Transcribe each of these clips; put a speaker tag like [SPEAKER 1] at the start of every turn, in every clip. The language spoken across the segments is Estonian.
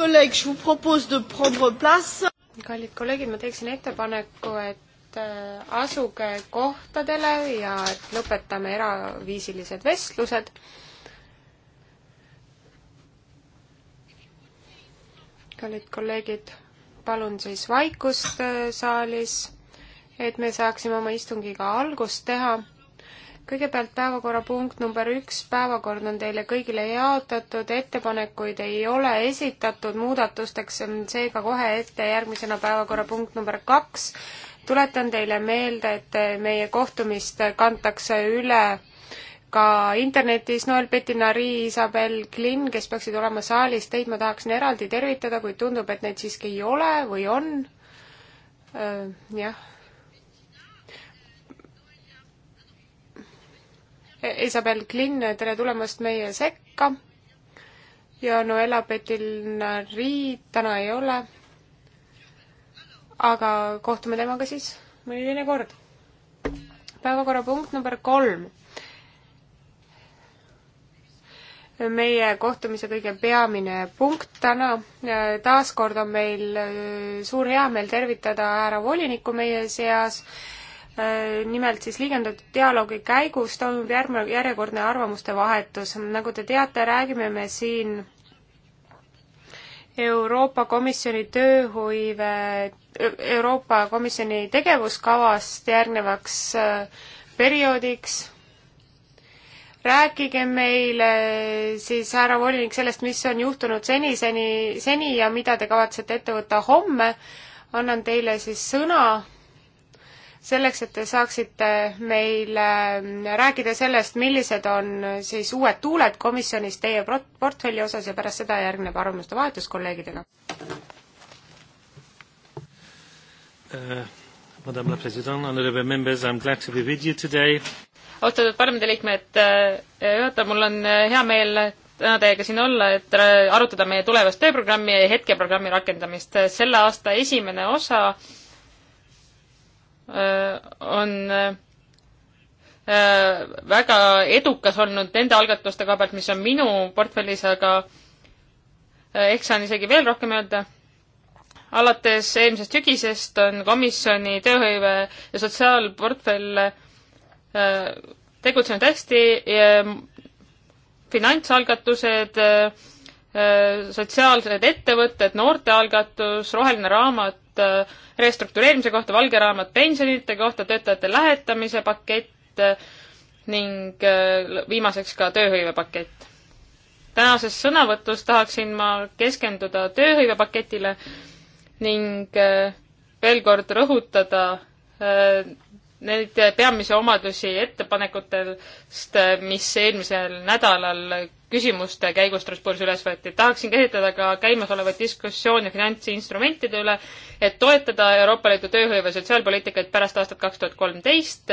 [SPEAKER 1] collègues, je vous propose de prendre place. kallid kolleegid, ma teeksin ettepaneku, et äh, asuge kohtadele ja et lõpetame eraviisilised vestlused. kallid kolleegid, palun siis vaikust äh, saalis, et me saaksime oma istungiga algust teha kõigepealt päevakorrapunkt number üks, päevakord on teile kõigile jaotatud, ettepanekuid ei ole esitatud muudatusteks, seega kohe ette järgmisena päevakorrapunkt number kaks. tuletan teile meelde, et meie kohtumist kantakse üle ka internetis Noel Petinari, Isabel Klinn, kes peaksid olema saalis, teid ma tahaksin eraldi tervitada, kuid tundub, et neid siiski ei ole või on. Äh, jah, Isabel Klinn, tere tulemast meie sekka. ja Noela Petil-Riid täna ei ole. aga kohtume temaga siis mõni teine kord. päevakorrapunkt number kolm. meie kohtumise kõige peamine punkt täna. taaskord on meil äh, suur heameel tervitada härra volinikku meie seas Äh, nimelt siis liigendatud dialoogi käigus toimub järgmine, järjekordne arvamuste vahetus. nagu te teate, räägime me siin Euroopa Komisjoni tööhõive, Euroopa Komisjoni tegevuskavast järgnevaks äh, perioodiks. rääkige meile siis, härra volinik, sellest, mis on juhtunud seni, seni, seni ja mida te kavatsete ette võtta homme. annan teile siis sõna selleks, et te saaksite meile rääkida sellest, millised on siis uued tuuled komisjonis teie portfelli osas ja pärast seda järgneb arvamuste vahetus kolleegidega uh,.
[SPEAKER 2] Madame la Présidente, honorable members, I am glad to be with you today.
[SPEAKER 1] austatud
[SPEAKER 3] parlamendiliikmed, eh, juhataja, mul on eh, hea meel täna teiega siin olla, et arutada meie tulevast tööprogrammi ja hetkeprogrammi rakendamist. selle aasta esimene osa äh, Äh, on äh, väga edukas olnud nende algatuste koha pealt, mis on minu portfellis, aga äh, eks saan isegi veel rohkem öelda. alates eelmisest sügisest on komisjoni tööhõive ja sotsiaalportfell tegutsenud hästi, finantsalgatused, Äh, sotsiaalsed ettevõtted, noortealgatus, roheline raamat äh, restruktureerimise kohta, valge raamat pensionite kohta, töötajate lähetamise pakett äh, ning viimaseks ka tööhõivepakett. tänases sõnavõtus tahaksin ma keskenduda tööhõivepaketile ning veel kord rõhutada neid peamisi omadusi ettepanekutest, mis eelmisel nädalal küsimuste käigus Strasbourgis üles võeti. tahaksin käsitleda ka käimasolevat diskussiooni finantsinstrumentide üle, et toetada Euroopa Liidu tööhõive sotsiaalpoliitikat pärast aastat kaks tuhat kolmteist,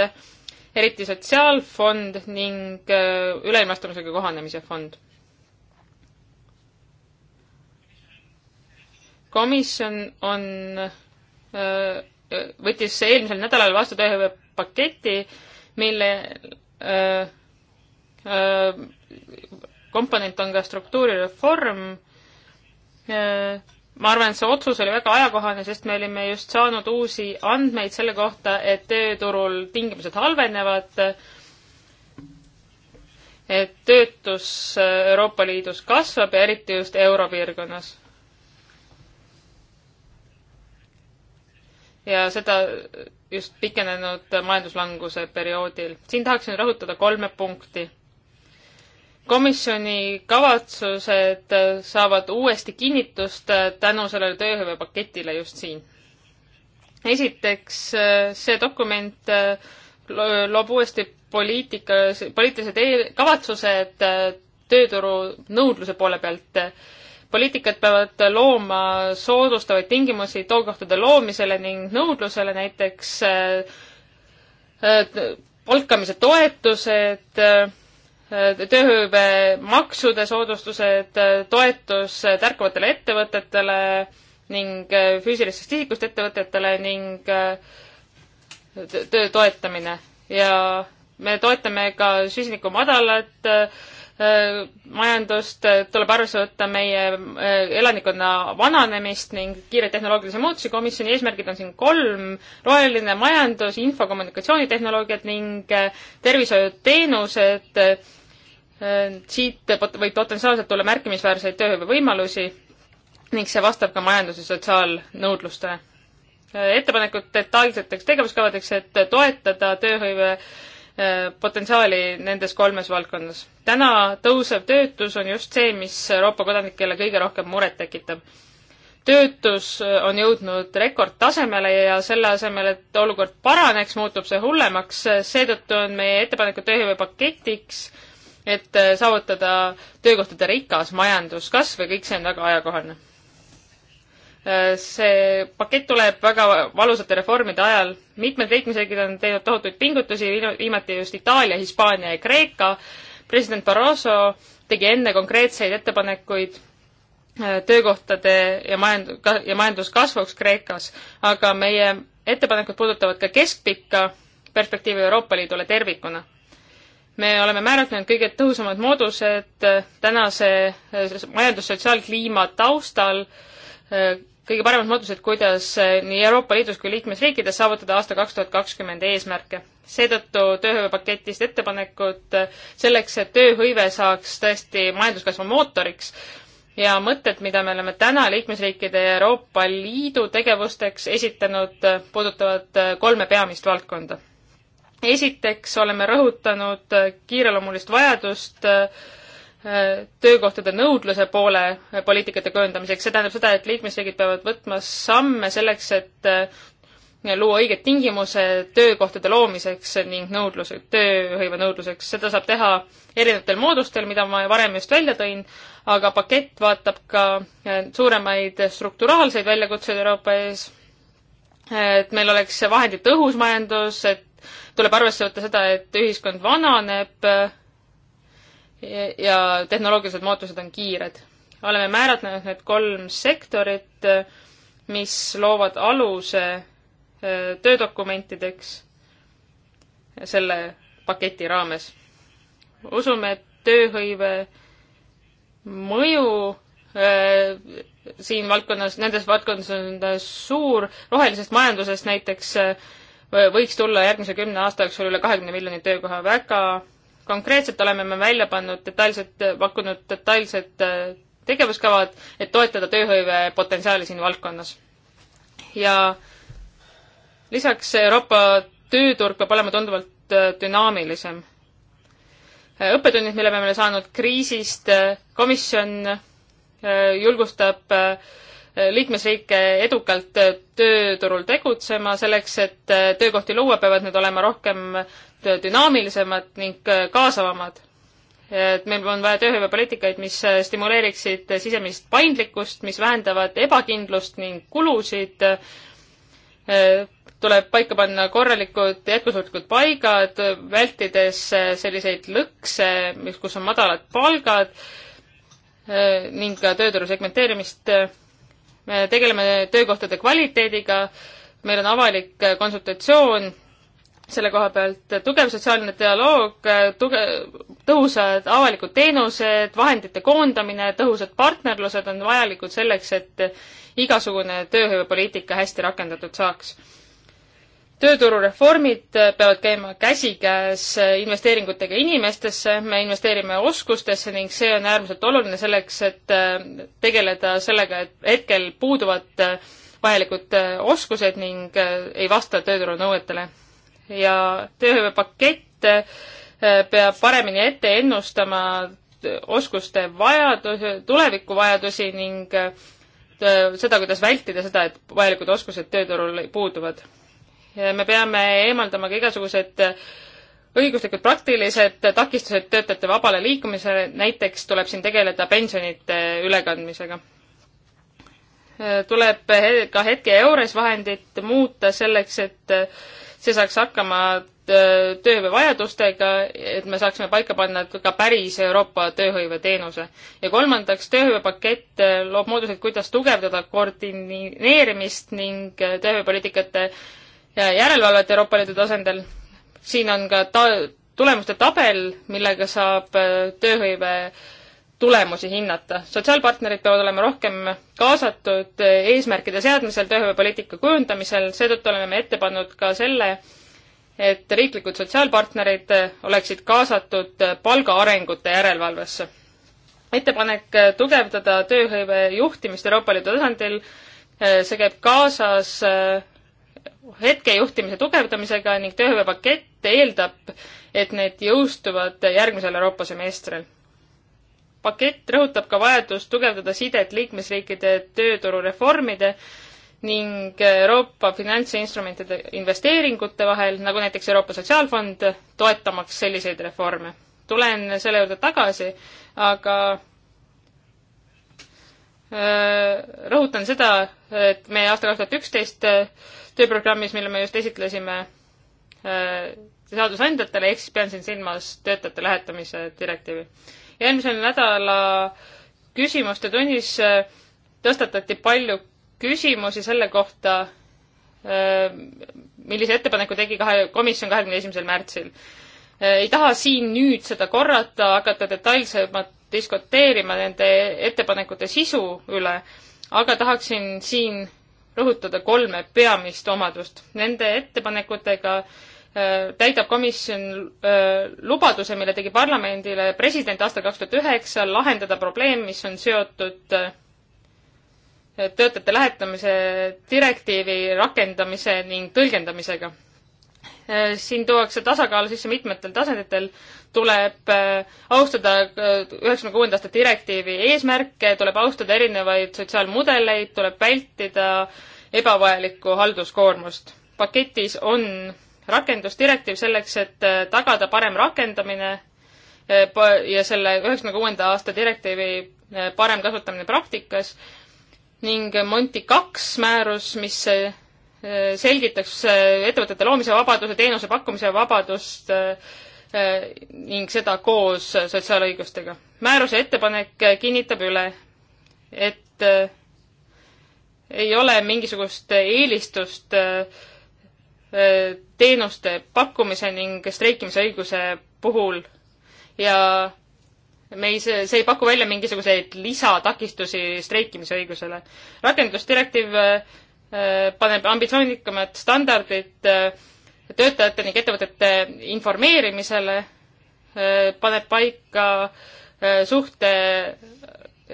[SPEAKER 3] eriti Sotsiaalfond ning äh, üleilmastumisega kohanemise fond. komisjon on, äh, võttis eelmisel nädalal vastu tööhõive paketi, mille öö, äh, öö, komponent on ka struktuurireform. Äh, ma arvan, et see otsus oli väga ajakohane, sest me olime just saanud uusi andmeid selle kohta, et tööturul tingimused halvenevad, et töötus Euroopa Liidus kasvab ja eriti just europiirkonnas. ja seda just pikenenud majanduslanguse perioodil. siin tahaksin rõhutada kolme punkti komisjoni kavatsused saavad uuesti kinnitust tänu sellele tööhõivepaketile just siin. esiteks, see dokument loob uuesti poliitika, poliitilised eel, kavatsused tööturu nõudluse poole pealt. poliitikad peavad looma soodustavaid tingimusi tookohtade loomisele ning nõudlusele, näiteks äh, äh, palkamise toetused, Äh, tööhõive maksude soodustused, äh, toetus äh, tärkavatele ettevõtetele ning füüsilisest isikust ettevõtetele ning töö toetamine ja me toetame ka süsiniku madalat majandust, tuleb arvesse võtta meie elanikkonna vananemist ning kiireid tehnoloogilisi muutusi. komisjoni eesmärgid on siin kolm, roheline majandus, info-kommunikatsioonitehnoloogiad ning tervishoiuteenused Äh, siit võib potentsiaalselt tulla märkimisväärseid töövõimalusi ning see vastab ka majandus- ja sotsiaalnõudlustele. Äh, ettepanekud detailseteks tegevuskavadeks, et toetada tööhõive äh, potentsiaali nendes kolmes valdkonnas. täna tõusev töötus on just see, mis Euroopa kodanikele kõige rohkem muret tekitab. töötus on jõudnud rekordtasemele ja selle asemel, et olukord paraneks, muutub see hullemaks, seetõttu on meie ettepanekud tööhõivepaketiks, et äh, saavutada töökohtade rikas majanduskasv ja kõik see on väga ajakohane. Äh, see pakett tuleb väga valusate reformide ajal, mitmed liikmesriigid on teinud tohutuid pingutusi, viimati just Itaalia, Hispaania ja Kreeka, president Barroso tegi enne konkreetseid ettepanekuid äh, töökohtade ja majand-, ja majanduskasvuks Kreekas, aga meie ettepanekud puudutavad ka keskpikka perspektiivi Euroopa Liidule tervikuna me oleme määratlenud kõige tõhusamad moodused äh, tänase äh, majandussotsiaalkliima taustal, äh, kõige paremad moodused, kuidas nii Euroopa Liidus kui liikmesriikides saavutada aasta kaks tuhat kakskümmend eesmärke. seetõttu tööhõivepaketist ettepanekud selleks, et tööhõive saaks tõesti majanduskasvu mootoriks ja mõtted, mida me oleme täna liikmesriikide ja Euroopa Liidu tegevusteks esitanud, puudutavad kolme peamist valdkonda esiteks oleme rõhutanud kiireloomulist vajadust äh, töökohtade nõudluse poole poliitikate kujundamiseks, see tähendab seda, et liikmesriigid peavad võtma samme selleks, et äh, luua õiged tingimused töökohtade loomiseks ning nõudluse, tööhõive nõudluseks. seda saab teha erinevatel moodustel, mida ma varem just välja tõin, aga pakett vaatab ka äh, suuremaid strukturaalseid väljakutseid Euroopa ees, et meil oleks vahendite õhus majandus, et tuleb arvesse võtta seda, et ühiskond vananeb ja tehnoloogilised muutused on kiired. oleme määratlenud need kolm sektorit, mis loovad aluse eh, töödokumentideks selle paketi raames. usume, et tööhõive mõju eh, siin valdkonnas, nendes valdkondades on ta suur, rohelisest majandusest näiteks eh, võiks tulla järgmise kümne aasta jooksul üle kahekümne miljoni töökoha. väga konkreetselt oleme me välja pannud detailsed, pakkunud detailsed äh, tegevuskavad, et toetada tööhõive potentsiaali siin valdkonnas. ja lisaks Euroopa tööturg peab olema tunduvalt äh, dünaamilisem. Äh, õppetunnid, mille me oleme saanud kriisist, komisjon julgustab äh, liikmesriike edukalt tööturul tegutsema, selleks et töökohti luua, peavad need olema rohkem dünaamilisemad ning kaasavamad. et meil on vaja tööhõivepoliitikaid, mis stimuleeriksid sisemist paindlikkust, mis vähendavad ebakindlust ning kulusid, tuleb paika panna korralikud jätkusuutlikud paigad, vältides selliseid lõkse, kus on madalad palgad ning ka tööturu segmenteerimist me tegeleme töökohtade kvaliteediga, meil on avalik äh, konsultatsioon selle koha pealt, tugev sotsiaalne dialoog, äh, tuge-, tõhusad avalikud teenused, vahendite koondamine, tõhusad partnerlused on vajalikud selleks, et igasugune tööhõivepoliitika hästi rakendatud saaks tööturureformid äh, peavad käima käsikäes äh, investeeringutega inimestesse, me investeerime oskustesse ning see on äärmiselt oluline selleks, et äh, tegeleda sellega, et hetkel puuduvad vajalikud oskused ning ei vasta tööturu nõuetele. ja tööhõivepakett peab paremini ette ennustama oskuste vajadus, tulevikuvajadusi ning seda, kuidas vältida seda, et vajalikud oskused tööturul puuduvad me peame eemaldama ka igasugused õiguslikud praktilised takistused töötajate vabale liikumisele, näiteks tuleb siin tegeleda pensionite ülekandmisega. tuleb ka hetke EURES vahendit muuta selleks, et see saaks hakkama äh, tööhõive vajadustega, et me saaksime paika panna ka päris Euroopa tööhõiveteenuse. ja kolmandaks, tööhõivepakett äh, loob moodused, kuidas tugevdada koordineerimist ning äh, tööhõivepoliitikate järelevalvet Euroopa Liidu tasandil. siin on ka ta-, tulemuste tabel, millega saab äh, tööhõive tulemusi hinnata. sotsiaalpartnerid peavad olema rohkem kaasatud äh, eesmärkide seadmisel, tööhõivepoliitika kujundamisel, seetõttu oleme me ette pannud ka selle, et riiklikud sotsiaalpartnerid äh, oleksid kaasatud palgaarengute järelevalvesse. ettepanek tugevdada tööhõive juhtimist Euroopa Liidu tasandil, see käib kaasas hetkejuhtimise tugevdamisega ning tööhõivepakett eeldab, et need jõustuvad järgmisel Euroopa semestril. pakett rõhutab ka vajadust tugevdada sidet liikmesriikide tööturureformide ning Euroopa finantsinstrumentide investeeringute vahel, nagu näiteks Euroopa Sotsiaalfond, toetamaks selliseid reforme. tulen selle juurde tagasi, aga äh, rõhutan seda, et me aasta kaks tuhat üksteist äh, tööprogrammis, mille me just esitlesime äh, seadusandjatele, ehk siis pean siin silmas töötajate lähetamise direktiivi. ja eelmisel nädala küsimuste tunnis äh, tõstatati palju küsimusi selle kohta, äh, millise ettepaneku tegi kahe, komisjon kahekümne esimesel märtsil. ei taha siin nüüd seda korrata, hakata detailsemalt diskuteerima nende ettepanekute sisu üle, aga tahaksin siin rõhutada kolme peamist omadust. Nende ettepanekutega äh, täidab komisjon äh, lubaduse, mille tegi parlamendile president aastal kaks tuhat üheksa, lahendada probleem, mis on seotud äh, töötajate lähetamise direktiivi rakendamise ning tõlgendamisega. siin tuuakse tasakaal sisse mitmetel tasanditel, tuleb äh, austada äh, üheksakümne kuuenda aasta direktiivi eesmärke, tuleb austada erinevaid sotsiaalmudeleid, tuleb vältida ebavajalikku halduskoormust. paketis on rakendusdirektiiv selleks, et äh, tagada parem rakendamine ja selle üheksakümne kuuenda aasta direktiivi parem kasutamine praktikas ning Monti kaks määrus, mis selgitaks ettevõtete loomise vabaduse, teenuse pakkumise vabadust, Eh, ning seda koos sotsiaalõigustega. määruse ettepanek kinnitab üle, et eh, ei ole mingisugust eelistust eh, teenuste pakkumise ning streikimisõiguse puhul ja me ei, see ei paku välja mingisuguseid lisatakistusi streikimisõigusele. rakendusdirektiiv paneb ambitsioonikamad standardid töötajate ning ettevõtete informeerimisele, eh, paneb paika eh, suhte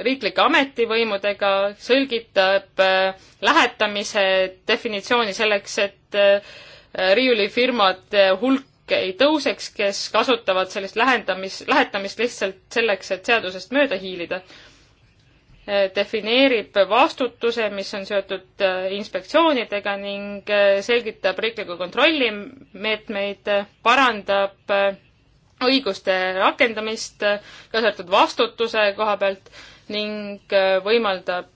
[SPEAKER 3] riiklike ametivõimudega, selgitab eh, lähetamise definitsiooni selleks, et riiulifirmade hulk ei tõuseks, kes kasutavad sellist lähendamis, lähetamist lihtsalt selleks, et seadusest mööda hiilida defineerib vastutuse, mis on seotud äh, inspektsioonidega ning äh, selgitab riikliku kontrolli meetmeid, parandab äh, õiguste rakendamist, kaasa arvatud vastutuse koha pealt ning võimaldab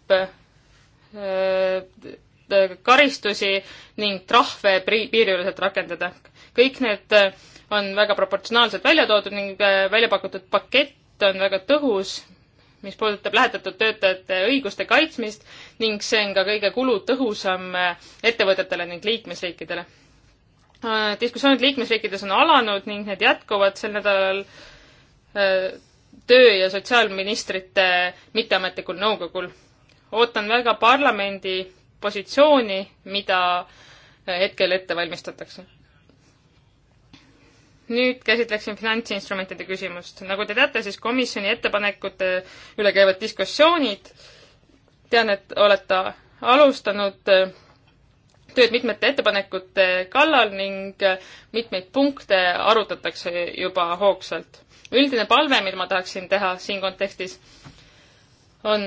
[SPEAKER 3] karistusi ning trahve piiriüleselt rakendada. kõik need on väga proportsionaalselt välja toodud ning välja pakutud pakett on väga tõhus mis puudutab lähetatud töötajate õiguste kaitsmist ning see on ka kõige kulutõhusam äh, ettevõtetele ning liikmesriikidele. Äh, diskussioonid liikmesriikides on alanud ning need jätkuvad sel nädalal äh, töö- ja sotsiaalministrite mitteametlikul nõukogul. ootan väga parlamendi positsiooni, mida hetkel ette valmistatakse nüüd käsitleksin finantsinstrumentide küsimust. nagu te teate, siis komisjoni ettepanekute üle käivad diskussioonid. tean, et olete alustanud äh, tööd mitmete ettepanekute kallal ning äh, mitmeid punkte arutatakse juba hoogsalt. üldine palve, mida ma tahaksin teha siin kontekstis, on,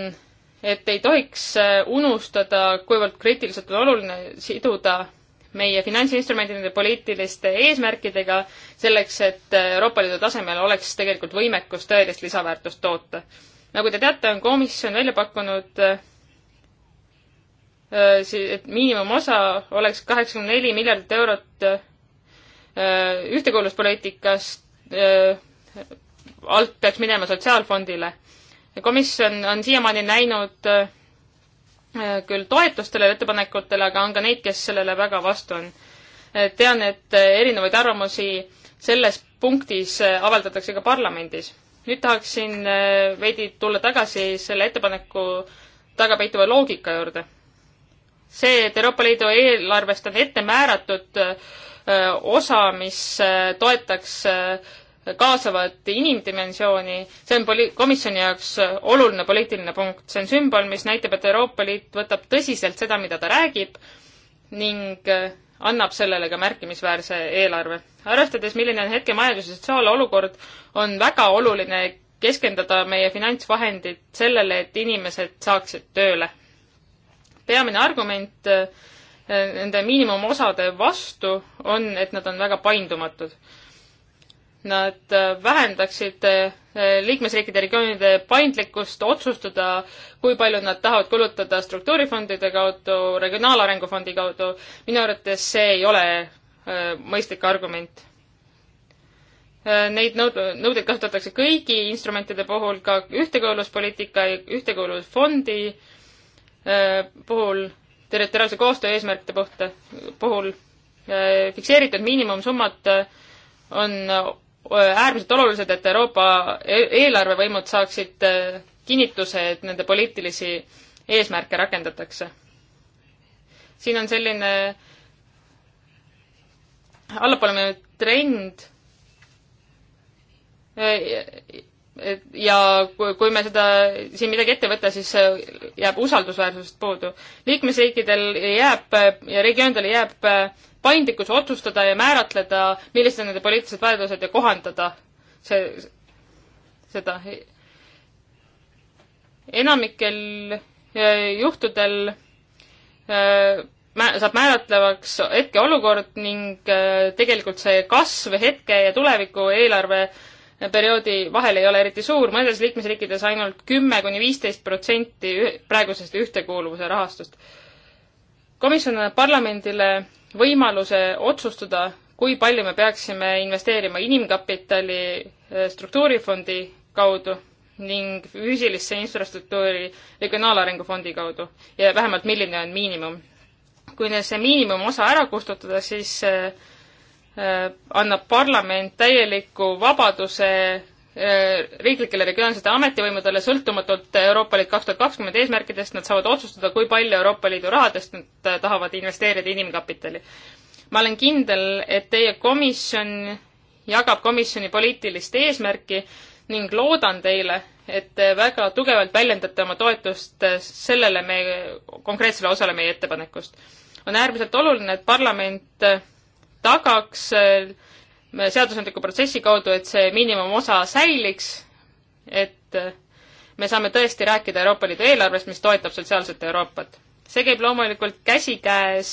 [SPEAKER 3] et ei tohiks äh, unustada, kuivõrd kriitiliselt on oluline siduda meie finantsinstrumentide poliitiliste eesmärkidega selleks, et Euroopa Liidu tasemel oleks tegelikult võimekus tõelist lisaväärtust toota. nagu te teate, on komisjon välja pakkunud äh, et miinimumosa oleks kaheksakümmend neli miljardit eurot äh, ühtekuuluvuspoliitikast, äh, alt peaks minema sotsiaalfondile. komisjon on siiamaani näinud Eh, küll toetustele ettepanekutele, aga on ka neid, kes sellele väga vastu on. Eh, tean, et eh, erinevaid arvamusi selles punktis avaldatakse ka parlamendis. nüüd tahaksin veidi tulla tagasi selle ettepaneku taga peituva loogika juurde. see, et Euroopa Liidu eelarvest on ette määratud osa, mis toetaks kaasavat inimdimensiooni, see on poli-, komisjoni jaoks oluline poliitiline punkt. see on sümbol, mis näitab, et Euroopa Liit võtab tõsiselt seda, mida ta räägib ning äh, annab sellele ka märkimisväärse eelarve. arvestades, milline on hetke majandus- ja sotsiaalolukord, on väga oluline keskenduda meie finantsvahendid sellele, et inimesed saaksid tööle. peamine argument äh, nende miinimumosade vastu on, et nad on väga paindumatud nad äh, vähendaksid äh, liikmesriikide regioonide paindlikkust otsustada, kui palju nad tahavad kulutada struktuurifondide kaudu, regionaalarengu fondi kaudu. minu arvates see ei ole äh, mõistlik argument. Neid nõud-, nõudeid kasutatakse kõigi instrumentide puhul, ka ühtekuuluvuspoliitika ja ühtekuuluvusfondi puhul, territoriaalse koostöö eesmärkide puhta, puhul fikseeritud miinimumsummad on äärmiselt olulised, et Euroopa e-, eelarvevõimud saaksid äh, kinnituse, et nende poliitilisi eesmärke rakendatakse. siin on selline allapoole minev trend äh, ja kui me seda, siin midagi ette võtta, siis jääb usaldusväärsusest puudu. liikmesriikidel jääb ja regioonidel jääb paindlikkus otsustada ja määratleda, millised on nende poliitilised vajadused ja kohandada see, seda. enamikel e, juhtudel e, saab määratlevaks hetkeolukord ning e, tegelikult see kasv hetke ja tuleviku eelarve äh, perioodi vahel ei ole eriti suur, mõnedes liikmesriikides ainult kümme kuni viisteist protsenti praegusest ühtekuuluvuse rahastust. komisjon annab parlamendile võimaluse otsustada, kui palju me peaksime investeerima inimkapitali eh, struktuurifondi kaudu ning füüsilisse infrastruktuuri regionaalarengu fondi kaudu ja vähemalt milline on miinimum. kui nüüd see miinimumosa ära kustutada, siis äh, Äh, annab parlament täieliku vabaduse äh, riiklikele regionaalsete ametivõimudele sõltumatult Euroopa Liit kaks tuhat kakskümmend eesmärkidest, nad saavad otsustada, kui palju Euroopa Liidu rahadest nad äh, tahavad investeerida inimkapitali. ma olen kindel, et teie komisjon jagab komisjoni poliitilist eesmärki ning loodan teile, et te väga tugevalt väljendate oma toetust sellele meie, konkreetsele osale meie ettepanekust. on äärmiselt oluline, et parlament tagaks seadusandliku protsessi kaudu, et see miinimumosa säiliks, et me saame tõesti rääkida Euroopa Liidu eelarvest, mis toetab sotsiaalset Euroopat. see käib loomulikult käsikäes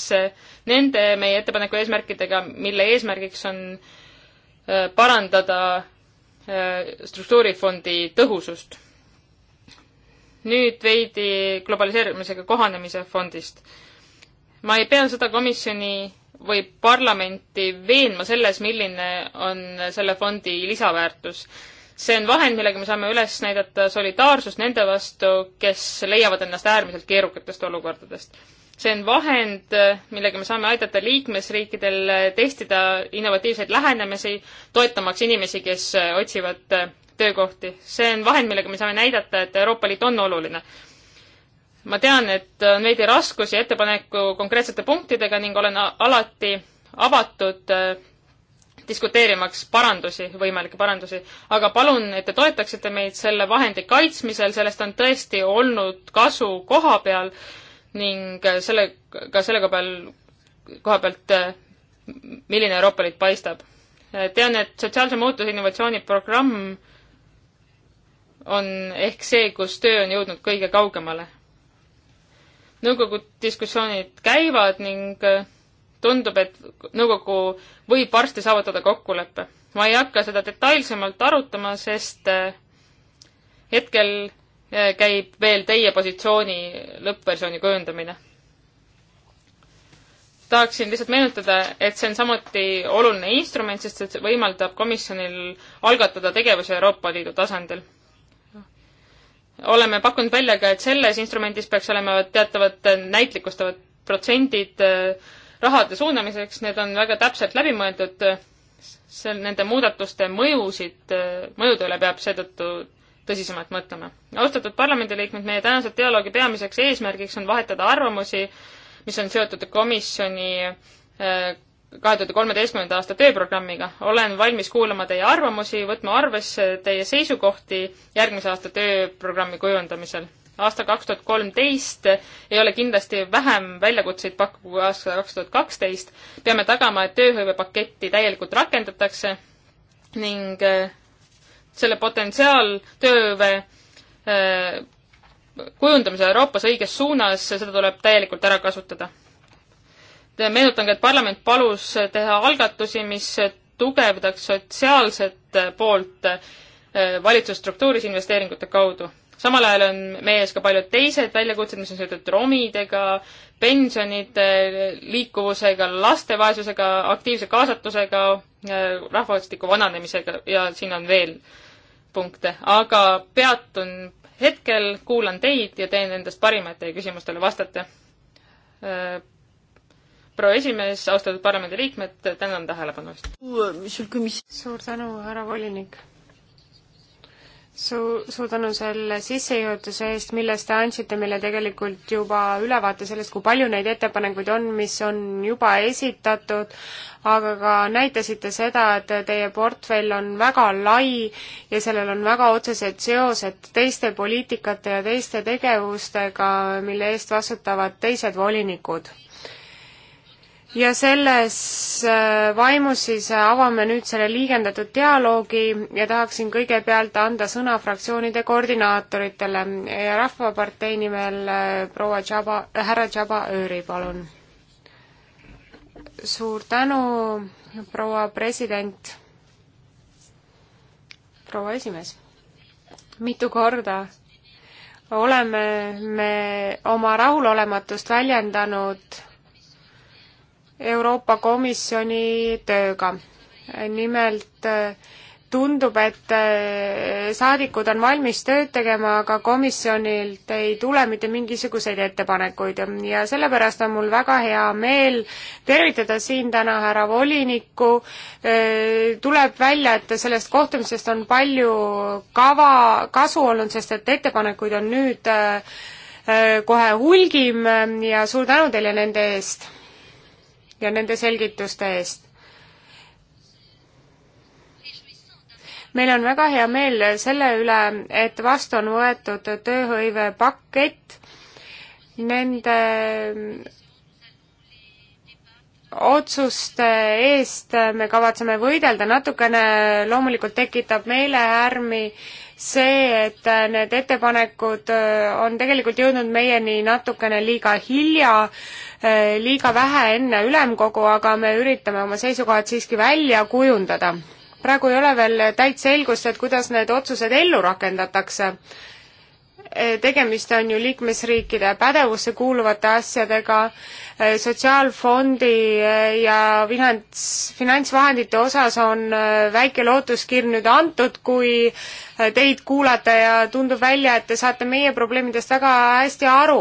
[SPEAKER 3] nende meie ettepaneku eesmärkidega, mille eesmärgiks on äh, parandada äh, struktuurifondi tõhusust. nüüd veidi globaliseerimisega kohanemise fondist. ma ei pea seda komisjoni võib parlamenti veenma selles, milline on selle fondi lisaväärtus. see on vahend, millega me saame üles näidata solidaarsust nende vastu, kes leiavad ennast äärmiselt keerukatest olukordadest. see on vahend, millega me saame aidata liikmesriikidel testida innovatiivseid lähenemisi, toetamaks inimesi, kes otsivad töökohti. see on vahend, millega me saame näidata, et Euroopa Liit on oluline ma tean, et on veidi raskusi ettepaneku konkreetsete punktidega ning olen alati avatud äh, diskuteerimaks parandusi, võimalikke parandusi, aga palun, et te toetaksite meid selle vahendi kaitsmisel, sellest on tõesti olnud kasu koha peal ning äh, selle, ka sellega peal, koha pealt, äh, milline Euroopa Liit paistab. tean, et sotsiaalse muutuse innovatsiooniprogramm on ehk see, kus töö on jõudnud kõige kaugemale nõukogu diskussioonid käivad ning äh, tundub, et nõukogu võib varsti saavutada kokkuleppe. ma ei hakka seda detailsemalt arutama, sest äh, hetkel äh, käib veel teie positsiooni lõppversiooni kujundamine. tahaksin lihtsalt meenutada, et see on samuti oluline instrument, sest see võimaldab komisjonil algatada tegevusi Euroopa Liidu tasandil oleme pakkunud välja ka, et selles instrumendis peaks olema teatavad näitlikustavad protsendid äh, rahade suunamiseks, need on väga täpselt läbi mõeldud, seal nende muudatuste mõjusid, äh, mõjude üle peab seetõttu tõsisemalt mõtlema. austatud parlamendiliikmed, meie tänase dialoogi peamiseks eesmärgiks on vahetada arvamusi, mis on seotud komisjoni äh, kahe tuhande kolmeteistkümnenda aasta tööprogrammiga. olen valmis kuulama teie arvamusi, võtma arvesse teie seisukohti järgmise aasta tööprogrammi kujundamisel. aasta kaks tuhat kolmteist ei ole kindlasti vähem väljakutseid pakkuv kui aasta kaks tuhat kaksteist. peame tagama, et tööhõivepaketti täielikult rakendatakse ning äh, selle potentsiaal tööhõive äh, kujundamise Euroopas õiges suunas, seda tuleb täielikult ära kasutada meenutan ka, et parlament palus teha algatusi, mis tugevdaks sotsiaalset poolt eh, valitsusstruktuuris investeeringute kaudu. samal ajal on meie ees ka paljud teised väljakutsed, mis on seotud romidega, pensionide eh, liikuvusega, laste vaesusega, aktiivse kaasatusega, eh, rahvastiku vananemisega ja siin on veel punkte, aga peatun hetkel, kuulan teid ja teen endast parima, et teie küsimustele vastata proua esimees, austatud parlamendiliikmed, tänan tähelepanu eest.
[SPEAKER 1] suur tänu, härra volinik. Su-, suur tänu selle sissejuhatuse eest, milles te andsite meile tegelikult juba ülevaate sellest, kui palju neid ettepanekuid on, mis on juba esitatud, aga ka näitasite seda, et teie portfell on väga lai ja sellel on väga otsesed seosed teiste poliitikate ja teiste tegevustega, mille eest vastutavad teised volinikud ja selles äh, vaimus siis äh, avame nüüd selle liigendatud dialoogi ja tahaksin kõigepealt anda sõna fraktsioonide koordinaatoritele ja Rahvapartei nimel äh, proua Tšaba, härra Tšaba Ööri, palun. suur tänu, proua president, proua esimees, mitu korda oleme me oma rahulolematust väljendanud Euroopa Komisjoni tööga. nimelt eh, tundub, et eh, saadikud on valmis tööd tegema, aga komisjonilt ei tule mitte mingisuguseid ettepanekuid ja sellepärast on mul väga hea meel tervitada siin täna härra volinikku. Eh, tuleb välja, et sellest kohtumisest on palju kava, kasu olnud, sest et ettepanekuid on nüüd kohe hulgim ja suur tänu teile nende eest ja nende selgituste eest. meil on väga hea meel selle üle, et vastu on võetud tööhõivepakett nende otsuste eest me kavatseme võidelda, natukene loomulikult tekitab meelehärmi äh, see, et äh, need ettepanekud äh, on tegelikult jõudnud meieni natukene liiga hilja, äh, liiga vähe enne ülemkogu, aga me üritame oma seisukohad siiski välja kujundada. praegu ei ole veel täit selgust, et kuidas need otsused ellu rakendatakse Eh, tegemist on ju liikmesriikide pädevusse kuuluvate asjadega, eh, sotsiaalfondi eh, ja finants, finantsvahendite osas on väike lootuskirn nüüd antud, kui teid kuulata ja tundub välja, et te saate meie probleemidest väga hästi aru.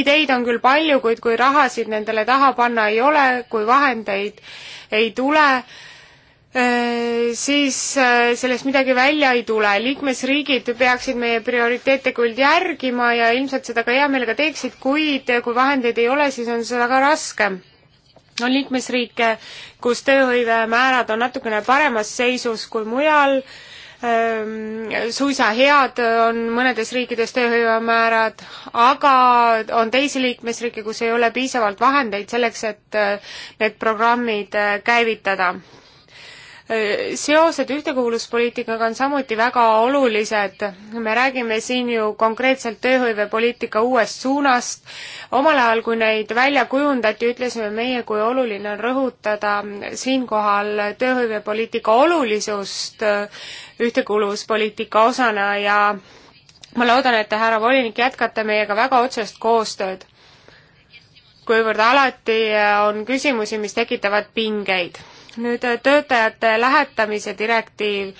[SPEAKER 1] ideid on küll palju, kuid kui rahasid nendele taha panna ei ole, kui vahendeid ei tule, Äh, siis äh, sellest midagi välja ei tule. liikmesriigid peaksid meie prioriteete küll järgima ja ilmselt seda ka hea meelega teeksid, kuid kui vahendeid ei ole, siis on see väga raske. on liikmesriike, kus tööhõivemäärad on natukene paremas seisus kui mujal, ähm, suisa head on mõnedes riikides tööhõivemäärad, aga on teisi liikmesriike, kus ei ole piisavalt vahendeid selleks, et äh, need programmid käivitada seosed ühtekuuluvuspoliitikaga on samuti väga olulised. me räägime siin ju konkreetselt tööhõivepoliitika uuest suunast. omal ajal, kui neid välja kujundati, ütlesime meie, kui oluline on rõhutada siinkohal tööhõivepoliitika olulisust ühtekuuluvuspoliitika osana ja ma loodan, et te, härra volinik, jätkate meiega väga otsest koostööd, kuivõrd alati on küsimusi, mis tekitavad pingeid nüüd äh, töötajate lähetamise direktiiv,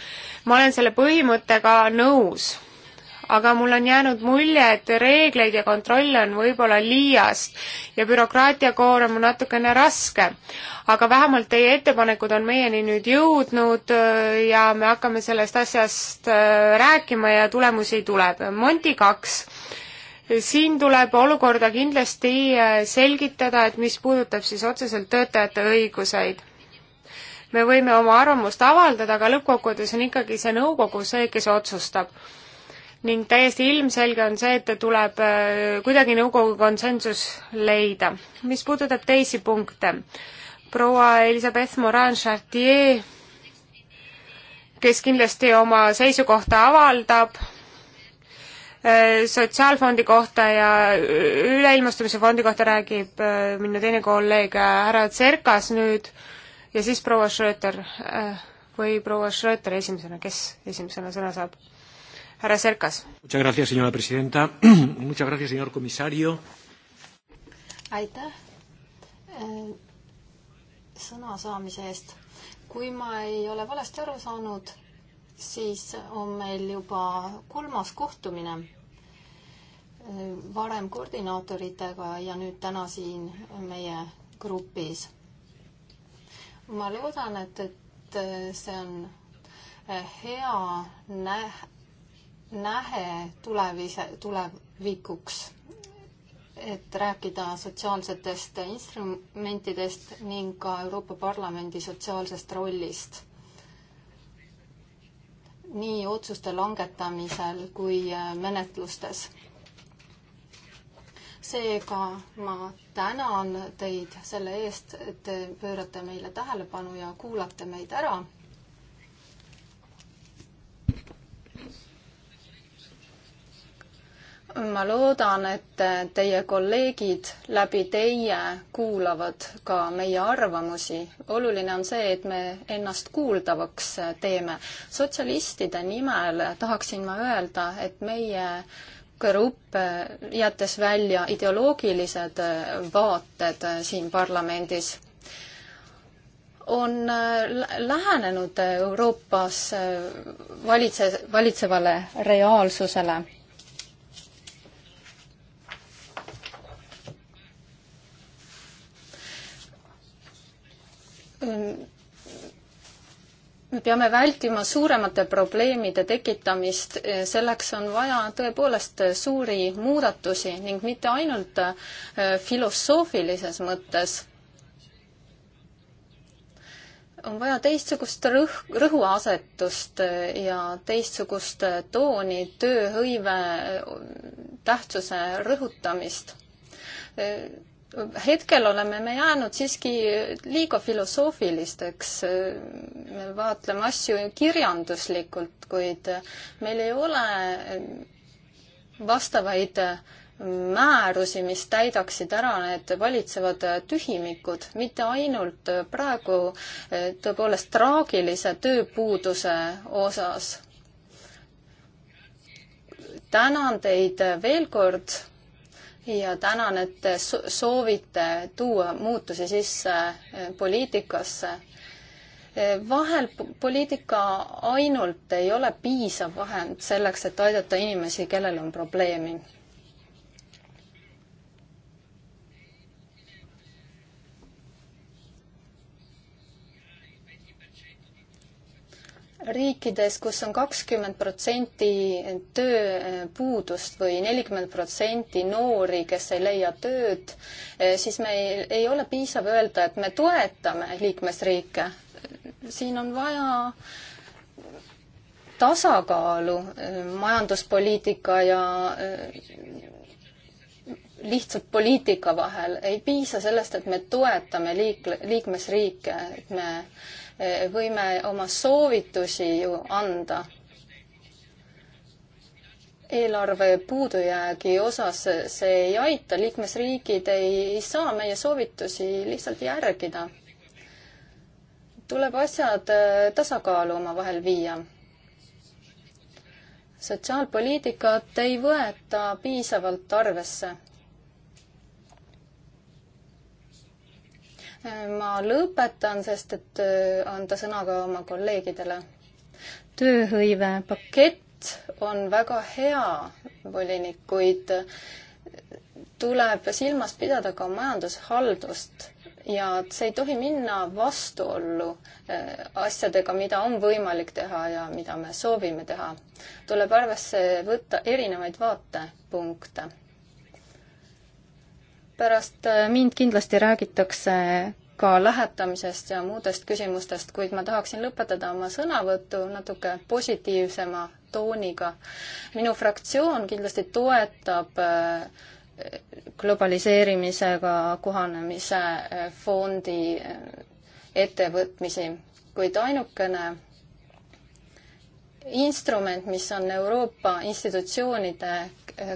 [SPEAKER 1] ma olen selle põhimõttega nõus, aga mul on jäänud mulje, et reegleid ja kontrolle on võib-olla liiast ja bürokraatia koorem on natukene raske. aga vähemalt teie ettepanekud on meieni nüüd jõudnud äh, ja me hakkame sellest asjast äh, rääkima ja tulemusi tuleb. Monti kaks siin tuleb olukorda kindlasti selgitada, et mis puudutab siis otseselt töötajate õiguseid me võime oma arvamust avaldada, aga lõppkokkuvõttes on ikkagi see nõukogu see, kes otsustab. ning täiesti ilmselge on see, et tuleb äh, kuidagi nõukogu konsensus leida. mis puudutab teisi punkte, proua Elizabeth Morin-Chartier, kes kindlasti oma seisukohta avaldab, äh, sotsiaalfondi kohta ja üleilmastumise fondi kohta räägib äh, minu teine kolleeg härra Tserkas nüüd äh, ja siis proua Schröter äh, või proua Schröter esimesena, kes esimesena sõna saab? härra Serkas.
[SPEAKER 2] aitäh äh, sõna saamise eest. kui ma ei ole valesti aru saanud, siis on meil juba kolmas kohtumine äh, varem koordinaatoritega ja nüüd täna siin meie grupis ma loodan, et, et äh, see on äh, hea näh-, nähe tulevise, tulevikuks, et rääkida sotsiaalsetest instrumentidest ning ka Euroopa Parlamendi sotsiaalsest rollist nii otsuste langetamisel kui äh, menetlustes seega ma tänan teid selle eest, et te pöörate meile tähelepanu ja kuulate meid ära. ma loodan, et teie kolleegid läbi teie kuulavad ka meie arvamusi. oluline on see, et me ennast kuuldavaks teeme. sotsialistide nimel tahaksin ma öelda, et meie äh, gruppe, jättes välja ideoloogilised äh, vaated äh, siin parlamendis, on äh, lähenenud Euroopas valitse, valitsevale reaalsusele. Mm me peame vältima suuremate probleemide tekitamist, selleks on vaja tõepoolest suuri muudatusi ning mitte ainult äh, filosoofilises mõttes. on vaja teistsugust rõh-, rõhuasetust äh, ja teistsugust äh, tooni, tööhõive tähtsuse rõhutamist hetkel oleme me jäänud siiski liiga filosoofilisteks. me vaatleme asju kirjanduslikult, kuid meil ei ole vastavaid määrusi, mis täidaksid ära need valitsevad tühimikud, mitte ainult praegu eh, tõepoolest traagilise tööpuuduse osas. tänan teid veel kord ja tänan, et te soovite tuua muutusi sisse eh, poliitikasse. Eh, vahel poliitika ainult ei ole piisav vahend selleks, et aidata inimesi, kellel on probleemi. riikides, kus on kakskümmend protsenti tööpuudust või nelikümmend protsenti noori, kes ei leia tööd, eh, siis me ei, ei ole piisav öelda, et me toetame liikmesriike. siin on vaja tasakaalu eh, majanduspoliitika ja eh, lihtsalt poliitika vahel. ei piisa sellest, et me toetame liik-, liikmesriike, et me võime oma soovitusi ju anda eelarve puudujäägi osas see ei aita, liikmesriigid ei saa meie soovitusi lihtsalt järgida. tuleb asjad äh, tasakaalu omavahel viia. sotsiaalpoliitikat ei võeta piisavalt arvesse ma lõpetan, sest et äh, anda sõna ka oma kolleegidele. tööhõivepakett on väga hea, volinik, kuid äh, tuleb silmas pidada ka majandushaldust ja see ei tohi minna vastuollu äh, asjadega, mida on võimalik teha ja mida me soovime teha. tuleb arvesse võtta erinevaid vaatepunkte pärast äh, mind kindlasti räägitakse ka lähetamisest ja muudest küsimustest, kuid ma tahaksin lõpetada oma sõnavõttu natuke positiivsema tooniga. minu fraktsioon kindlasti toetab äh, globaliseerimisega kohanemise äh, fondi ettevõtmisi, kuid ainukene instrument, mis on Euroopa institutsioonide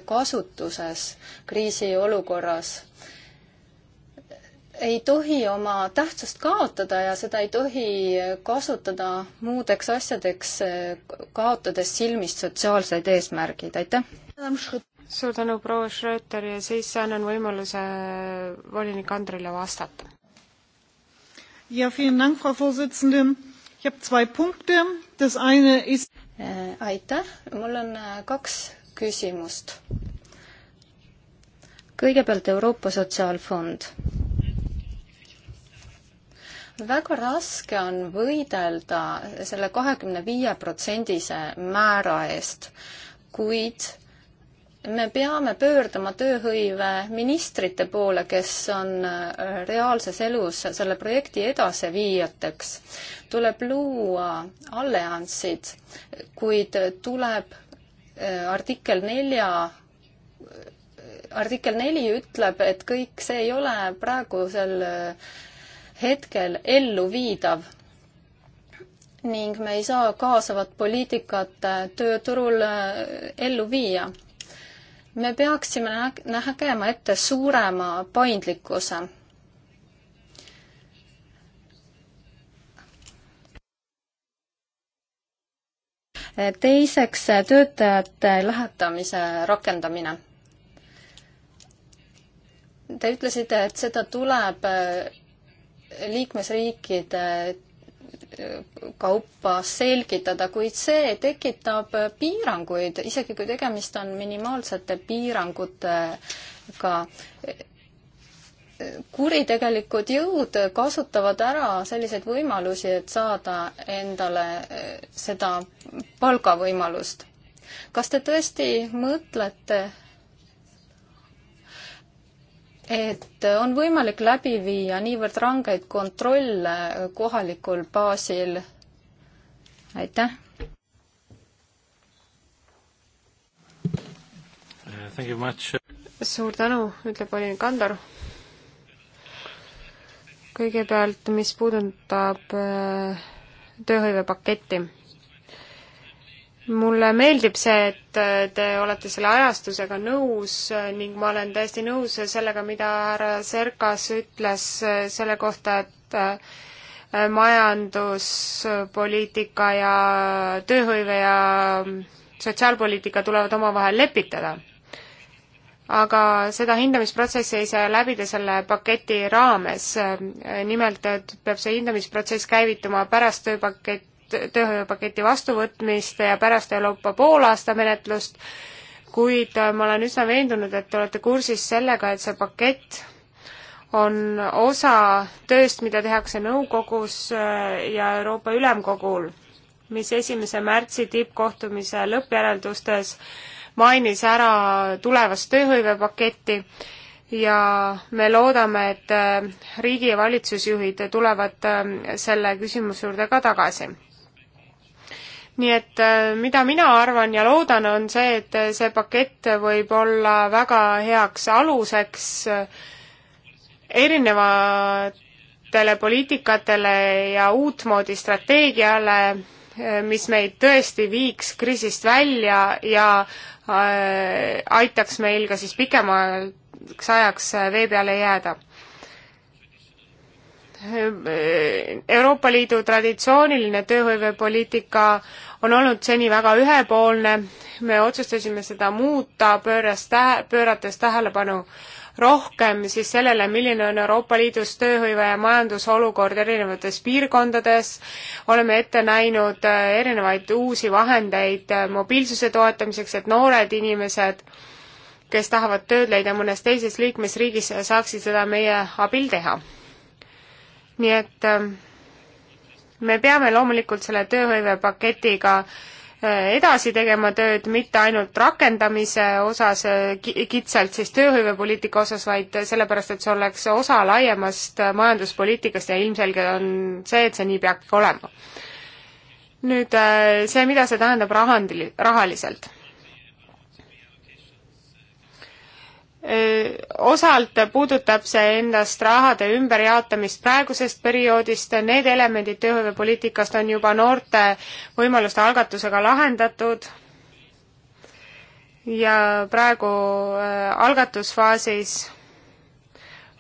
[SPEAKER 2] kasutuses kriisiolukorras, ei tohi oma tähtsust kaotada ja seda ei tohi kasutada muudeks asjadeks, kaotades silmist sotsiaalsed eesmärgid, aitäh!
[SPEAKER 1] suur tänu, proua Schröter ja siis annan võimaluse volinik Andrile vastata.
[SPEAKER 2] ja, is... Äh, aitäh, mul on äh, kaks küsimust. kõigepealt Euroopa Sotsiaalfond väga raske on võidelda selle kahekümne viie protsendise määra eest, kuid me peame pöörduma tööhõive ministrite poole, kes on äh, reaalses elus selle projekti edasiviijateks. tuleb luua alliansid, kuid tuleb äh, artikkel nelja äh, artikkel neli ütleb, et kõik see ei ole praegusel hetkel elluviidav ning me ei saa kaasavat poliitikat äh, tööturul äh, ellu viia. me peaksime nägema ette suurema paindlikkuse teiseks äh, töötajate lähetamise rakendamine. Te ütlesite, et seda tuleb liikmesriikide kaupa selgitada, kuid see tekitab piiranguid, isegi kui tegemist on minimaalsete piirangutega. kuritegelikud jõud kasutavad ära selliseid võimalusi, et saada endale seda palgavõimalust. kas te tõesti mõtlete, et on võimalik läbi viia niivõrd rangeid kontrolle kohalikul baasil. aitäh. Uh, suur tänu, ütleb
[SPEAKER 1] volinik Andor. kõigepealt, mis puudutab uh, tööhõivepaketti mulle meeldib see, et äh, te olete selle ajastusega nõus äh, ning ma olen täiesti nõus sellega, mida härra Serkas ütles äh, selle kohta, et majanduspoliitika ja tööhõive ja mm, sotsiaalpoliitika tulevad omavahel lepitada. aga seda hindamisprotsessi ei saa läbida selle paketi raames. nimelt, et peab see hindamisprotsess käivituma pärast tööpakett, tööhõivepaketi vastuvõtmist ja pärast Euroopa poolaasta menetlust, kuid ma olen üsna veendunud, et te olete kursis sellega, et see pakett on osa tööst, mida tehakse nõukogus äh, ja Euroopa Ülemkogul, mis esimese märtsi tippkohtumise lõppjäreldustes mainis ära tulevast tööhõivepaketti ja me loodame, et äh, riigi ja valitsusjuhid tulevad äh, selle küsimuse juurde ka tagasi nii et äh, mida mina arvan ja loodan, on see, et äh, see pakett võib olla väga heaks aluseks äh, erinevatele poliitikatele ja uutmoodi strateegiale, mis meid tõesti viiks kriisist välja ja aitaks meil ka siis pikemaks ajaks vee peale jääda Euroopa Liidu traditsiooniline tööhõivepoliitika on olnud seni väga ühepoolne, me otsustasime seda muuta, pööras tähe, pöörates tähelepanu rohkem siis sellele, milline on Euroopa Liidus tööhõive ja majandusolukord erinevates piirkondades, oleme ette näinud äh, erinevaid uusi vahendeid äh, mobiilsuse toetamiseks, et noored inimesed, kes tahavad tööd leida mõnes teises liikmesriigis, saaksid seda meie abil teha nii et ähm, me peame loomulikult selle tööhõivepaketiga äh, edasi tegema tööd, mitte ainult rakendamise osas, äh, kitsalt siis tööhõivepoliitika osas, vaid sellepärast, et see oleks osa laiemast äh, majanduspoliitikast ja ilmselge on see, et see nii peabki olema. nüüd see, mida see tähendab rahandi-, rahaliselt. osalt puudutab see endast rahade ümberjaotamist praegusest perioodist, need elemendid tööhõivepoliitikast on juba noorte võimaluste algatusega lahendatud ja praegu äh, algatusfaasis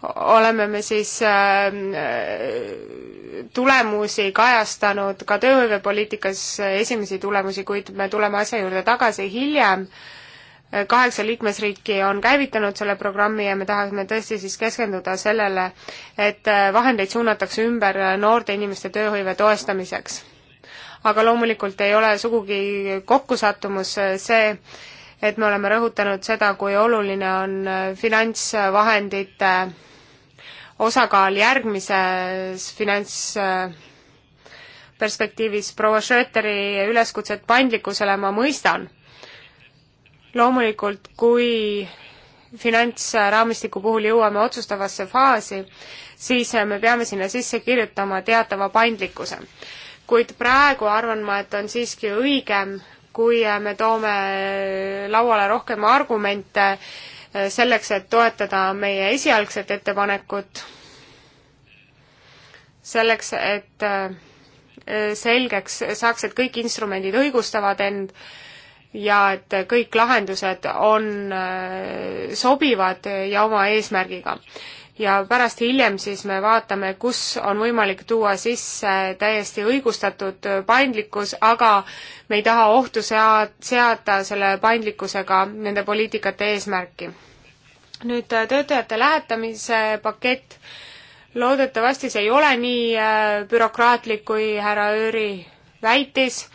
[SPEAKER 1] oleme me siis äh, tulemusi kajastanud ka tööhõivepoliitikas, esimesi tulemusi, kuid me tuleme asja juurde tagasi hiljem kaheksa liikmesriiki on käivitanud selle programmi ja me tahame tõesti siis keskenduda sellele, et äh, vahendeid suunatakse ümber äh, noorte inimeste tööhõive toestamiseks. aga loomulikult ei ole sugugi kokkusattumus äh, see, et me oleme rõhutanud seda, kui oluline on finantsvahendite osakaal järgmises finants perspektiivis proua Schröteri üleskutset paindlikkusele ma mõistan loomulikult, kui finantsraamistiku puhul jõuame otsustavasse faasi, siis me peame sinna sisse kirjutama teatava paindlikkuse. kuid praegu arvan ma, et on siiski õigem, kui me toome lauale rohkem argumente eh, selleks, et toetada meie esialgset ettepanekut, selleks, et eh, selgeks saaksid kõik instrumendid õigustavad end ja et kõik lahendused on äh, sobivad ja oma eesmärgiga. ja pärast hiljem siis me vaatame, kus on võimalik tuua sisse täiesti õigustatud paindlikkus, aga me ei taha ohtu sea-, seada selle paindlikkusega nende poliitikate eesmärki. nüüd äh, töötajate lähetamise pakett, loodetavasti see ei ole nii äh, bürokraatlik, kui härra Ööri väitis,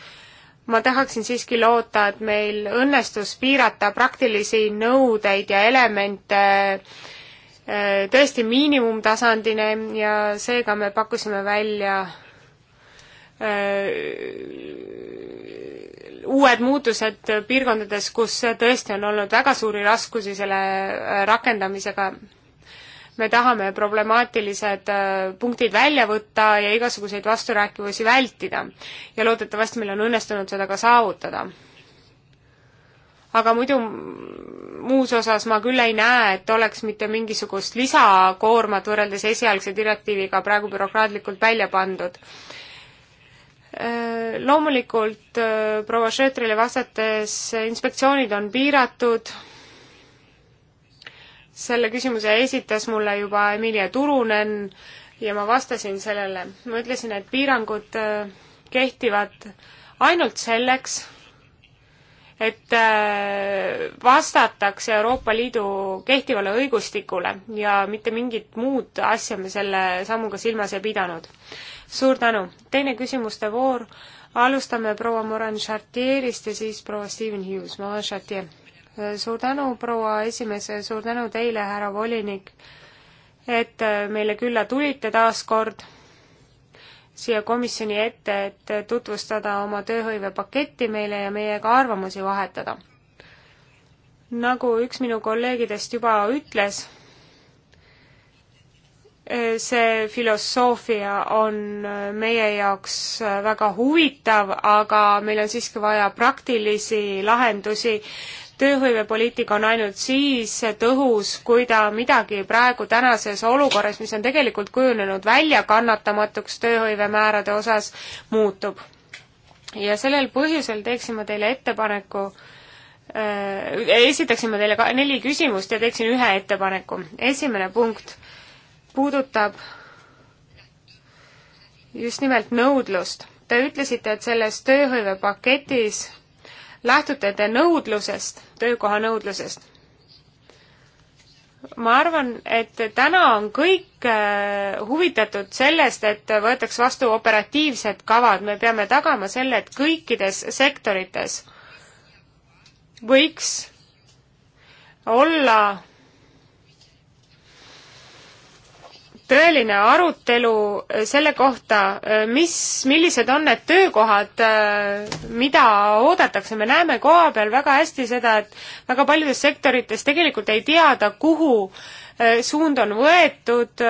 [SPEAKER 1] ma tahaksin siiski loota, et meil õnnestus piirata praktilisi nõudeid ja elemente äh, tõesti miinimumtasandini ja seega me pakkusime välja äh, uued muutused piirkondades, kus tõesti on olnud väga suuri raskusi selle äh, rakendamisega me tahame problemaatilised äh, punktid välja võtta ja igasuguseid vasturääkivusi vältida. ja loodetavasti meil on õnnestunud seda ka saavutada. aga muidu muus osas ma küll ei näe, et oleks mitte mingisugust lisakoormat võrreldes esialgse direktiiviga praegu bürokraatlikult välja pandud äh, loomulikult äh, proua Schröterile vastates inspektsioonid on piiratud selle küsimuse esitas mulle juba Emilia Turunen ja ma vastasin sellele. ma ütlesin, et piirangud äh, kehtivad ainult selleks, et äh, vastatakse Euroopa Liidu kehtivale õigustikule ja mitte mingit muud asja me selle sammuga silmas ei pidanud. suur tänu! teine küsimuste voor, alustame proua Moran Chartierist ja siis proua Steven Hughes, Moran Chartier suur tänu, proua esimees, suur tänu teile, härra volinik, et äh, meile külla tulite taas kord siia komisjoni ette, et tutvustada oma tööhõivepaketti meile ja meiega arvamusi vahetada. nagu üks minu kolleegidest juba ütles, äh, see filosoofia on äh, meie jaoks väga huvitav, aga meil on siiski vaja praktilisi lahendusi tööhõivepoliitika on ainult siis tõhus, kui ta midagi praegu tänases olukorras, mis on tegelikult kujunenud väljakannatamatuks tööhõivemäärade osas, muutub. ja sellel põhjusel teeksin ma teile ettepaneku äh,, esitaksin ma teile ka neli küsimust ja teeksin ühe ettepaneku. esimene punkt puudutab just nimelt nõudlust. Te ütlesite, et selles tööhõivepaketis lähtute te nõudlusest, töökoha nõudlusest? ma arvan, et täna on kõik äh, huvitatud sellest, et võetaks vastu operatiivsed kavad, me peame tagama selle, et kõikides sektorites võiks olla tõeline arutelu äh, selle kohta, äh, mis, millised on need töökohad, äh, mida oodatakse, me näeme koha peal väga hästi seda, et väga paljudes sektorites tegelikult ei teada, kuhu suund on võetud,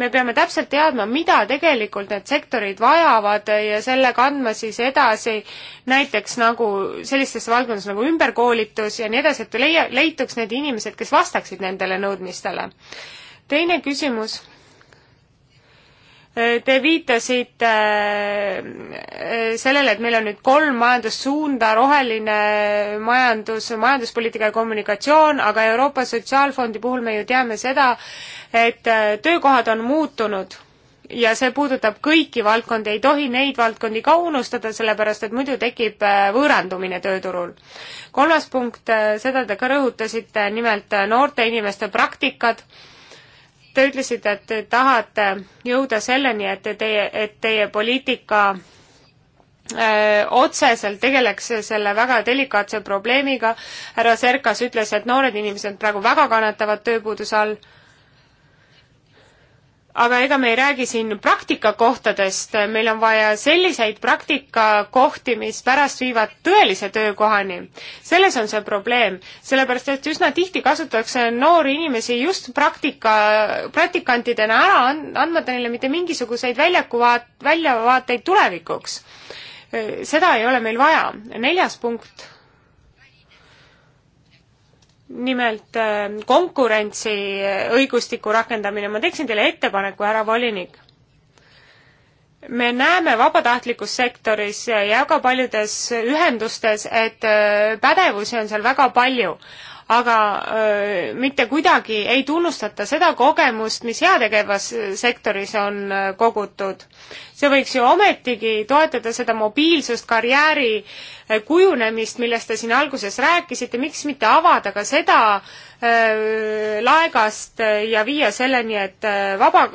[SPEAKER 1] me peame täpselt teadma, mida tegelikult need sektorid vajavad ja selle kandma siis edasi näiteks nagu sellistesse valdkondades nagu ümberkoolitus ja nii edasi, et leia, leituks need inimesed, kes vastaksid nendele nõudmistele teine küsimus. Äh, te viitasite äh, sellele, et meil on nüüd kolm majandussuunda, roheline majandus, majanduspoliitika ja kommunikatsioon, aga Euroopa Sotsiaalfondi puhul me ju teame seda, et äh, töökohad on muutunud ja see puudutab kõiki valdkondi, ei tohi neid valdkondi ka unustada, sellepärast et muidu tekib võõrandumine tööturul. kolmas punkt, seda te ka rõhutasite, nimelt noorte inimeste praktikad Te ütlesite, et te tahate jõuda selleni, et teie, et teie poliitika äh, otseselt tegeleks selle väga delikaatse probleemiga. härra Serkas ütles, et noored inimesed praegu väga kannatavad tööpuuduse all aga ega me ei räägi siin praktikakohtadest, meil on vaja selliseid praktikakohti, mis pärast viivad tõelise töökohani. selles on see probleem, sellepärast et üsna tihti kasutatakse noori inimesi just praktika, praktikantidena ära, andmata neile mitte mingisuguseid väljakuvaat-, väljavaateid tulevikuks. seda ei ole meil vaja. neljas punkt nimelt äh, konkurentsi õigustiku rakendamine, ma teeksin teile ettepaneku, härra volinik. me näeme vabatahtlikus sektoris ja ka paljudes ühendustes, et äh, pädevusi on seal väga palju, aga öö, mitte kuidagi ei tunnustata seda kogemust, mis heategevas sektoris on kogutud. see võiks ju ometigi toetada seda mobiilsust, karjääri kujunemist, millest te siin alguses rääkisite, miks mitte avada ka seda öö, laegast ja viia selleni, et vaba,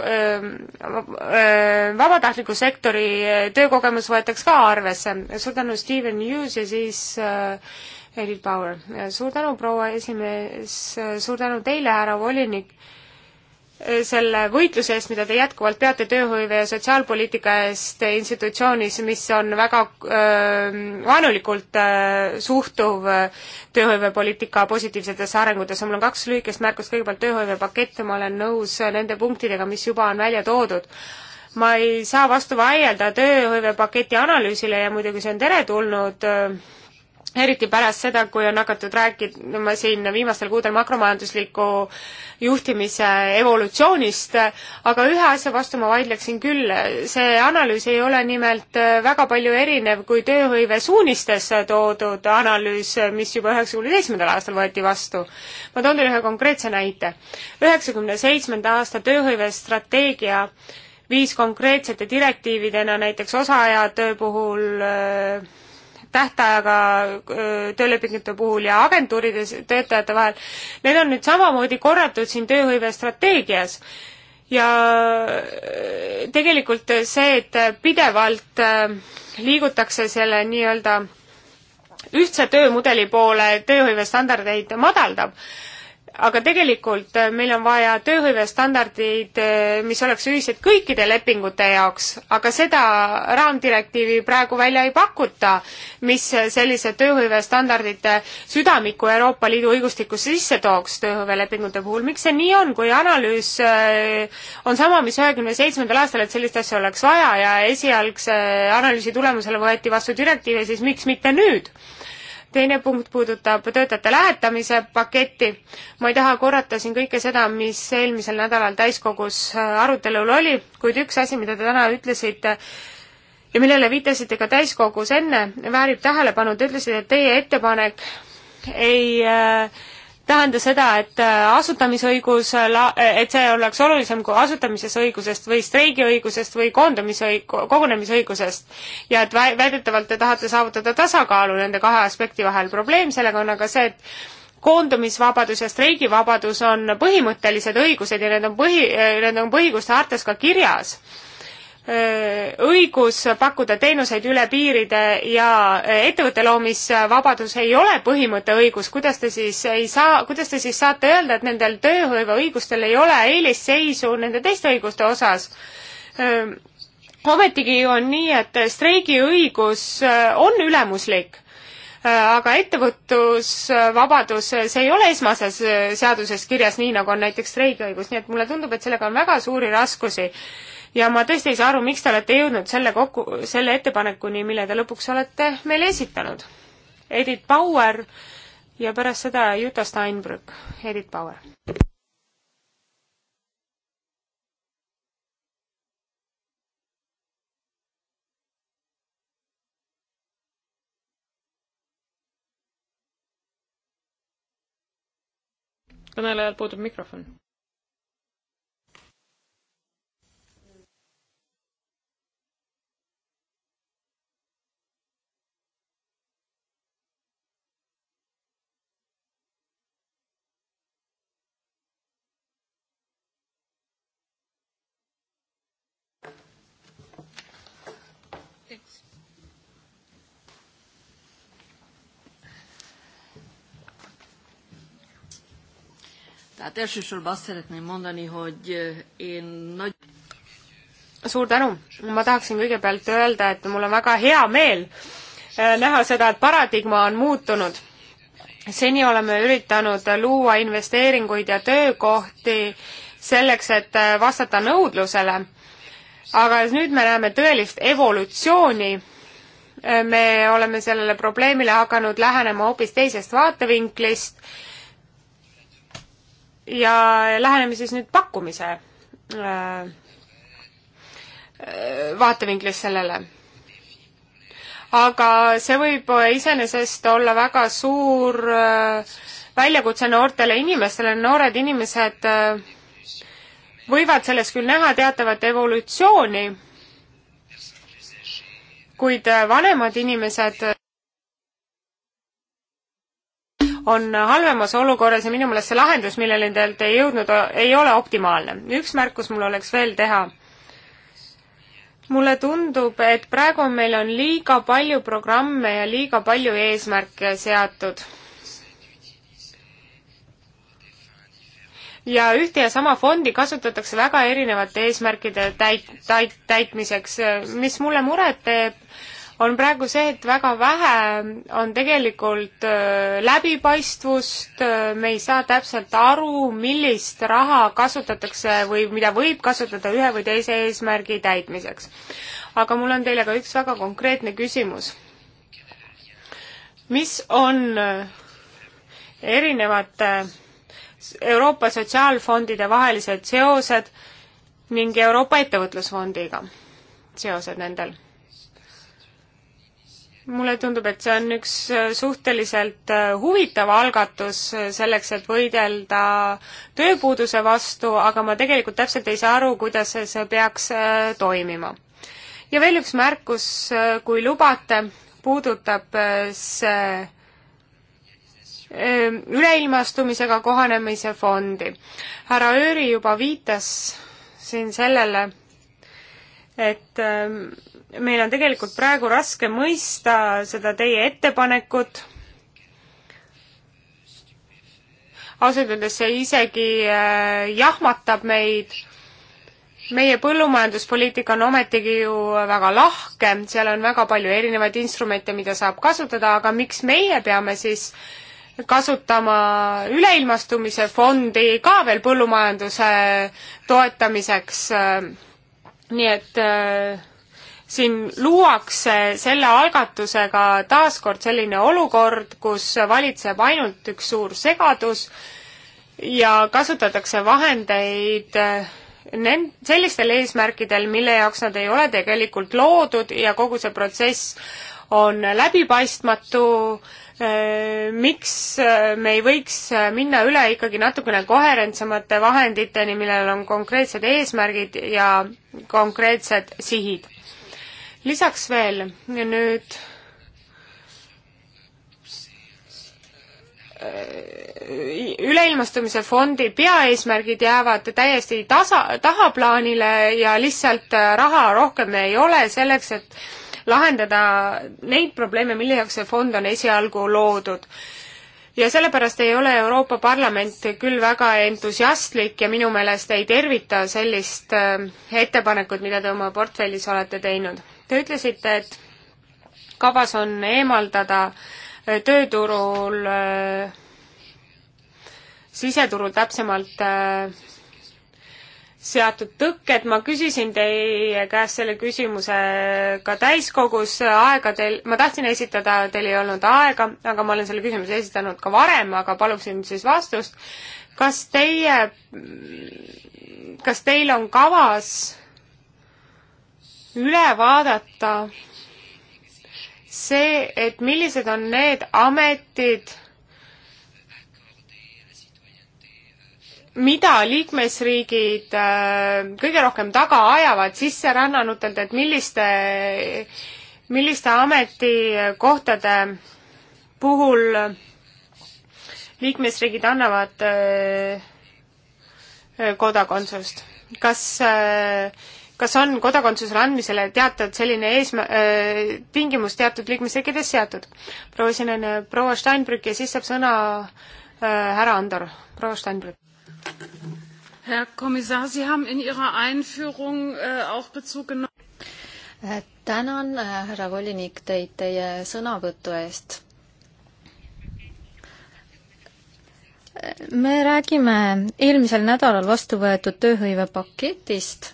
[SPEAKER 1] vabatahtliku sektori töökogemus võetaks ka arvesse. suur tänu, Steven Hughes ja siis öö, Edith Bauer. suur tänu, proua esimees, suur tänu teile, härra volinik, selle võitluse eest, mida te jätkuvalt peate tööhõive ja sotsiaalpoliitika eest institutsioonis, mis on väga äh, vaenulikult äh, suhtuv äh, tööhõivepoliitika positiivsetesse arengutesse. mul on kaks lühikest märkust, kõigepealt tööhõivepakett, ma olen nõus nende punktidega, mis juba on välja toodud ma ei saa vastu vaielda tööhõivepaketi analüüsile ja muidugi see on teretulnud äh, eriti pärast seda, kui on hakatud rääkima siin viimastel kuudel makromajandusliku juhtimise evolutsioonist, aga ühe asja vastu ma vaidleksin küll, see analüüs ei ole nimelt väga palju erinev kui tööhõive suunistes toodud analüüs, mis juba üheksakümne seitsmendal aastal võeti vastu. ma toon teile ühe konkreetse näite. üheksakümne seitsmenda aasta tööhõivestrateegia viis konkreetsete direktiividena näiteks osaajatöö puhul tähtajaga töölepingute puhul ja agentuuride töötajate vahel, need on nüüd samamoodi korratud siin tööhõive strateegias ja tegelikult see, et pidevalt liigutakse selle nii-öelda ühtse töömudeli poole, tööhõive standardeid madaldab, aga tegelikult äh, meil on vaja tööhõivestandardid, äh, mis oleks ühised kõikide lepingute jaoks, aga seda raamdirektiivi praegu välja ei pakuta, mis äh, sellise tööhõivestandardite südamiku Euroopa Liidu õigustikusse sisse tooks tööhõivelepingute puhul. miks see nii on, kui analüüs on sama, mis üheksakümne seitsmendal aastal, et sellist asja oleks vaja ja esialgse analüüsi tulemusel võeti vastu direktiiv ja siis miks mitte nüüd? teine punkt puudutab töötajate lähetamise paketti. ma ei taha korrata siin kõike seda, mis eelmisel nädalal täiskogus äh, arutelul oli, kuid üks asi, mida te täna ütlesite, ja millele viitasite ka täiskogus enne, väärib tähelepanu, te ütlesite, et teie ettepanek ei äh, tähenda seda, et äh, asutamisõigus, äh, äh, et see oleks olulisem kui asutamisõigusest või streigiõigusest või koondamisõig-, kogunemisõigusest. ja et väidetavalt te tahate saavutada tasakaalu nende kahe aspekti vahel. probleem sellega on aga see, et koondumisvabadus ja streigivabadus on põhimõttelised õigused ja need on põhi, need on põhikuste hartas ka kirjas õigus pakkuda teenuseid üle piiride ja ettevõtte loomisvabadus ei ole põhimõtteõigus, kuidas te siis ei saa, kuidas te siis saate öelda, et nendel tööhõiveõigustel ei ole eelisseisu nende teiste õiguste osas? ometigi on nii, et streigiõigus on ülemuslik, aga ettevõtlusvabadus, see ei ole esmases seaduses kirjas, nii nagu on näiteks streigiõigus, nii et mulle tundub, et sellega on väga suuri raskusi ja ma tõesti ei saa aru, miks te olete jõudnud selle kokku, selle ettepanekuni, mille te lõpuks olete meile esitanud. Edith Bauer ja pärast seda Juta Steinbrück. Edith Bauer.
[SPEAKER 3] kõnelejal puudub mikrofon
[SPEAKER 2] Tehát elsősorban azt szeretném mondani, hogy én nagy...
[SPEAKER 1] suur tänu, ma tahaksin kõigepealt öelda, et mul on väga hea meel äh, näha seda, et paradigma on muutunud. seni oleme üritanud luua investeeringuid ja töökohti selleks, et äh, vastata nõudlusele. aga nüüd me näeme tõelist evolutsiooni. Äh, me oleme sellele probleemile hakanud lähenema hoopis teisest vaatevinklist ja läheneme siis nüüd pakkumise äh, vaatevinklist sellele. aga see võib iseenesest olla väga suur äh, väljakutse noortele inimestele, noored inimesed äh, võivad selles küll näha teatavat evolutsiooni, kuid vanemad inimesed on halvemas olukorras ja minu meelest see lahendus, milleni te olete jõudnud, ei ole optimaalne. üks märkus mul oleks veel teha. mulle tundub, et praegu meil on liiga palju programme ja liiga palju eesmärke seatud ja ühte ja sama fondi kasutatakse väga erinevate eesmärkide täit-, täit-, täitmiseks. mis mulle muret teeb, on praegu see, et väga vähe on tegelikult äh, läbipaistvust, äh, me ei saa täpselt aru, millist raha kasutatakse või mida võib kasutada ühe või teise eesmärgi täitmiseks. aga mul on teile ka üks väga konkreetne küsimus. mis on äh, erinevate Euroopa sotsiaalfondide vahelised seosed ning Euroopa ettevõtlusfondiga seosed nendel? mulle tundub, et see on üks äh, suhteliselt äh, huvitav algatus äh, selleks, et võidelda tööpuuduse vastu, aga ma tegelikult täpselt ei saa aru, kuidas see peaks toimima. ja veel üks märkus, kui lubate, puudutab see üleilmastumisega kohanemise fondi. härra Ööri juba viitas siin sellele, et ähm, meil on tegelikult praegu raske mõista seda teie ettepanekut. ausalt öeldes see isegi äh, jahmatab meid. meie põllumajanduspoliitika on ometigi ju väga lahke, seal on väga palju erinevaid instrumente, mida saab kasutada, aga miks meie peame siis kasutama üleilmastumise fondi ka veel põllumajanduse toetamiseks. Äh, nii et äh, siin luuakse selle algatusega taaskord selline olukord, kus valitseb ainult üks suur segadus ja kasutatakse vahendeid eh, nend-, sellistel eesmärkidel, mille jaoks nad ei ole tegelikult loodud ja kogu see protsess on läbipaistmatu, eh, miks eh, me ei võiks minna üle ikkagi natukene koherentsemate vahenditeni, millel on konkreetsed eesmärgid ja konkreetsed sihid lisaks veel nüüd äh, üleilmastumise fondi peaeesmärgid jäävad täiesti tasa, tahaplaanile ja lihtsalt äh, raha rohkem ei ole selleks, et lahendada neid probleeme, mille jaoks see fond on esialgu loodud ja sellepärast ei ole Euroopa Parlament küll väga entusiastlik ja minu meelest ei tervita sellist äh, ettepanekut, mida te oma portfellis olete teinud. Te ütlesite, et kavas on eemaldada äh, tööturul, äh, siseturul täpsemalt äh, seatud tõkked, ma küsisin teie käest selle küsimuse ka täiskogus, aega teil, ma tahtsin esitada, teil ei olnud aega, aga ma olen selle küsimuse esitanud ka varem, aga paluksin siis vastust. kas teie, kas teil on kavas üle vaadata see, et millised on need ametid, mida liikmesriigid äh, kõige rohkem taga ajavad sisserännanutelt, et milliste, milliste ametikohtade puhul liikmesriigid annavad äh, kodakondsust. kas äh, kas on kodakondsusele andmisele teatud selline eesmä- äh,, tingimus teatud liikmesriikides seatud? proua Sinene, äh, proua Steinbrück ja siis saab sõna äh, härra Andor, proua Steinbrück.
[SPEAKER 2] Herr
[SPEAKER 3] Kommissar, Sie haben in Ihrer Einführung äh, auch Bezug genommen.
[SPEAKER 2] Äh, tänan, äh, härra volinik, teid teie sõnavõtu eest. me räägime eelmisel nädalal vastu võetud tööhõivepaketist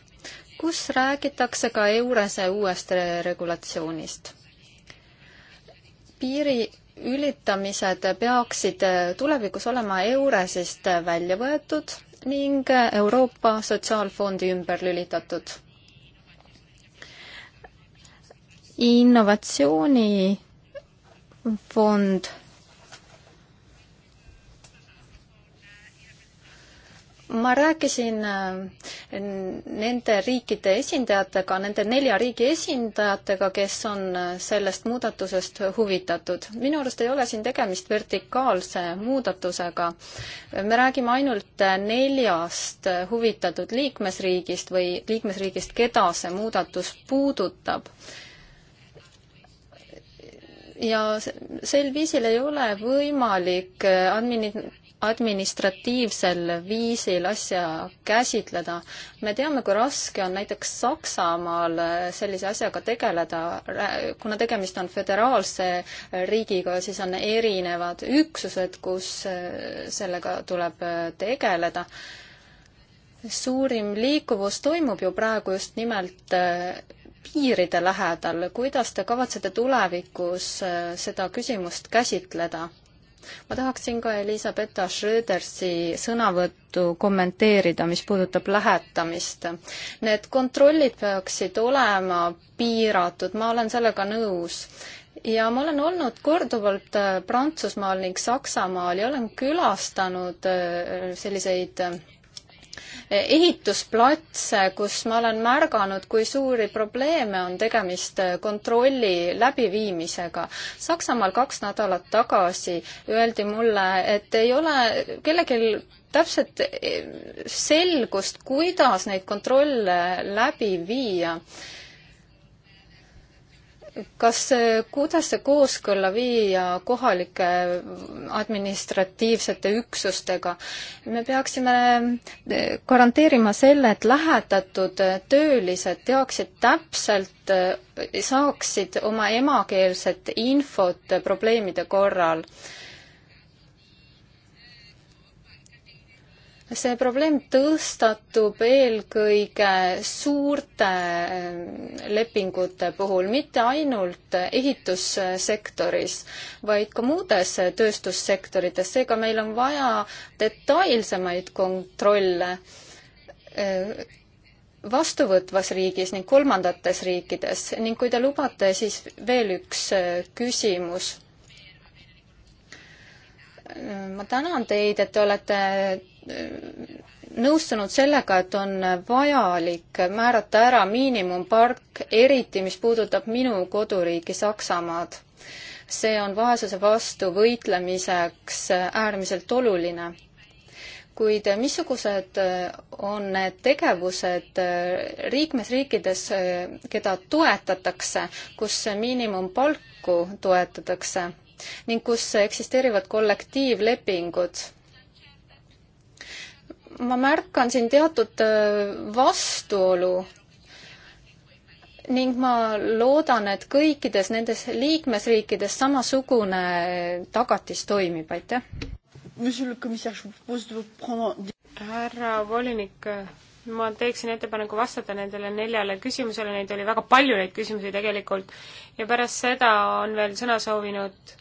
[SPEAKER 2] kus räägitakse ka Eurese uuest regulatsioonist. piiri ülitamised peaksid tulevikus olema Euresist välja võetud ning Euroopa Sotsiaalfondi ümber lülitatud. innovatsioonifond ma rääkisin äh, nende riikide esindajatega, nende nelja riigi esindajatega, kes on äh, sellest muudatusest huvitatud. minu arust ei ole siin tegemist vertikaalse muudatusega. me räägime ainult äh, neljast huvitatud liikmesriigist või liikmesriigist, keda see muudatus puudutab ja sel viisil ei ole võimalik admini-, administratiivsel viisil asja käsitleda. me teame, kui raske on näiteks Saksamaal sellise asjaga tegeleda, kuna tegemist on föderaalse riigiga, siis on erinevad üksused, kus sellega tuleb tegeleda. suurim liikuvus toimub ju praegu just nimelt piiride lähedal, kuidas te kavatsete tulevikus seda küsimust käsitleda? ma tahaksin ka Elizabeth Schrödersi sõnavõttu kommenteerida, mis puudutab lähetamist. Need kontrollid peaksid olema piiratud, ma olen sellega nõus ja ma olen olnud korduvalt äh, Prantsusmaal ning Saksamaal ja olen külastanud äh, selliseid äh, ehitusplatse, kus ma olen märganud, kui suuri probleeme on tegemist kontrolli läbiviimisega. Saksamaal kaks nädalat tagasi öeldi mulle, et ei ole kellelgi täpset selgust, kuidas neid kontrolle läbi viia kas, kuidas see kooskõlla viia kohalike administratiivsete üksustega? me peaksime eh, garanteerima selle, et lähetatud eh, töölised teaksid täpselt, eh, saaksid oma emakeelset infot probleemide korral see probleem tõstatub eelkõige suurte ähm, lepingute puhul, mitte ainult ehitussektoris, vaid ka muudes tööstussektorites, seega meil on vaja detailsemaid kontrolle äh, vastuvõtvas riigis ning kolmandates riikides ning kui te lubate, siis veel üks äh, küsimus. Äh, ma tänan teid, et te olete nõustunud sellega, et on vajalik määrata ära miinimumpark, eriti mis puudutab minu koduriiki Saksamaad. see on vaesuse vastu võitlemiseks äärmiselt oluline. kuid missugused on need tegevused liikmesriikides, keda toetatakse, kus miinimumpalku toetatakse ning kus eksisteerivad kollektiivlepingud ma märkan siin teatud äh, vastuolu ning ma loodan, et kõikides nendes liikmesriikides samasugune äh, tagatis toimib, aitäh.
[SPEAKER 1] härra volinik, ma teeksin ettepaneku vastata nendele neljale küsimusele, neid oli väga palju, neid küsimusi tegelikult, ja pärast seda on veel sõna soovinud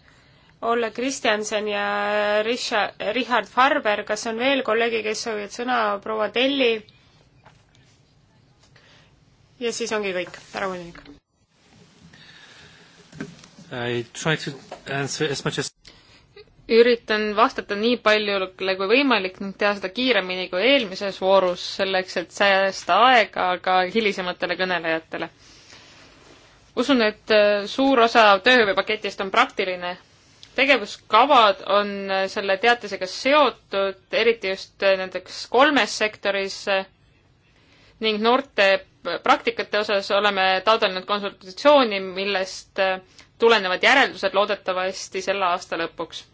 [SPEAKER 1] Olle Kristjanson ja Richard, Richard Farber, kas on veel kolleege, kes soovivad sõna, proua Telli? ja siis ongi kõik, härra volinik.
[SPEAKER 2] As...
[SPEAKER 3] üritan vastata nii paljule kui võimalik ning teha seda kiiremini kui eelmises voorus, selleks et säästa aega ka hilisematele kõnelejatele. usun, et äh, suur osa tööhõivepaketist on praktiline tegevuskavad on äh, selle teatisega seotud, eriti just äh, nendeks kolmes sektoris äh, ning noorte praktikate osas oleme taotlenud konsultatsiooni, millest tulenevad järeldused loodetavasti selle aasta lõpuks.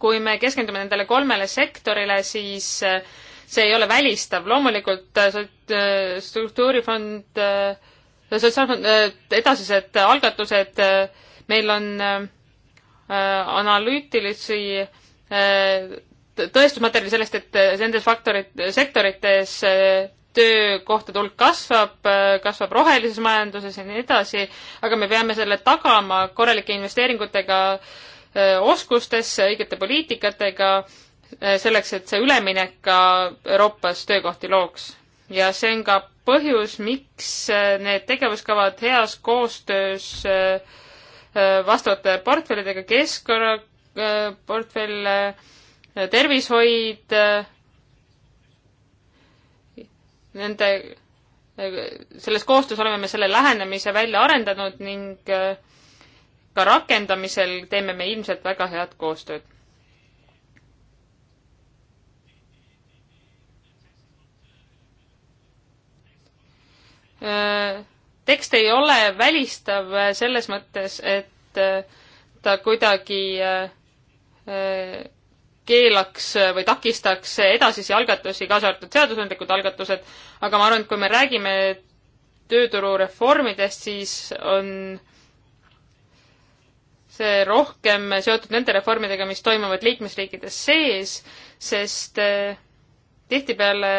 [SPEAKER 3] kui me keskendume nendele kolmele sektorile, siis see ei ole välistav, loomulikult struktuurifond, sotsiaalfond, edasised algatused, meil on Äh, analüütilisi äh, tõestusmaterjali sellest, et äh, nendes faktorid, sektorites töökohtade hulk kasvab, kasvab rohelises majanduses ja nii edasi, aga me peame selle tagama korralike investeeringutega oskustesse, õigete poliitikatega, selleks, et see üleminek ka Euroopas töökohti looks. ja see on ka põhjus, miks need tegevuskavad heas koostöös äh, Äh, vastavate portfellidega, keskkonnaportfell, äh, äh, tervishoid, nende, selles koostöös oleme me selle lähenemise välja arendanud ning ka rakendamisel teeme me ilmselt väga head koostööd tekst ei ole välistav selles mõttes, et äh, ta kuidagi äh, äh, keelaks või takistaks edasisi algatusi, kaasa arvatud seadusandlikud algatused, aga ma arvan, et kui me räägime tööturureformidest, siis on see rohkem seotud nende reformidega, mis toimuvad liikmesriikides sees, sest tihtipeale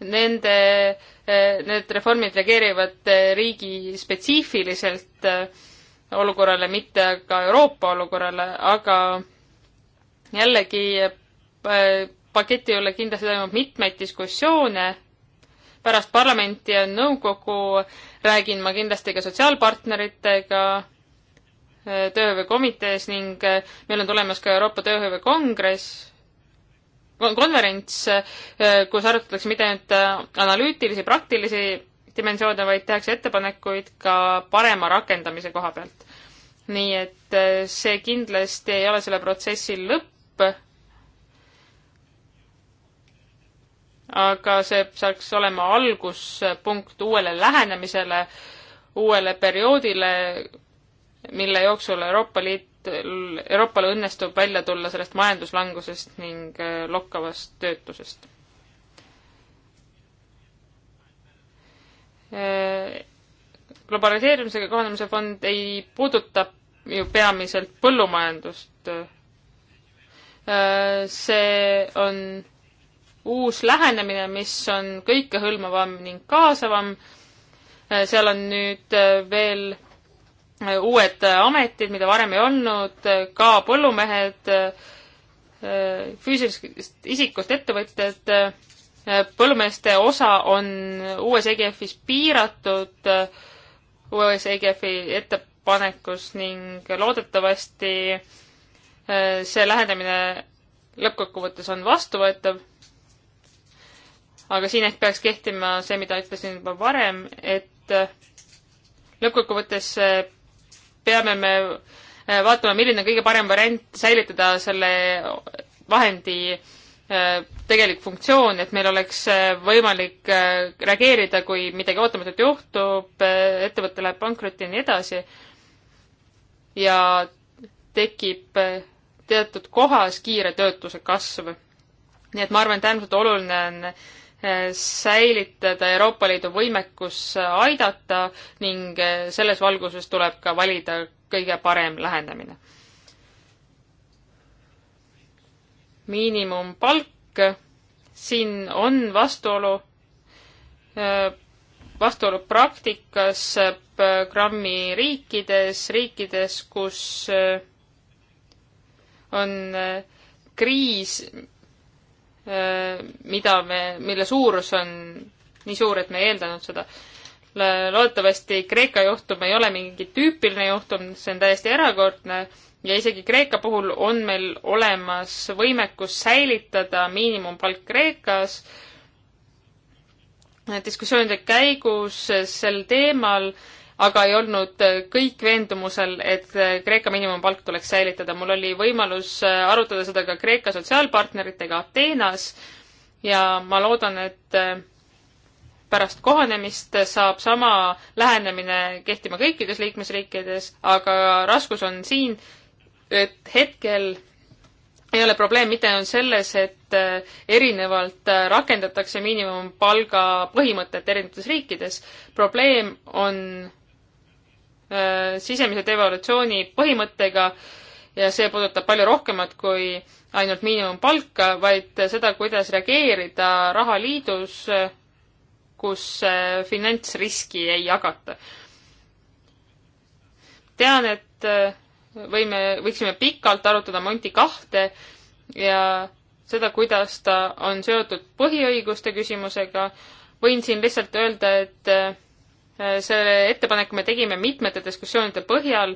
[SPEAKER 3] nende, need reformid reageerivad riigi spetsiifiliselt olukorrale, mitte ka Euroopa olukorrale, aga jällegi paketi üle kindlasti toimub mitmeid diskussioone, pärast parlamenti ja nõukogu räägin ma kindlasti ka sotsiaalpartneritega tööhõivekomitees ning meil on tulemas ka Euroopa Tööhõivekongress konverents, äh, kus arutatakse mitte ainult äh, analüütilisi, praktilisi dimensioone, vaid tehakse ettepanekuid ka parema rakendamise koha pealt. nii et äh, see kindlasti ei ole selle protsessi lõpp, aga see saaks olema alguspunkt uuele lähenemisele, uuele perioodile, mille jooksul Euroopa Liit et Euroopal õnnestub välja tulla sellest majanduslangusest ning äh, lokkavast töötusest. Äh, globaliseerimisega kohanemise fond ei puuduta ju peamiselt põllumajandust. Äh, see on uus lähenemine, mis on kõikehõlmavam ning kaasavam. seal on nüüd veel uued ametid, mida varem ei olnud, ka põllumehed, füüsilisest isikust ettevõtjad, põllumeeste osa on uues EGF-is piiratud, uues EGF-i ettepanekus ning loodetavasti eh, see lähenemine lõppkokkuvõttes on vastuvõetav. aga siin ehk peaks kehtima see, mida ütlesin juba varem, et lõppkokkuvõttes eh, peame me äh, vaatama, milline on kõige parem variant säilitada selle vahendi äh, tegelik funktsioon, et meil oleks äh, võimalik reageerida, kui midagi ootamatut juhtub, ettevõte läheb pankrotti ja nii edasi. ja tekib teatud kohas kiire töötuse kasv. nii et ma arvan, et äärmiselt oluline on säilitada Euroopa Liidu võimekus aidata ning selles valguses tuleb ka valida kõige parem lähendamine. miinimumpalk, siin on vastuolu, vastuolu praktikas programmi riikides, riikides, kus on kriis, Äh, mida me, mille suurus on nii suur, et me ei eeldanud seda. loodetavasti Kreeka juhtum ei ole mingi tüüpiline juhtum, see on täiesti erakordne ja isegi Kreeka puhul on meil olemas võimekus säilitada miinimumpalk Kreekas. diskussioonide käigus sel teemal äh, aga ei olnud äh, kõik veendumusel, et äh, Kreeka miinimumpalk tuleks säilitada. mul oli võimalus äh, arutada seda ka Kreeka sotsiaalpartneritega Ateenas ja ma loodan, et pärast kohanemist saab sama lähenemine kehtima kõikides liikmesriikides, aga raskus on siin, et hetkel ei ole probleem mitte ainult selles, et erinevalt rakendatakse miinimumpalga põhimõtet erinevates riikides, probleem on Äh, sisemise devolutsiooni põhimõttega ja see puudutab palju rohkemat kui ainult miinimumpalka, vaid seda, kuidas reageerida rahaliidus, kus äh, finantsriski ei jagata. tean, et äh, võime, võiksime pikalt arutada Monti kahte ja seda, kuidas ta on seotud põhiõiguste küsimusega. võin siin lihtsalt öelda, et Äh, selle ettepaneku me tegime mitmete diskussioonide põhjal.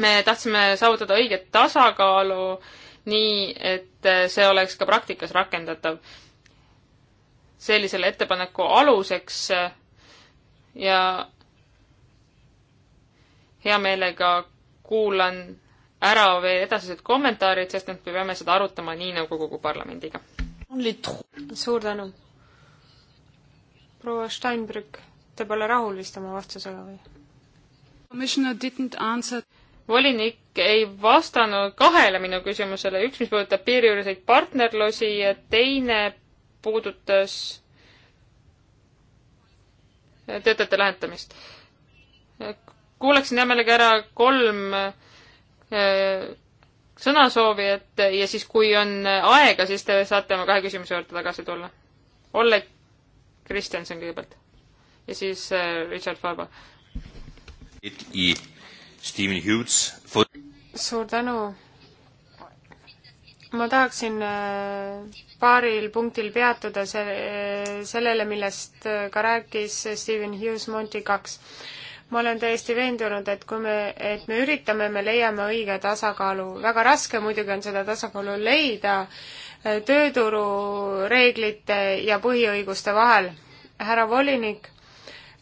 [SPEAKER 3] me tahtsime saavutada õiget tasakaalu nii, et äh, see oleks ka praktikas rakendatav. sellisele ettepaneku aluseks äh, ja hea meelega kuulan ära veel edasised kommentaarid, sest et me peame seda arutama nii nõukogu kui parlamendiga.
[SPEAKER 1] suur tänu proua Steinbrück, te pole rahul vist oma vastusega või?
[SPEAKER 3] volinik ei vastanud kahele minu küsimusele, üks, mis puudutab piiriüleseid partnerlusi ja teine puudutas töötajate lähetamist. kuulaksin hea meelega ära kolm eh, sõnasoovijat ja siis, kui on aega, siis te saate oma kahe küsimuse juurde tagasi tulla. Olle Kristjanson kõigepealt ja siis
[SPEAKER 1] äh, Richard Farba. suur tänu. ma tahaksin äh, paaril punktil peatuda se-, äh, sellele, millest ka rääkis Steven Hughes Monty kaks ma olen täiesti veendunud, et kui me, et me üritame, me leiame õige tasakaalu. väga raske muidugi on seda tasakaalu leida äh, tööturureeglite ja põhiõiguste vahel. härra volinik,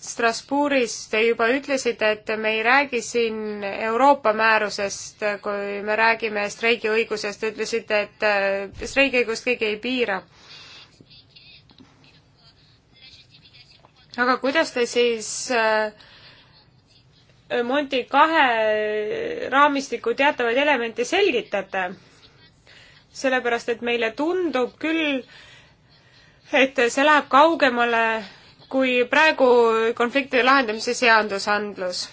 [SPEAKER 1] Strasbourgis te juba ütlesite, et me ei räägi siin Euroopa määrusest, kui me räägime streigiõigusest, te ütlesite, et äh, streigiõigust keegi ei piira. aga kuidas te siis äh, Monti kahe raamistiku teatavaid elemente selgitate? sellepärast et meile tundub küll, et see läheb kaugemale kui praegu konfliktide lahendamise seadusandlus.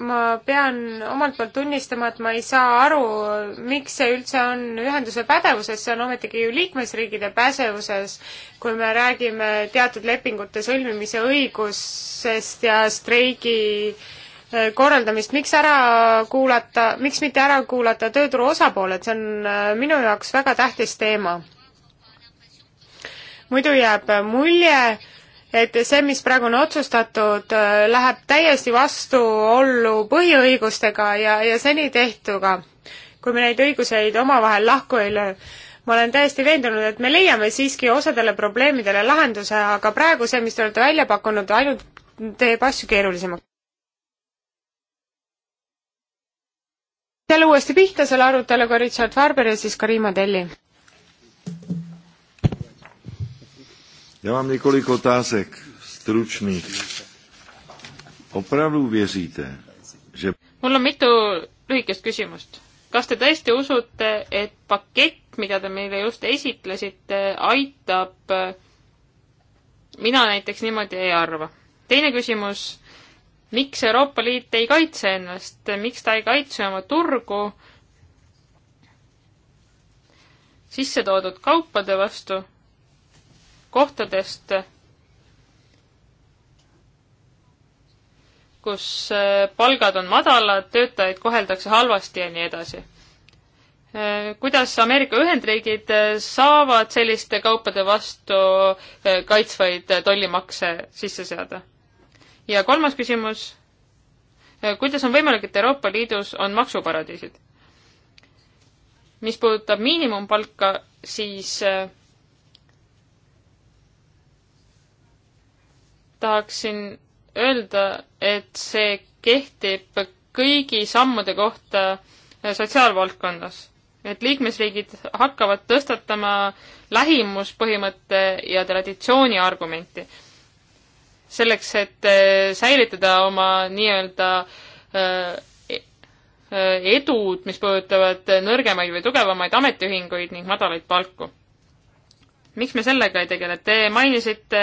[SPEAKER 1] ma pean omalt poolt tunnistama, et ma ei saa aru, miks see üldse on ühenduse pädevuses, see on ometigi ju liikmesriigide pädevuses, kui me räägime teatud lepingute sõlmimise õigusest ja streigi äh, korraldamist, miks ära kuulata, miks mitte ära kuulata tööturu osapooled, see on äh, minu jaoks väga tähtis teema. muidu jääb mulje, et see, mis praegu on otsustatud, äh, läheb täiesti vastuollu põhiõigustega ja, ja seni tehtuga, kui me neid õiguseid omavahel lahku ei löö ma olen täiesti veendunud, et me leiame siiski osadele probleemidele lahenduse, aga praegu see, mis te olete välja pakkunud, ainult teeb asju keerulisemaks. jälle uuesti pihta selle aruteluga Richard Farber ja siis Karima Telli.
[SPEAKER 3] Já mám několik otázek stručných. Opravdu věříte, že... Mul on mitu lühikest küsimust. Kas te tõesti usute, et pakett, mida te meile just esitlesite, aitab? Mina näiteks niimoodi ei arva. Teine küsimus miks Euroopa Liit ei kaitse ennast, miks ta ei kaitse oma turgu sisse toodud kaupade vastu kohtadest, kus äh, palgad on madalad, töötajaid koheldakse halvasti ja nii edasi. Äh, kuidas Ameerika Ühendriigid äh, saavad selliste kaupade vastu kaitsvaid tollimakse sisse seada? ja kolmas küsimus, kuidas on võimalik, et Euroopa Liidus on maksuparadiisid? mis puudutab miinimumpalka, siis äh, tahaksin öelda, et see kehtib kõigi sammude kohta äh, sotsiaalvaldkonnas. et liikmesriigid hakkavad tõstatama lähimuspõhimõtte ja traditsiooni argumenti selleks, et äh, säilitada oma nii-öelda äh, e, äh, edud, mis puudutavad nõrgemaid või tugevamaid ametiühinguid ning madalaid palku. miks me sellega ei tegele? Te mainisite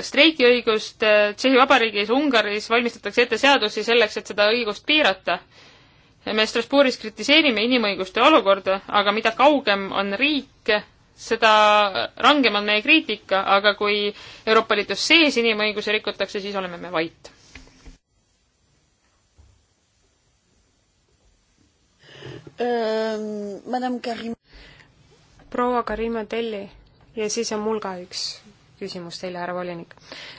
[SPEAKER 3] streigiõigust Tšehhi Vabariigis, Ungaris valmistatakse ette seadusi selleks, et seda õigust piirata. me Strasbourgis kritiseerime inimõiguste olukorda, aga mida kaugem on riik, seda rangem on meie kriitika, aga kui Euroopa Liidu sees inimõigusi rikutakse, siis oleme me vait.
[SPEAKER 2] Madame Karim.
[SPEAKER 1] proua Karima Telli ja siis on mul ka üks küsimus teile, härra volinik.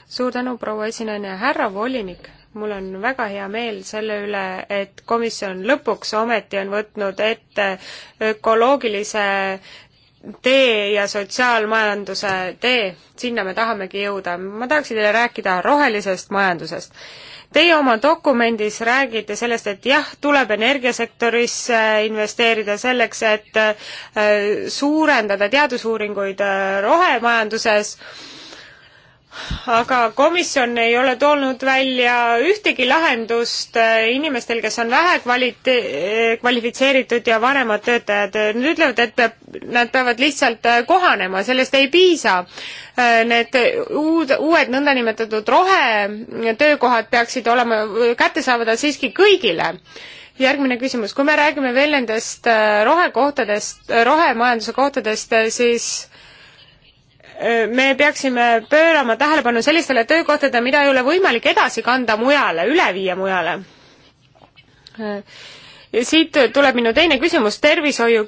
[SPEAKER 1] suur tänu, proua esinaine, härra volinik, mul on väga hea meel selle üle, et komisjon lõpuks ometi on võtnud ette ökoloogilise tee ja sotsiaalmajanduse tee, sinna me tahamegi jõuda. ma tahaksin teile rääkida rohelisest majandusest. Teie oma dokumendis räägite sellest, et jah, tuleb energiasektorisse investeerida selleks, et äh, suurendada teadusuuringuid äh, rohemajanduses aga komisjon ei ole toonud välja ühtegi lahendust äh, inimestel, kes on vähe kvalite-, äh, kvalifitseeritud ja vanemad töötajad. Nad ütlevad, et peab, nad peavad lihtsalt äh, kohanema, sellest ei piisa. Need uud, uued nõndanimetatud rohetöökohad peaksid olema kättesaadavad siiski kõigile järgmine küsimus, kui me räägime veel nendest rohekohtadest, rohemajanduse kohtadest, siis me peaksime pöörama tähelepanu sellistele töökohtadele, mida ei ole võimalik edasi kanda mujale, üle viia mujale. ja siit tuleb minu teine küsimus, tervishoiu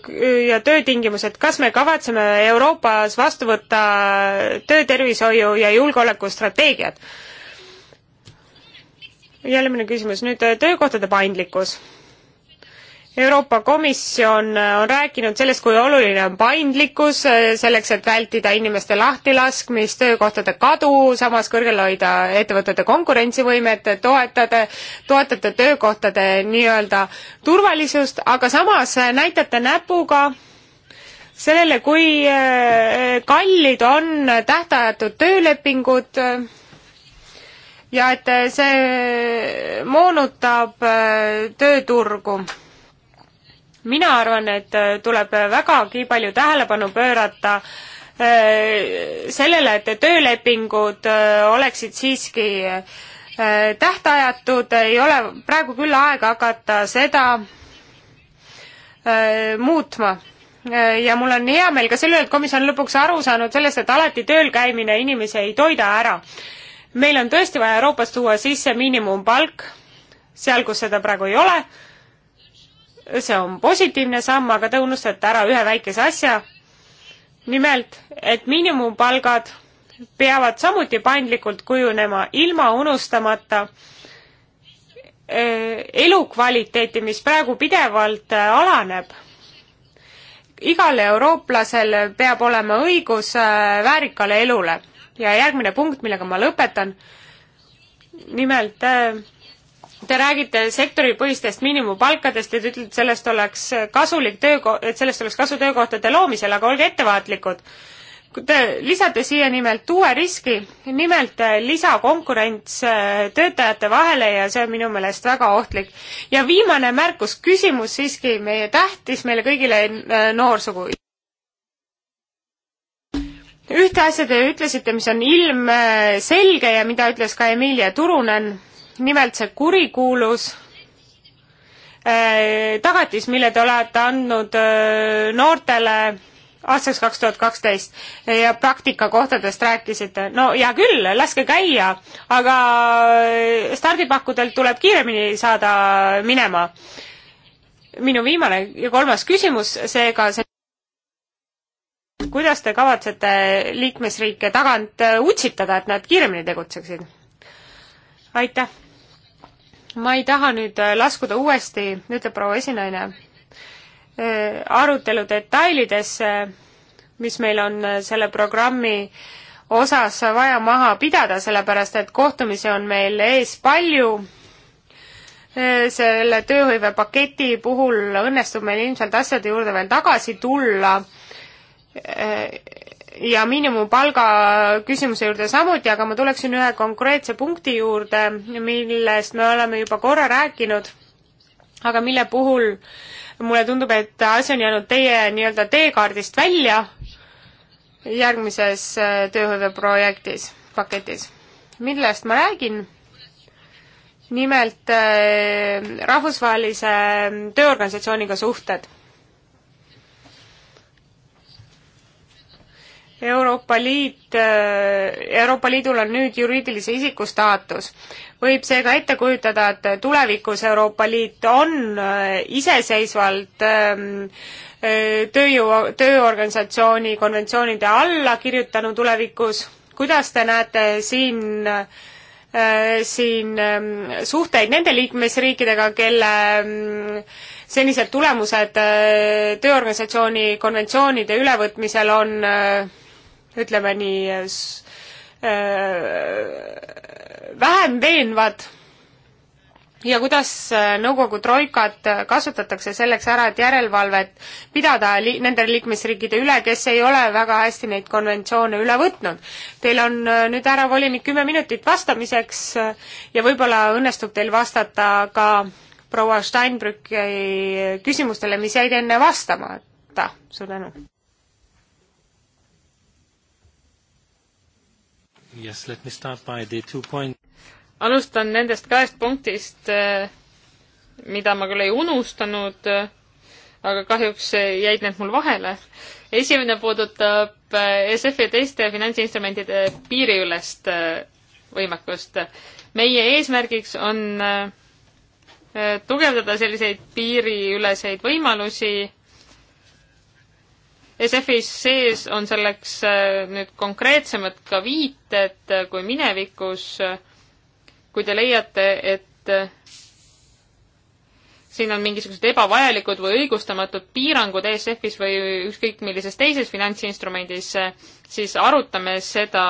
[SPEAKER 1] ja töötingimused. kas me kavatseme Euroopas vastu võtta töötervishoiu ja julgeolekustrateegiat? jälle minu küsimus, nüüd töökohtade paindlikkus Euroopa Komisjon äh, on rääkinud sellest, kui oluline on paindlikkus äh, selleks, et vältida inimeste lahtilaskmist, töökohtade kadu, samas kõrgel hoida ettevõtete konkurentsivõimet, toetada, toetate töökohtade nii-öelda turvalisust, aga samas äh, näitate näpuga sellele, kui kallid on tähtajatud töölepingud ja et see moonutab tööturgu mina arvan, et äh, tuleb vägagi palju tähelepanu pöörata äh, sellele, et töölepingud äh, oleksid siiski tähtajatud, ei ole praegu küll aega hakata seda muutma ja mul on hea meel ka selle üle, et komisjon on lõpuks aru saanud sellest, et alati tööl käimine inimesi ei toida ära. meil on tõesti vaja Euroopas tuua sisse miinimumpalk, seal, kus seda praegu ei ole see on positiivne samm, aga te unustate ära ühe väikese asja. nimelt, et miinimumpalgad peavad samuti paindlikult kujunema, ilma unustamata eh, elukvaliteeti, mis praegu pidevalt eh, alaneb. igal eurooplasel peab olema õigus eh, väärikale elule ja järgmine punkt, millega ma lõpetan, nimelt Te räägite sektoripõhistest miinimumpalkadest ja te ütlete, et sellest oleks kasulik töö, et sellest oleks kasu töökohtade loomisel, aga olge ettevaatlikud. Te lisate siia nimelt uue riski, nimelt lisakonkurents töötajate vahele ja see on minu meelest väga ohtlik. ja viimane märkus, küsimus siiski meie tähtis meile kõigile eh, noorsugu ühte asja te ütlesite, mis on ilmselge ja mida ütles ka Emilia Turunen nimelt see kurikuulus äh, tagatis, mille te olete andnud äh, noortele aastaks kaks tuhat kaksteist ja praktikakohtadest rääkisite. no hea küll, laske käia, aga äh, stardipakkudelt tuleb kiiremini saada minema. minu viimane ja kolmas küsimus seega see kuidas te kavatsete liikmesriike tagant utsitada, et nad kiiremini tegutseksid? aitäh ma ei taha nüüd äh, laskuda uuesti, ütleb proua esinaine, äh, arutelu detailidesse, mis meil on äh, selle programmi osas vaja maha pidada, sellepärast et kohtumisi on meil ees palju. selle tööhõivepaketi puhul õnnestub meil ilmselt asjade juurde veel tagasi tulla ja miinimumpalga küsimuse juurde samuti, aga ma tuleksin ühe konkreetse punkti juurde, millest me oleme juba korra rääkinud, aga mille puhul mulle tundub, et asi on jäänud teie nii-öelda teekaardist välja järgmises äh, tööhõiveprojektis, paketis. millest ma räägin? nimelt äh, rahvusvahelise äh, tööorganisatsiooniga suhted Euroopa Liit, äh, Euroopa Liidul on nüüd juriidilise isiku staatus. võib seega ette kujutada, et tulevikus Euroopa Liit on äh, iseseisvalt ähm, äh, tööjõu, tööorganisatsiooni konventsioonide alla kirjutanud tulevikus, kuidas te näete siin siin ähm, suhteid nende liikmesriikidega, kelle ähm, senised tulemused tööorganisatsiooni konventsioonide ülevõtmisel on ütleme nii äh, vähem veenvad ja kuidas äh, nõukogu troikat äh, kasutatakse selleks ära, et järelevalvet pidada li-, nende liikmesriikide üle, kes ei ole väga hästi neid konventsioone üle võtnud. Teil on äh, nüüd härra volinik kümme minutit vastamiseks ja võib-olla õnnestub teil vastata ka proua Steinbrücki küsimustele, mis jäid enne vastamata. suur tänu! Yes,
[SPEAKER 3] let me start by the two point. alustan nendest kahest punktist, eh, mida ma küll ei unustanud, eh, aga kahjuks jäid need mul vahele. esimene puudutab eh, SF-i ja teiste finantsinstrumentide piiriülest võimekust. meie eesmärgiks on tugevdada selliseid piiriüleseid võimalusi SF-is sees on selleks äh, nüüd konkreetsemad ka viited äh, kui minevikus, äh, kui te leiate, et siin on mingisugused ebavajalikud või õigustamatud piirangud ESF-is või ükskõik millises teises finantsinstrumendis, siis arutame seda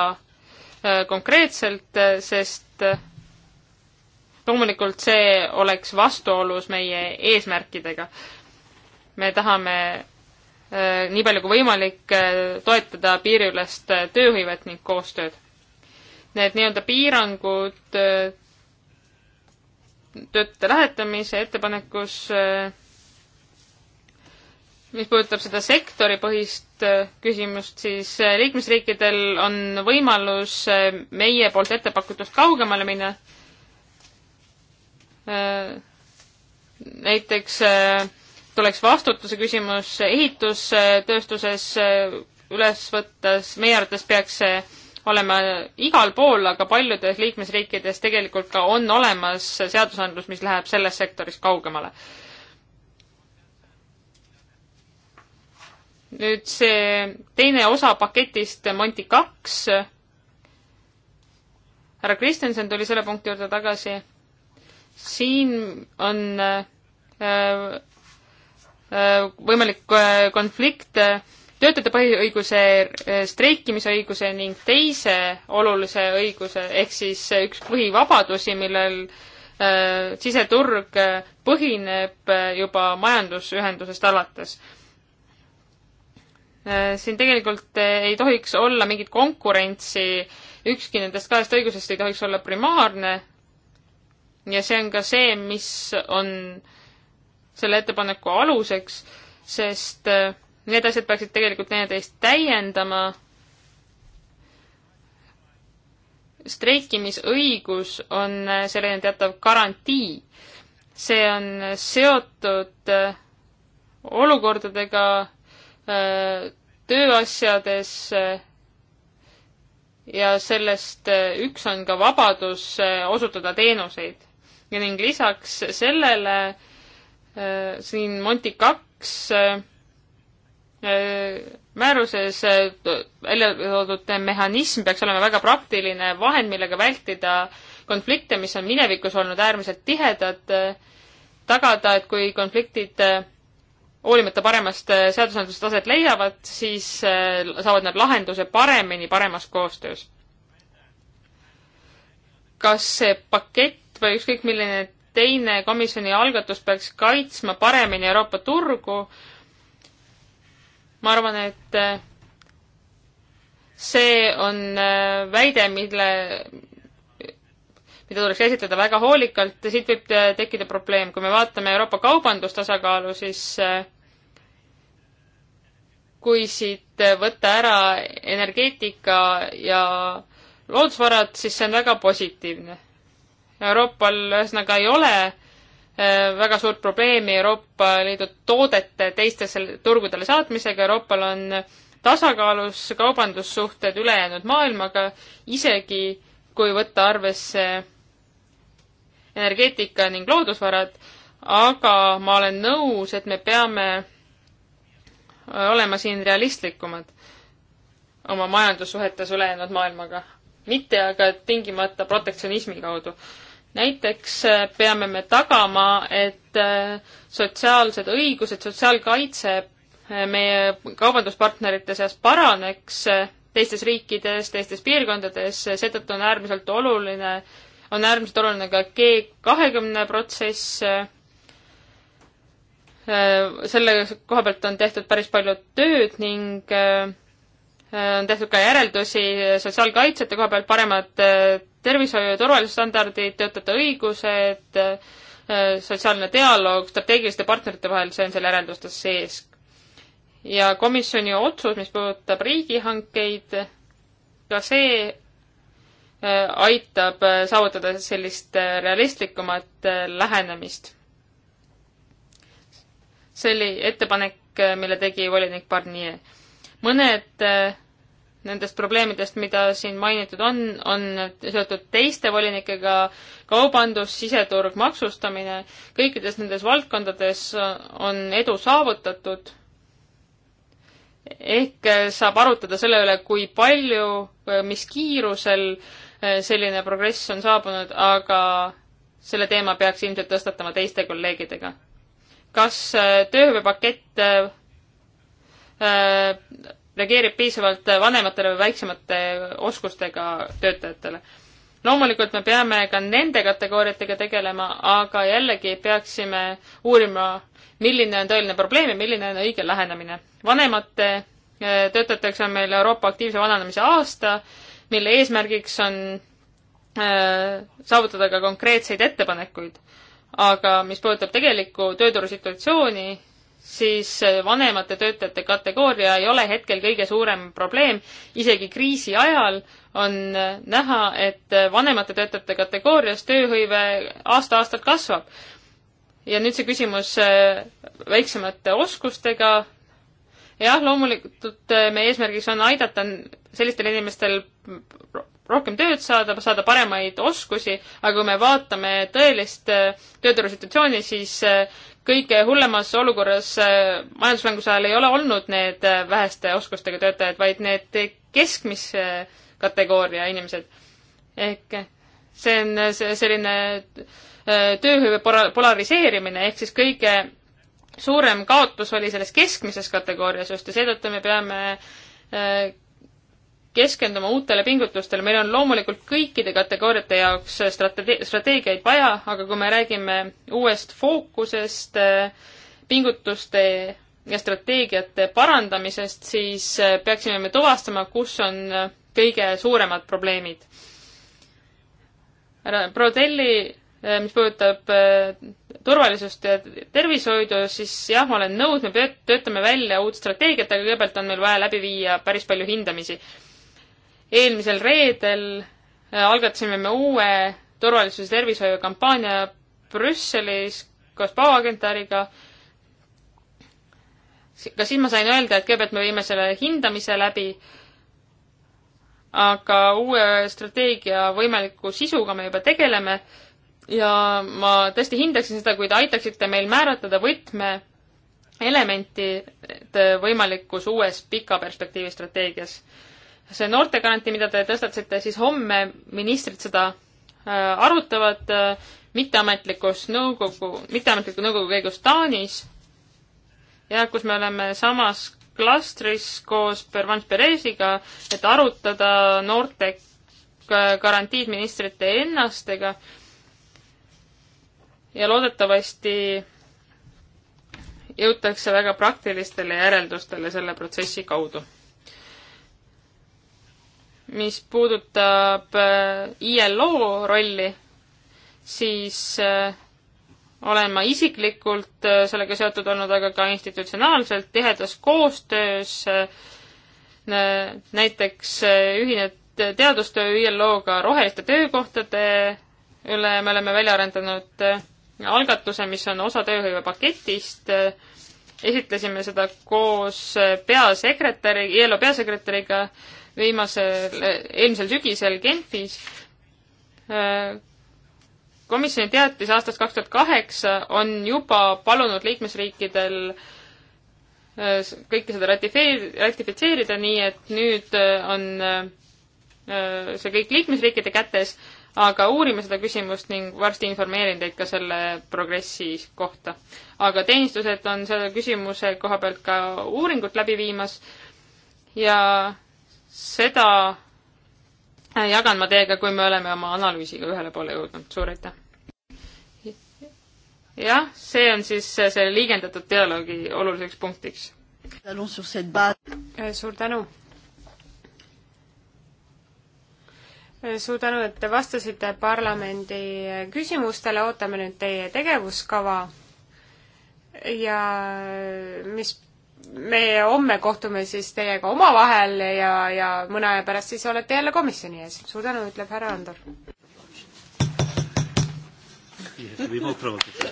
[SPEAKER 3] konkreetselt, sest loomulikult see oleks vastuolus meie eesmärkidega. me tahame Äh, nii palju kui võimalik äh, toetada piiriülest äh, tööhõivet ning koostööd. Need nii-öelda piirangud töötajate lähetamise ettepanekus, mis puudutab seda sektoripõhist küsimust, siis liikmesriikidel on võimalus meie poolt ettepakutust kaugemale minna. näiteks tuleks vastutuse küsimus ehitustööstuses eh, üles võttes, meie arvates peaks see olema igal pool, aga paljudes liikmesriikides tegelikult ka on olemas seadusandlus, mis läheb sellest sektorist kaugemale. nüüd see teine osa paketist Monti kaks, härra Kristjanson tuli selle punkti juurde tagasi, siin on äh, Äh, võimalik äh, konflikt äh, töötajate põhiõiguse, streikimisõiguse ning teise olulise õiguse ehk siis üks põhivabadusi, millel siseturg põhineb juba majandusühendusest alates. siin tegelikult ei tohiks olla mingit konkurentsi, ükski nendest kahest õigusest ei tohiks olla primaarne ja see on ka see, mis on äh, selle ettepaneku aluseks, sest äh, need asjad peaksid tegelikult teineteist täiendama. streikimisõigus on äh, selline teatav garantii. see on äh, seotud olukordadega tööasjades ja sellest üks on ka vabadus osutada teenuseid. ja ning lisaks sellele äh, Äh, siin Monti kaks äh, äh, määruses välja toodud mehhanism peaks olema väga praktiline vahend, millega vältida konflikte, mis on minevikus olnud äärmiselt tihedad, tagada, et kui konfliktid hoolimata paremast seadusandluse taset leiavad, siis saavad nad lahenduse paremini paremas koostöös. kas see pakett või ükskõik milline teine komisjoni algatus peaks kaitsma paremini Euroopa turgu. ma arvan, et äh, see on äh, väide, mille, mida tuleks esitleda väga hoolikalt ja siit võib äh, tekkida probleem. kui me vaatame Euroopa kaubandustasakaalu, siis kui siit võtta ära energeetika ja loodusvarad, siis see on väga positiivne. Euroopal ühesõnaga ei ole äh, väga suurt probleemi Euroopa Liidu toodete teistele turgudele saatmisega, Euroopal on tasakaalus kaubandussuhted ülejäänud maailmaga, isegi kui võtta arvesse energeetika ning loodusvarad, aga ma olen nõus, et me peame olema siin realistlikumad oma majandussuhetes ülejäänud maailmaga, mitte aga tingimata protektsionismi kaudu näiteks äh, peame me tagama, et äh, sotsiaalsed õigused, sotsiaalkaitse äh, meie kaubanduspartnerite seas paraneks teistes riikides, teistes piirkondades, seetõttu on äärmiselt oluline, on äärmiselt oluline ka G kahekümne protsess. selle koha pealt on tehtud päris palju tööd ning Äh, on tehtud ka järeldusi sotsiaalkaitsjate koha pealt, paremad äh, tervishoiu ja turvalisusstandardid, töötajate õigused, äh, sotsiaalne dialoog strateegiliste partnerite vahel, see on seal järeldustes sees. ja komisjoni otsus, mis puudutab riigihankeid, ka see aitab saavutada sellist realistlikumat lähenemist. see oli ettepanek, mille tegi volinik Barnier. mõned nendest probleemidest, mida siin mainitud on, on seotud teiste volinikega, kaubandus, siseturg, maksustamine, kõikides nendes valdkondades on edu saavutatud. ehk saab arutada selle üle, kui palju, mis kiirusel selline progress on saabunud, aga selle teema peaks ilmselt tõstatama teiste kolleegidega. kas tööhõivepakett äh, reageerib piisavalt vanematele või väiksemate oskustega töötajatele. loomulikult me peame ka nende kategooriatega tegelema, aga jällegi peaksime uurima, milline on tõeline probleem ja milline on õige lähenemine. vanemate äh, töötajate jaoks on meil Euroopa aktiivse vananemise aasta, mille eesmärgiks on äh, saavutada ka konkreetseid ettepanekuid. aga mis puudutab tegelikku tööturu situatsiooni, siis eh, vanemate töötajate kategooria ei ole hetkel kõige suurem probleem. isegi kriisi ajal on eh, näha, et eh, vanemate töötajate kategoorias tööhõive aasta-aastalt kasvab. ja nüüd see küsimus väiksemate oskustega. jah, loomulikult meie eesmärgiks on aidata sellistel inimestel rohkem tööd saada, saada paremaid oskusi, aga kui me vaatame tõelist tööturu situatsiooni, siis kõige hullemas olukorras äh, majanduslanguse ajal ei ole olnud need äh, väheste oskustega töötajad, vaid need keskmise kategooria inimesed. ehk see on selline äh, tööhõive polariseerimine, ehk siis kõige suurem kaotus oli selles keskmises kategoorias just ja seetõttu me peame keskenduma uutele pingutustele, meil on loomulikult kõikide kategooriate jaoks strate-, strateegiaid vaja, aga kui me räägime uuest fookusest, pingutuste ja strateegiate parandamisest, siis äh, peaksime me tuvastama, kus on äh, kõige suuremad probleemid. härra Brodelli, äh, mis puudutab turvalisust ja tervishoidu, siis jah, ma olen nõus, me töötame välja uut strateegiat, aga kõigepealt on meil vaja läbi viia päris palju hindamisi eelmisel reedel äh, algatasime me uue turvalisuse tervishoiu kampaania Brüsselis koos Bauagentariga. ka siin ma sain öelda, et kõigepealt me viime selle hindamise läbi, aga uue strateegia võimaliku sisuga me juba tegeleme ja ma tõesti hindaksin seda, kui te aitaksite meil määratleda võtme elementi võimalikus uues pika perspektiivi strateegias see noortegarantii, mida te tõstatasite, siis homme ministrid seda äh, arutavad äh, mitteametlikus nõukogu, mitteametliku nõukogu käigus Taanis ja kus me oleme samas klastris koos Pervans Peresiga, et arutada noorte äh, garantiid ministrite ennastega. ja loodetavasti jõutakse väga praktilistele järeldustele selle protsessi kaudu mis puudutab äh, ILO rolli, siis äh, olen ma isiklikult äh, sellega seotud olnud, aga ka institutsionaalselt tihedas koostöös näiteks ühinenud teadustöö ILO-ga roheliste töökohtade üle, me oleme välja arendanud algatuse, mis on osa tööhõivepaketist, esitlesime seda koos peasekretäri, ILO peasekretäriga viimasel, eelmisel sügisel Genfis. komisjoni teatis aastast kaks tuhat kaheksa on juba palunud liikmesriikidel äh, kõike seda ratifeer-, ratifitseerida, nii et nüüd äh, on äh, see kõik liikmesriikide kätes, aga uurime seda küsimust ning varsti informeerin teid ka selle progressi kohta. aga teenistused on selle küsimuse koha pealt ka uuringut läbi viimas ja seda äh, jagan ma teiega, kui me oleme oma analüüsiga ühele poole jõudnud. suur aitäh! jah, see on siis äh, see liigendatud dialoogi oluliseks punktiks.
[SPEAKER 2] Äh,
[SPEAKER 1] suur tänu! suur tänu, et te vastasite parlamendi küsimustele, ootame nüüd teie tegevuskava ja mis meie homme kohtume siis teiega omavahel ja, ja mõne aja pärast siis olete jälle komisjoni ees. suur tänu, ütleb härra Andor. Köszönöm, hogy elmondtad.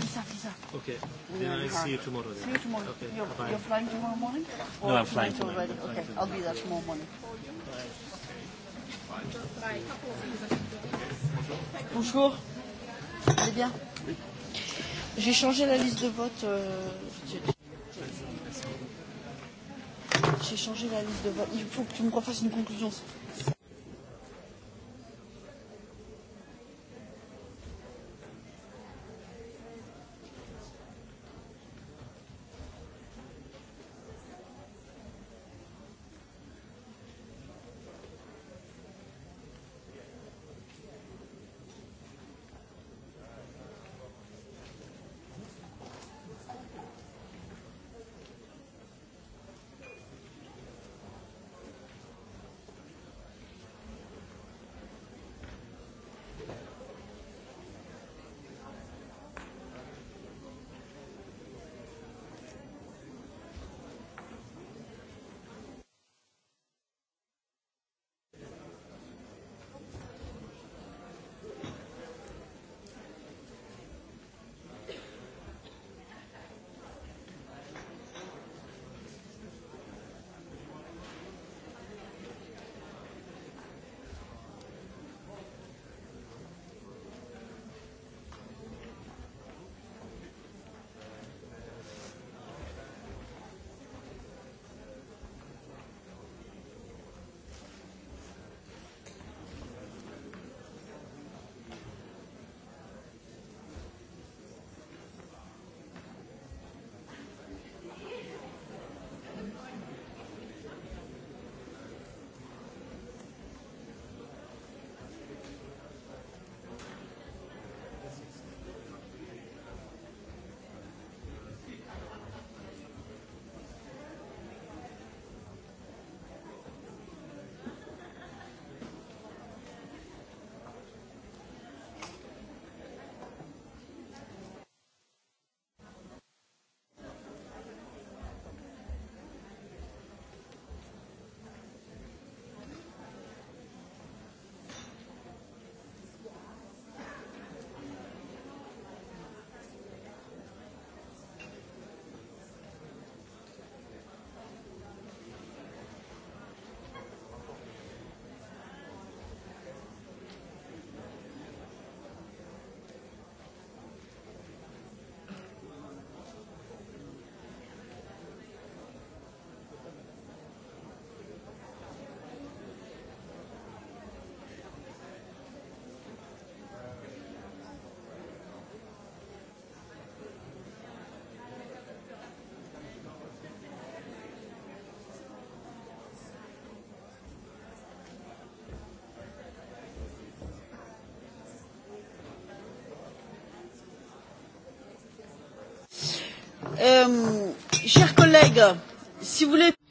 [SPEAKER 2] Lisa, Lisa. Okay. Then I'll see you tomorrow. Then. See you tomorrow. Okay. You're, Bye. you're flying tomorrow morning? Or no, I'm flying tomorrow. Already? I'm okay, tomorrow. I'll be there tomorrow morning. Bye. Bye. Bonjour. Vous allez bien Oui. J'ai changé la liste de vote. Euh, J'ai changé la liste de vote. Il faut que tu me refasses une conclusion, s'il te plaît. Euh,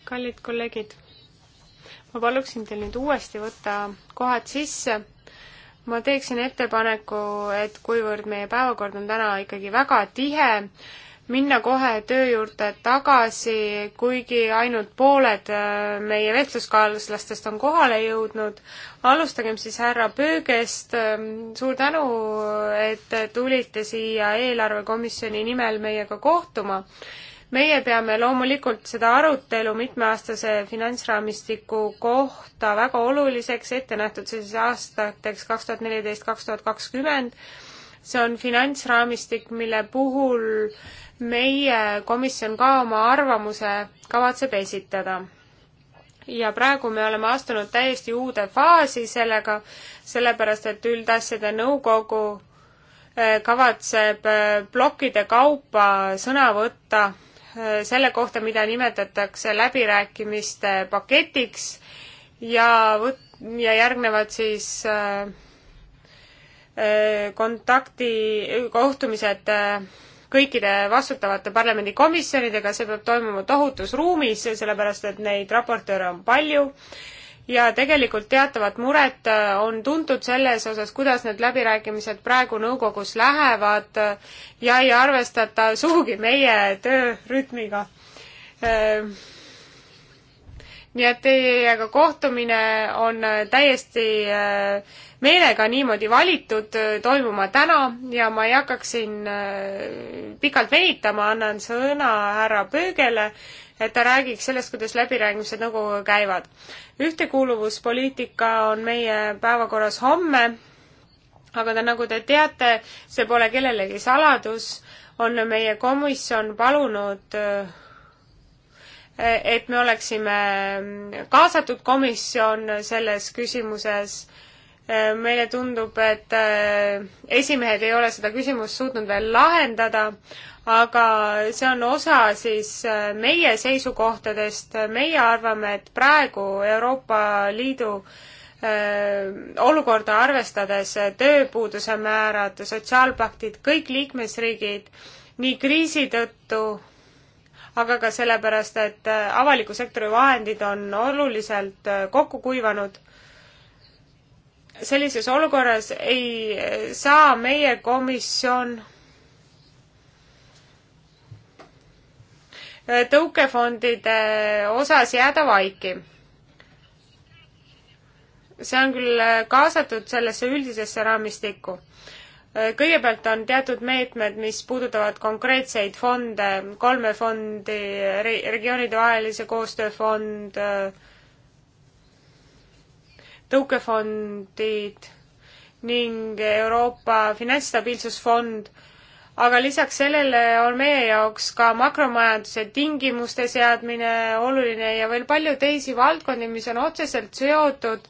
[SPEAKER 1] kallid kolleegid, ma paluksin teil nüüd uuesti võtta kohad sisse. ma teeksin ettepaneku, et kuivõrd meie päevakord on täna ikkagi väga tihe, minna kohe töö juurde tagasi, kuigi ainult pooled äh, meie vestluskaaslastest on kohale jõudnud. alustagem siis härra Pöögest. Ähm, suur tänu, et tulite siia eelarvekomisjoni nimel meiega kohtuma. meie peame loomulikult seda arutelu mitmeaastase finantsraamistiku kohta väga oluliseks, ette nähtud siis aastateks kaks tuhat neliteist, kaks tuhat kakskümmend see on finantsraamistik, mille puhul meie komisjon ka oma arvamuse kavatseb esitada. ja praegu me oleme astunud täiesti uude faasi sellega, sellepärast et üldasjade nõukogu äh, kavatseb äh, plokkide kaupa sõna võtta äh, selle kohta, mida nimetatakse läbirääkimiste paketiks ja võt-, ja järgnevad siis äh, Äh, kontakti, äh, kohtumised äh, kõikide vastutavate parlamendikomisjonidega, see peab toimuma tohutus ruumis, sellepärast et neid raportööre on palju ja tegelikult teatavat muret on tuntud selles osas, kuidas need läbirääkimised praegu nõukogus lähevad ja ei arvestata sugugi meie töörütmiga nii et teiega kohtumine on äh, täiesti äh, meelega niimoodi valitud äh, toimuma täna ja ma ei hakkaks siin pikalt venitama, annan sõna härra Pöögele, et ta räägiks sellest, kuidas läbirääkimised nõukoguga käivad. ühtekuuluvuspoliitika on meie päevakorras homme, aga ta, nagu te teate, see pole kellelegi saladus, on meie komisjon palunud et me oleksime kaasatud komisjon selles küsimuses. meile tundub, et äh, esimehed ei ole seda küsimust suutnud veel lahendada, aga see on osa siis äh, meie seisukohtadest, meie arvame, et praegu Euroopa Liidu äh, olukorda arvestades tööpuuduse määrad, sotsiaalpaktid, kõik liikmesriigid nii kriisi tõttu aga ka sellepärast, et äh, avaliku sektori vahendid on oluliselt äh, kokku kuivanud. sellises olukorras ei äh, saa meie komisjon tõukefondide osas jääda vaiki. see on küll kaasatud sellesse üldisesse raamistikku kõigepealt on teatud meetmed, mis puudutavad konkreetseid fonde, kolme fondi, regioonidevahelise koostööfond, tõukefondid ning Euroopa Finantsstabiilsusfond, aga lisaks sellele on meie jaoks ka makromajanduse tingimuste seadmine oluline ja veel palju teisi valdkondi, mis on otseselt seotud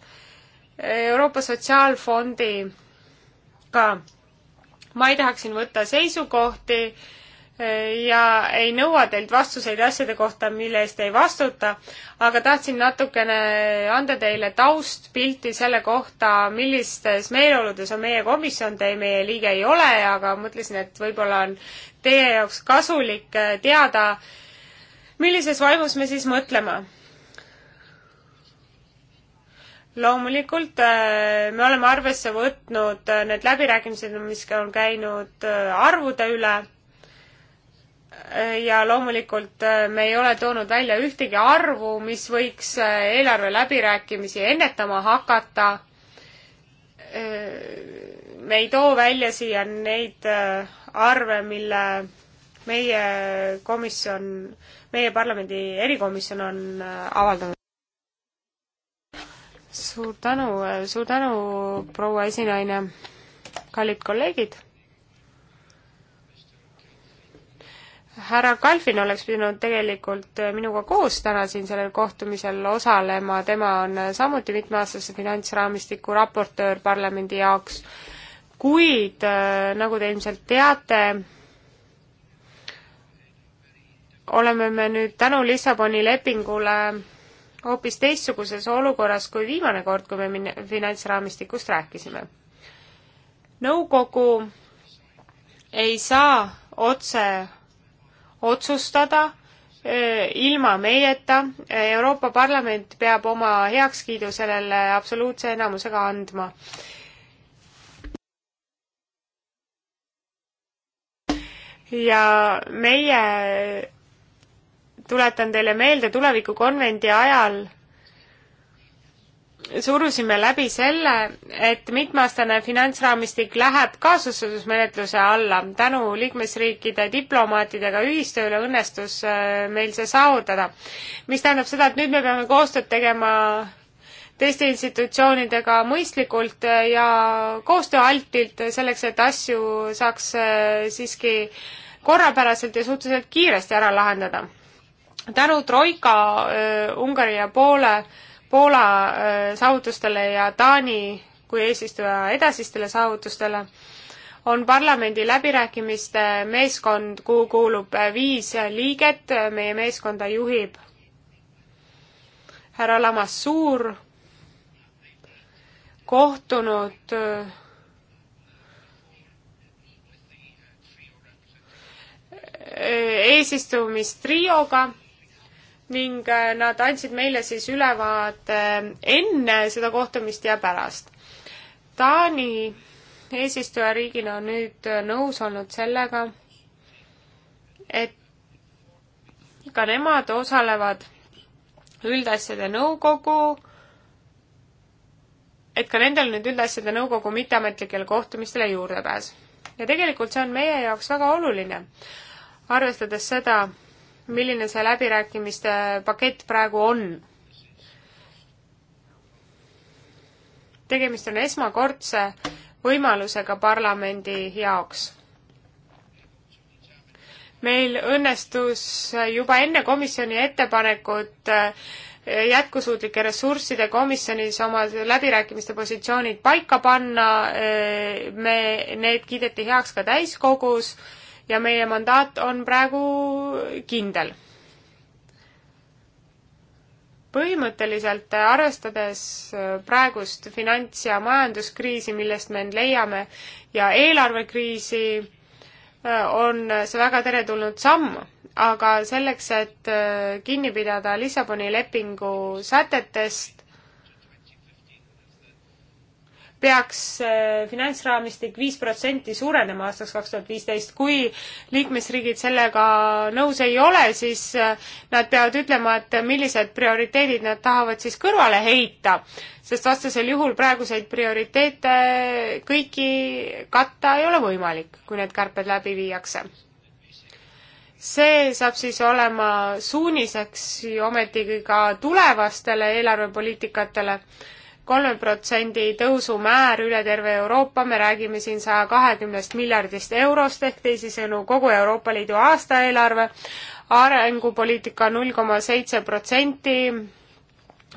[SPEAKER 1] Euroopa Sotsiaalfondiga ma ei tahaks siin võtta seisukohti eh, ja ei nõua teilt vastuseid asjade kohta, mille eest ei vastuta, aga tahtsin natukene anda teile taustpilti selle kohta, millistes meeleoludes on meie komisjon, te meie liige ei ole, aga mõtlesin, et võib-olla on teie jaoks kasulik eh, teada, millises vaimus me siis mõtlema loomulikult äh, me oleme arvesse võtnud äh, need läbirääkimised, mis on käinud äh, arvude üle ja loomulikult me ei ole toonud välja ühtegi arvu, mis võiks eelarve läbirääkimisi ennetama hakata. me ei too välja siia neid arve, mille meie komisjon, meie parlamendi erikomisjon on avaldanud suur tänu, suur tänu, proua esinaine, kallid kolleegid. härra Kalfin oleks pidanud tegelikult minuga koos täna siin sellel kohtumisel osalema, tema on samuti mitmeaastase finantsraamistiku raportöör parlamendi jaoks, kuid nagu te ilmselt teate, oleme me nüüd tänu Lissaboni lepingule hoopis teistsuguses olukorras kui viimane kord, kui me finantsraamistikust rääkisime. nõukogu ei saa otse otsustada eh, ilma meieta, Euroopa Parlament peab oma heakskiidu sellele absoluutse enamusega andma ja meie tuletan teile meelde, tulevikukonvendi ajal surusime läbi selle, et mitmeaastane finantsraamistik läheb kaasasutusmenetluse alla. tänu liikmesriikide diplomaatidega ühistööle õnnestus äh, meil see saavutada. mis tähendab seda, et nüüd me peame koostööd tegema teiste institutsioonidega mõistlikult äh, ja koostööaltilt, selleks et asju saaks äh, siiski korrapäraselt ja suhteliselt kiiresti ära lahendada tänu Troika Ungari ja Poola, Poola saavutustele ja Taani kui eesistuja edasistele saavutustele on parlamendi läbirääkimiste meeskond, kuhu kuulub viis liiget, meie meeskonda juhib härra Lamassuur, kohtunud eesistumist Trioga ning äh, nad andsid meile siis ülevaate enne seda kohtumist ja pärast. Taani eesistujariigina on nüüd nõus olnud sellega, et ka nemad osalevad üldasjade nõukogu, et ka nendel nüüd üldasjade nõukogu mitteametlikele kohtumistele juurdepääs. ja tegelikult see on meie jaoks väga oluline, arvestades seda, milline see läbirääkimiste pakett praegu on. tegemist on esmakordse võimalusega parlamendi jaoks. meil õnnestus juba enne komisjoni ettepanekut eh, jätkusuutlike ressursside komisjonis oma läbirääkimiste positsioonid paika panna, eh, me, need kiideti heaks ka täiskogus ja meie mandaat on praegu kindel. põhimõtteliselt arvestades praegust finants- ja majanduskriisi, millest me end leiame, ja eelarvekriisi, on see väga teretulnud samm, aga selleks, et kinni pidada Lissaboni lepingu sätetest, peaks äh, finantsraamistik viis protsenti suurenema aastaks kaks tuhat viisteist. kui liikmesriigid sellega nõus ei ole, siis äh, nad peavad ütlema, et millised prioriteedid nad tahavad siis kõrvale heita, sest vastasel juhul praeguseid prioriteete kõiki katta ei ole võimalik, kui need kärped läbi viiakse see saab siis olema suuniseks ju ometigi ka tulevastele eelarvepoliitikatele kolme protsendi tõusumäär üle terve Euroopa, me räägime siin saja kahekümnest miljardist eurost ehk teisisõnu kogu Euroopa Liidu aastaeelarve, arengupoliitika null koma seitse protsenti,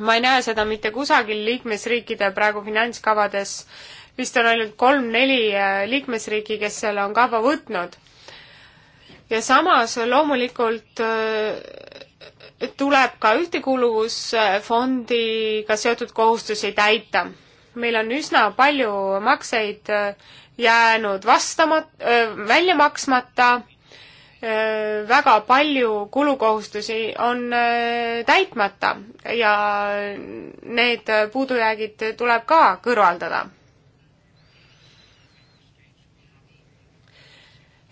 [SPEAKER 1] ma ei näe seda mitte kusagil liikmesriikide praegu finantskavades, vist on ainult kolm-neli äh, liikmesriiki, kes selle on kava võtnud ja samas loomulikult äh, tuleb ka ühtekuuluvusfondiga seotud kohustusi täita. meil on üsna palju makseid äh, jäänud vastamat-, äh, välja maksmata, äh, väga palju kulukohustusi on täitmata ja need puudujäägid tuleb ka kõrvaldada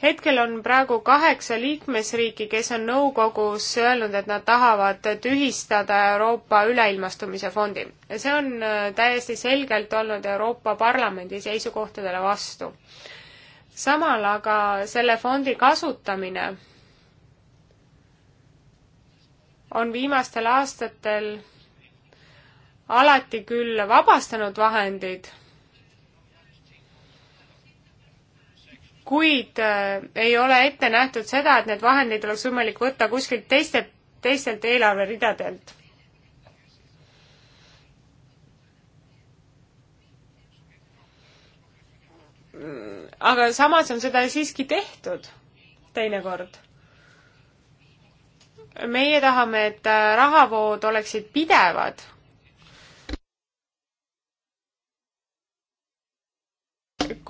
[SPEAKER 1] hetkel on praegu kaheksa liikmesriiki, kes on nõukogus öelnud, et nad tahavad tühistada Euroopa üleilmastumise fondi. see on äh, täiesti selgelt olnud Euroopa Parlamendi seisukohtadele vastu. samal aga selle fondi kasutamine on viimastel aastatel alati küll vabastanud vahendid kuid äh, ei ole ette nähtud seda, et need vahendid oleks võimalik võtta kuskilt teistelt, teistelt eelarveridadelt. aga samas on seda siiski tehtud teinekord. meie tahame, et äh, rahavood oleksid pidevad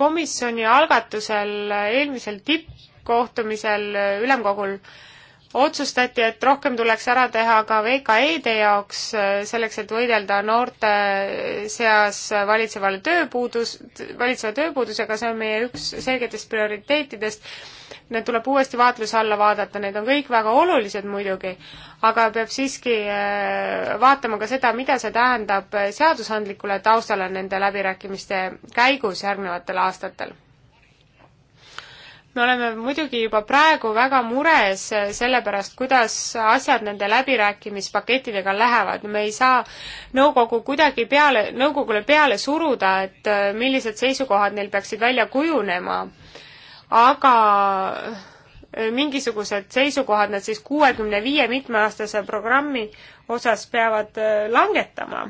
[SPEAKER 1] komisjoni algatusel eelmisel tippkohtumisel ülemkogul otsustati, et rohkem tuleks ära teha ka VKE-de jaoks, äh, selleks et võidelda noorte äh, seas valitsevale tööpuudus, valitseva tööpuudusega, see on meie üks selgetest prioriteetidest. Need tuleb uuesti vaatluse alla vaadata, need on kõik väga olulised muidugi, aga peab siiski äh, vaatama ka seda, mida see tähendab seadusandlikule taustale nende läbirääkimiste käigus järgnevatel aastatel me oleme muidugi juba praegu väga mures selle pärast, kuidas asjad nende läbirääkimispakettidega lähevad. me ei saa nõukogu kuidagi peale, nõukogule peale suruda, et äh, millised seisukohad neil peaksid välja kujunema. aga äh, mingisugused seisukohad nad siis kuuekümne viie mitmeaastase programmi osas peavad äh, langetama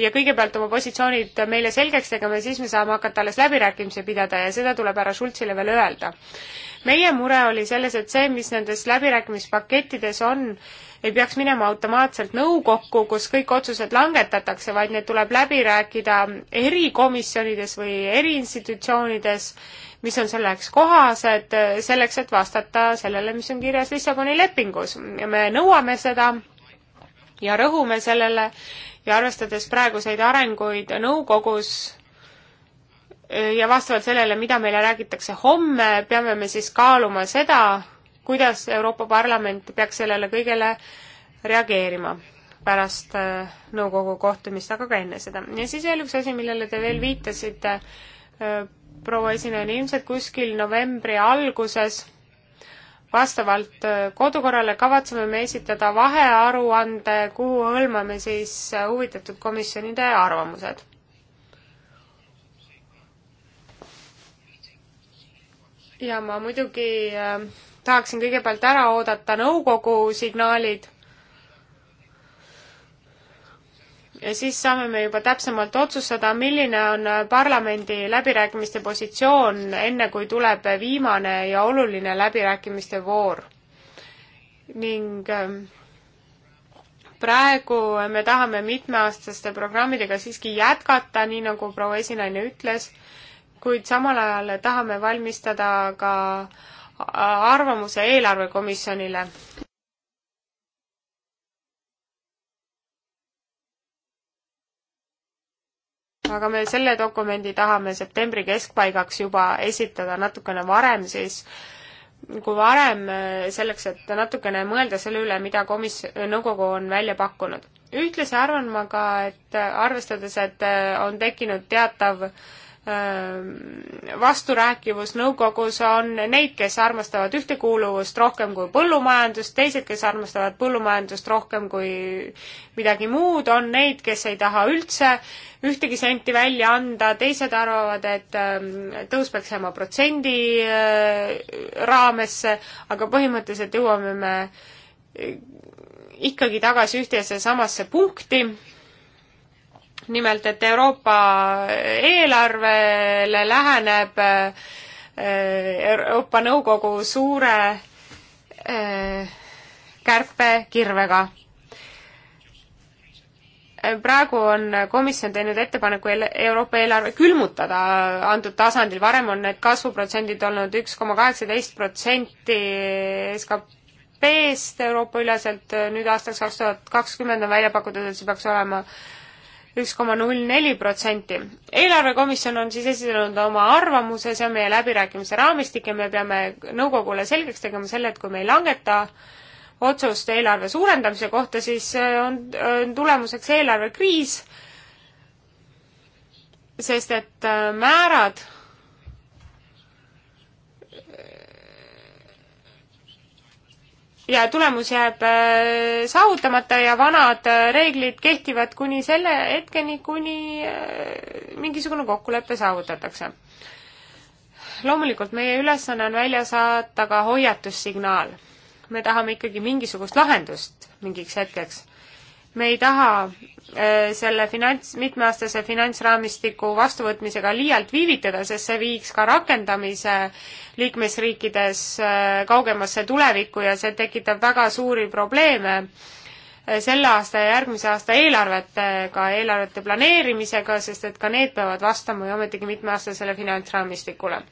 [SPEAKER 1] ja kõigepealt oma positsioonid meile selgeks tegema ja siis me saame hakata alles läbirääkimisi pidada ja seda tuleb härra Schultzile veel öelda. meie mure oli selles, et see, mis nendes läbirääkimispakettides on, ei peaks minema automaatselt nõukokku, kus kõik otsused langetatakse, vaid need tuleb läbi rääkida erikomisjonides või eriinstitutsioonides, mis on selleks kohased, selleks, et vastata sellele, mis on kirjas Lissaboni lepingus ja me nõuame seda ja rõhume sellele, ja arvestades praeguseid arenguid nõukogus eh, ja vastavalt sellele, mida meile räägitakse homme, peame me siis kaaluma seda, kuidas Euroopa Parlament peaks sellele kõigele reageerima pärast eh, nõukogu kohtumist, aga ka enne seda. ja siis veel üks asi, millele te veel viitasite, eh, proua esineja, ilmselt kuskil novembri alguses vastavalt äh, kodukorrale kavatseme me esitada vahearuande, kuhu hõlmame siis äh, huvitatud komisjonide arvamused. ja ma muidugi äh, tahaksin kõigepealt ära oodata nõukogu signaalid ja siis saame me juba täpsemalt otsustada, milline on parlamendi läbirääkimiste positsioon, enne kui tuleb viimane ja oluline läbirääkimiste voor. ning ähm, praegu me tahame mitmeaastaste programmidega siiski jätkata, nii nagu proua esinaine ütles, kuid samal ajal tahame valmistada ka arvamuse eelarvekomisjonile. aga me selle dokumendi tahame septembri keskpaigaks juba esitada natukene varem siis, kui varem, äh, selleks et natukene mõelda selle üle, mida komis-, nõukogu on välja pakkunud. ühtlasi arvan ma ka, et arvestades, et äh, on tekkinud teatav äh, vasturääkivus nõukogus on neid, kes armastavad ühtekuuluvust rohkem kui põllumajandust, teised, kes armastavad põllumajandust rohkem kui midagi muud, on neid, kes ei taha üldse ühtegi senti välja anda, teised arvavad, et tõus peaks jääma protsendi raamesse, aga põhimõtteliselt jõuame me ikkagi tagasi ühte ja samasse punkti nimelt, et Euroopa eelarvele läheneb äh, Euroopa Nõukogu suure äh, kärpekirvega. praegu on komisjon teinud ettepaneku Euroopa eelarve külmutada antud tasandil, varem on need kasvuprotsendid olnud üks koma kaheksateist protsenti SKP-st Euroopa üleselt, nüüd aastaks kaks tuhat kakskümmend on välja pakutud, et see peaks olema üks koma null neli protsenti. eelarvekomisjon on siis esitanud oma arvamuse, see on meie läbirääkimise raamistik ja me peame nõukogule selgeks tegema selle, et kui me ei langeta otsust eelarve suurendamise kohta, siis äh, on, on tulemuseks eelarvekriis, sest et äh, määrad ja tulemus jääb äh, saavutamata ja vanad äh, reeglid kehtivad kuni selle hetkeni, kuni äh, mingisugune kokkulepe saavutatakse. loomulikult meie ülesanne on välja saata ka hoiatussignaal. me tahame ikkagi mingisugust lahendust mingiks hetkeks me ei taha äh, selle finants, mitmeaastase finantsraamistiku vastuvõtmisega liialt viivitada, sest see viiks ka rakendamise liikmesriikides äh, kaugemasse tulevikku ja see tekitab väga suuri probleeme äh, selle aasta ja järgmise aasta eelarvetega, eelarvete planeerimisega, sest et ka need peavad vastama ju ometigi mitmeaastasele finantsraamistikule.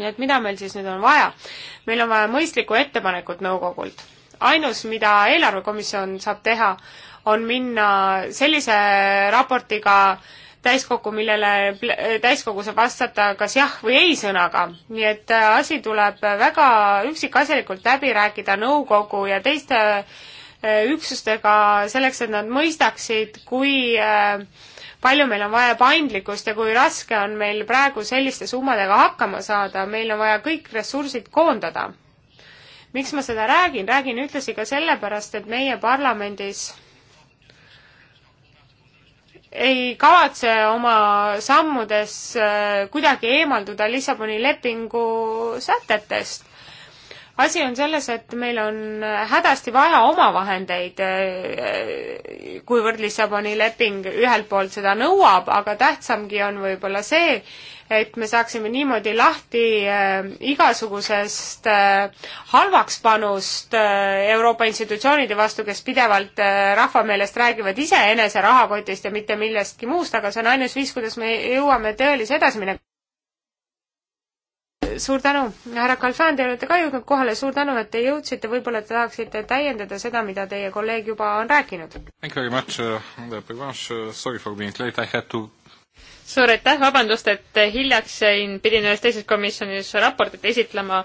[SPEAKER 1] nii et mida meil siis nüüd on vaja? meil on vaja mõistlikku ettepanekut nõukogult ainus, mida eelarvekomisjon saab teha, on minna sellise raportiga täiskokku, millele täiskogu saab vastata kas jah või ei sõnaga. nii et äh, asi tuleb väga üksikasjalikult läbi rääkida nõukogu ja teiste äh, üksustega selleks, et nad mõistaksid, kui äh, palju meil on vaja paindlikkust ja kui raske on meil praegu selliste summadega hakkama saada, meil on vaja kõik ressursid koondada miks ma seda räägin, räägin ühtlasi ka sellepärast, et meie parlamendis ei kavatse oma sammudes äh, kuidagi eemalduda Lissaboni lepingu sätetest asi on selles, et meil on hädasti vaja omavahendeid, kuivõrd Lissaboni leping ühelt poolt seda nõuab, aga tähtsamgi on võib-olla see, et me saaksime niimoodi lahti eh, igasugusest eh, halvakspanust eh, Euroopa institutsioonide vastu, kes pidevalt rahva meelest räägivad iseenese rahakotist ja mitte millestki muust, aga see on ainus viis, kuidas me jõuame tõelise edasiminekuga suur tänu, härra Kalfan, te olete ka jõudnud kohale, suur tänu, et te jõudsite, võib-olla te tahaksite täiendada seda, mida teie kolleeg juba on rääkinud.
[SPEAKER 3] Uh, uh, to... suur aitäh, vabandust, et hiljaks jäin, pidin ühes teises komisjonis raportit esitlema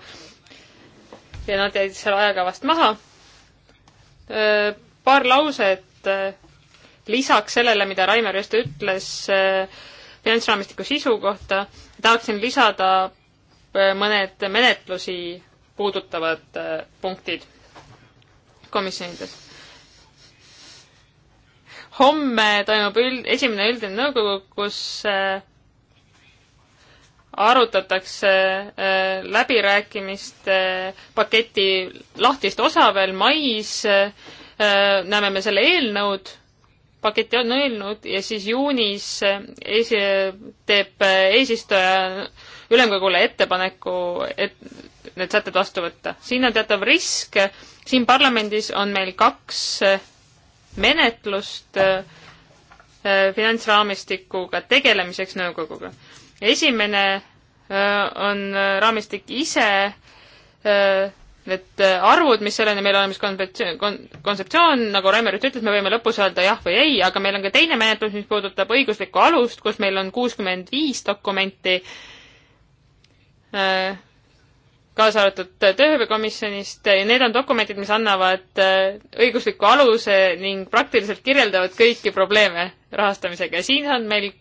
[SPEAKER 3] ja nad jäid seal ajakavast maha. Uh, paar lauset lisaks sellele, mida Raimar just ütles finantsraamistiku sisu kohta, tahaksin lisada mõned menetlusi puudutavad äh, punktid komisjonides. homme toimub üld, esimene üldine nõukogu, kus äh, arutatakse äh, läbirääkimiste paketi lahtist osa veel mais, näeme me selle eelnõud, paketi on öelnud ja siis juunis esi-, teeb eesistuja ülemkogule ettepaneku, et need sätted vastu võtta. siin on teatav risk, siin parlamendis on meil kaks menetlust äh, äh, finantsraamistikuga tegelemiseks nõukoguga. esimene äh, on raamistik ise, need arvud, mis selleni meil on olemas kontseptsioon kon,, kontseptsioon, nagu Raimerit ütles, me võime lõpus öelda jah või ei, aga meil on ka teine menetlus, mis puudutab õiguslikku alust, kus meil on kuuskümmend viis dokumenti äh, Äh, kaasa arvatud äh, tööhõivekomisjonist äh, ja need on dokumendid, mis annavad õigusliku aluse ning praktiliselt kirjeldavad kõiki probleeme rahastamisega ja siin on meil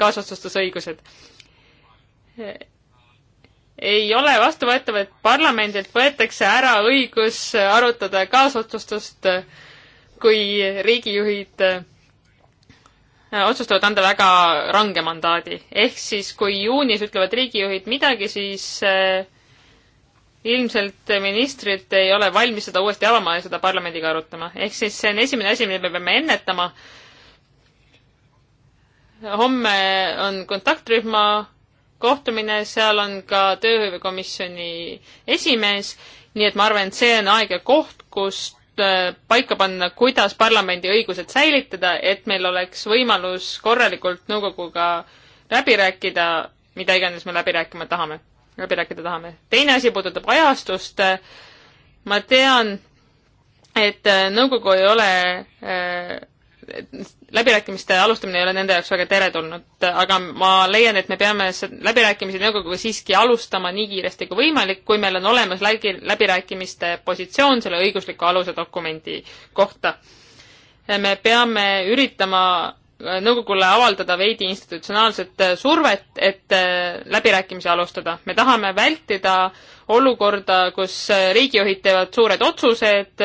[SPEAKER 3] kaasotsustusõigused. ei ole vastuvõetav, et parlamendilt võetakse ära õigus arutada kaasotsustust, kui riigijuhid Äh, otsustavad anda väga range mandaadi. ehk siis, kui juunis ütlevad riigijuhid midagi, siis äh, ilmselt ministrid ei ole valmis seda uuesti avama ja seda parlamendiga arutama. ehk siis see on esimene asi, mida me peame ennetama. homme on kontaktrühma kohtumine, seal on ka tööhõivekomisjoni esimees, nii et ma arvan, et see on aeg ja koht, kus Äh, paika panna, kuidas parlamendi õigused säilitada, et meil oleks võimalus korralikult nõukoguga läbi rääkida, mida iganes me läbi rääkima tahame, läbi rääkida tahame. teine asi puudutab ajastust. ma tean, et äh, nõukogu ei ole äh, läbirääkimiste alustamine ei ole nende jaoks väga teretulnud, aga ma leian, et me peame läbirääkimisi nõukoguga siiski alustama nii kiiresti kui võimalik, kui meil on olemas läbi, läbirääkimiste positsioon selle õigusliku aluse dokumendi kohta. me peame üritama nõukogule avaldada veidi institutsionaalset survet, et läbirääkimisi alustada. me tahame vältida olukorda, kus riigijuhid teevad suured otsused,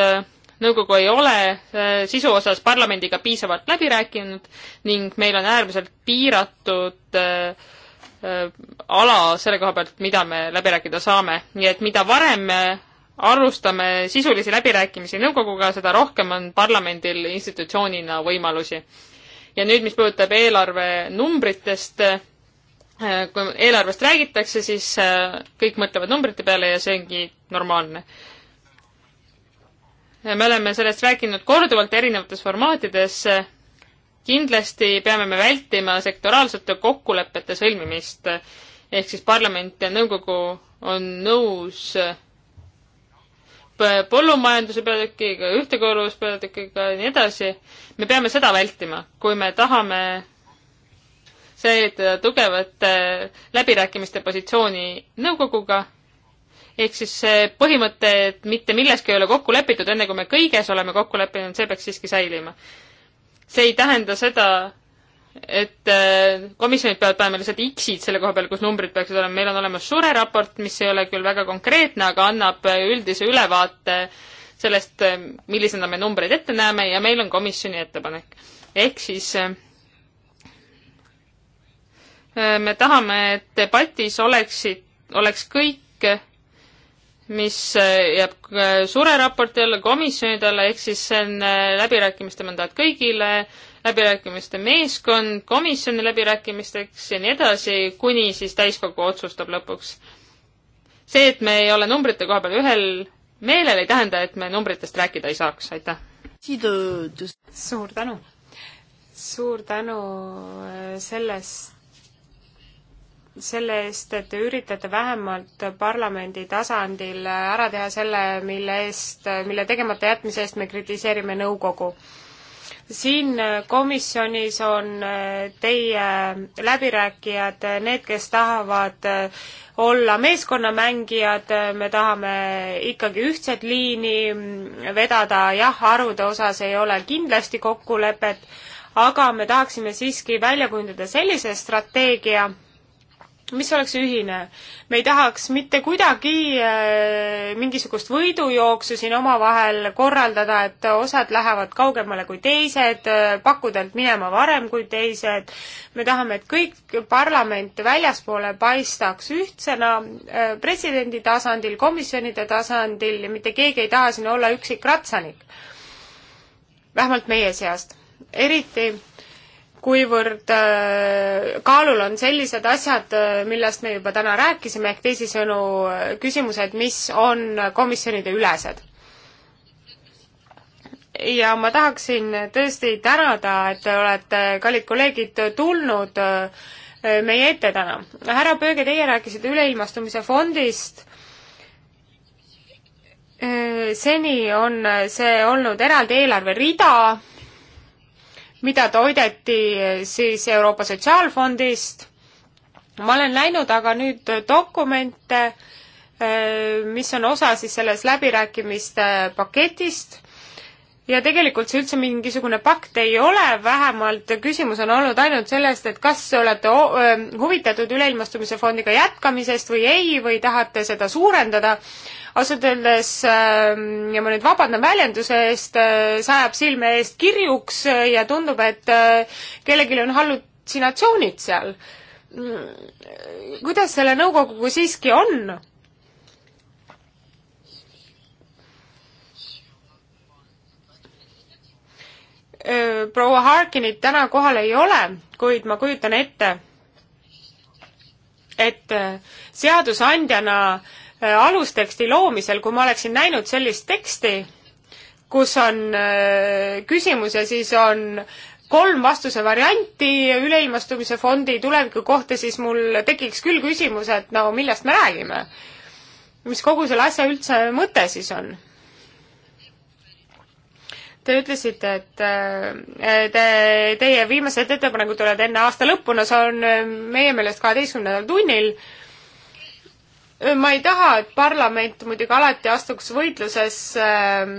[SPEAKER 3] nõukogu ei ole äh, sisu osas parlamendiga piisavalt läbi rääkinud ning meil on äärmiselt piiratud äh, äh, ala selle koha pealt, mida me läbi rääkida saame. nii et mida varem me alustame sisulisi läbirääkimisi nõukoguga, seda rohkem on parlamendil institutsioonina võimalusi. ja nüüd, mis puudutab eelarve numbritest, kui eelarvest räägitakse, siis kõik mõtlevad numbrite peale ja see ongi normaalne me oleme sellest rääkinud korduvalt erinevates formaatides. kindlasti peame me vältima sektoraalsete kokkulepete sõlmimist. ehk siis parlament ja nõukogu on nõus põllumajanduse peatükiga, ühtekorralduse peatükiga ja nii edasi. me peame seda vältima, kui me tahame säilitada tugevat läbirääkimiste positsiooni nõukoguga ehk siis see põhimõte, et mitte milleski ei ole kokku lepitud, enne kui me kõiges oleme kokku leppinud, see peaks siiski säilima. see ei tähenda seda, et äh, komisjonid peavad panema lihtsalt X-id selle koha peal, kus numbrid peaksid olema, meil on olemas Sure raport, mis ei ole küll väga konkreetne, aga annab äh, üldise ülevaate sellest, äh, millisena me numbreid ette näeme ja meil on komisjoni ettepanek. ehk siis me tahame, et debatis oleksid, oleks kõik mis äh, jääb äh, sureraporti alla, komisjonide alla, ehk siis see on äh, läbirääkimiste mandaat kõigile, läbirääkimiste meeskond komisjoni läbirääkimisteks ja nii edasi, kuni siis täiskogu otsustab lõpuks. see, et me ei ole numbrite koha peal ühel meelel, ei tähenda, et me numbritest rääkida ei saaks, aitäh.
[SPEAKER 1] suur tänu! suur tänu sellest selle eest, et te üritate vähemalt parlamendi tasandil ära teha selle, mille eest, mille tegemata jätmise eest me kritiseerime nõukogu. siin komisjonis on äh, teie läbirääkijad äh, need, kes tahavad äh, olla meeskonnamängijad, me tahame ikkagi ühtset liini mm, vedada, jah, arvude osas ei ole kindlasti kokkulepet, aga me tahaksime siiski välja kujundada sellise strateegia, mis oleks ühine. me ei tahaks mitte kuidagi äh, mingisugust võidujooksu siin omavahel korraldada, et osad lähevad kaugemale kui teised, äh, pakkuda end minema varem kui teised. me tahame, et kõik parlament väljaspoole paistaks ühtsena äh, presidendi tasandil, komisjonide tasandil ja mitte keegi ei taha siin olla üksik ratsanik. vähemalt meie seast. eriti äh, kuivõrd äh, kaalul on sellised asjad, äh, millest me juba täna rääkisime, ehk teisisõnu äh, küsimused, mis on komisjonide ülesed. ja ma tahaksin tõesti tänada, et te olete, kallid kolleegid, tulnud meie ette täna. härra Pööge, teie rääkisite Üleilmastumise fondist seni on see olnud eraldi eelarverida mida toideti siis Euroopa Sotsiaalfondist. ma olen näinud aga nüüd dokumente, eh, mis on osa siis selles läbirääkimiste paketist ja tegelikult see üldse mingisugune pakt ei ole, vähemalt küsimus on olnud ainult sellest, et kas olete eh, huvitatud üleilmastumise fondiga jätkamisest või ei või tahate seda suurendada ausalt öeldes ähm, ja ma nüüd vabandan väljenduse eest, äh, sajab silme eest kirjuks äh, ja tundub, et äh, kellelgi on hallutsinatsioonid seal. kuidas selle nõukoguga siiski on? proua Harkinit täna kohal ei ole, kuid ma kujutan ette, et seadusandjana äh, Äh, alusteksti loomisel, kui ma oleksin näinud sellist teksti, kus on äh, küsimus ja siis on kolm vastuse varianti üleilmastumise fondi tuleviku kohta, siis mul tekiks küll küsimus, et no millest me räägime. mis kogu selle asja üldse mõte siis on? Te ütlesite, et äh, te, teie viimased ettepanekud tulevad enne aasta lõppu, no see on meie meelest kaheteistkümnendal tunnil äh, ma ei taha, et parlament muidugi alati astuks võitlusesse ähm,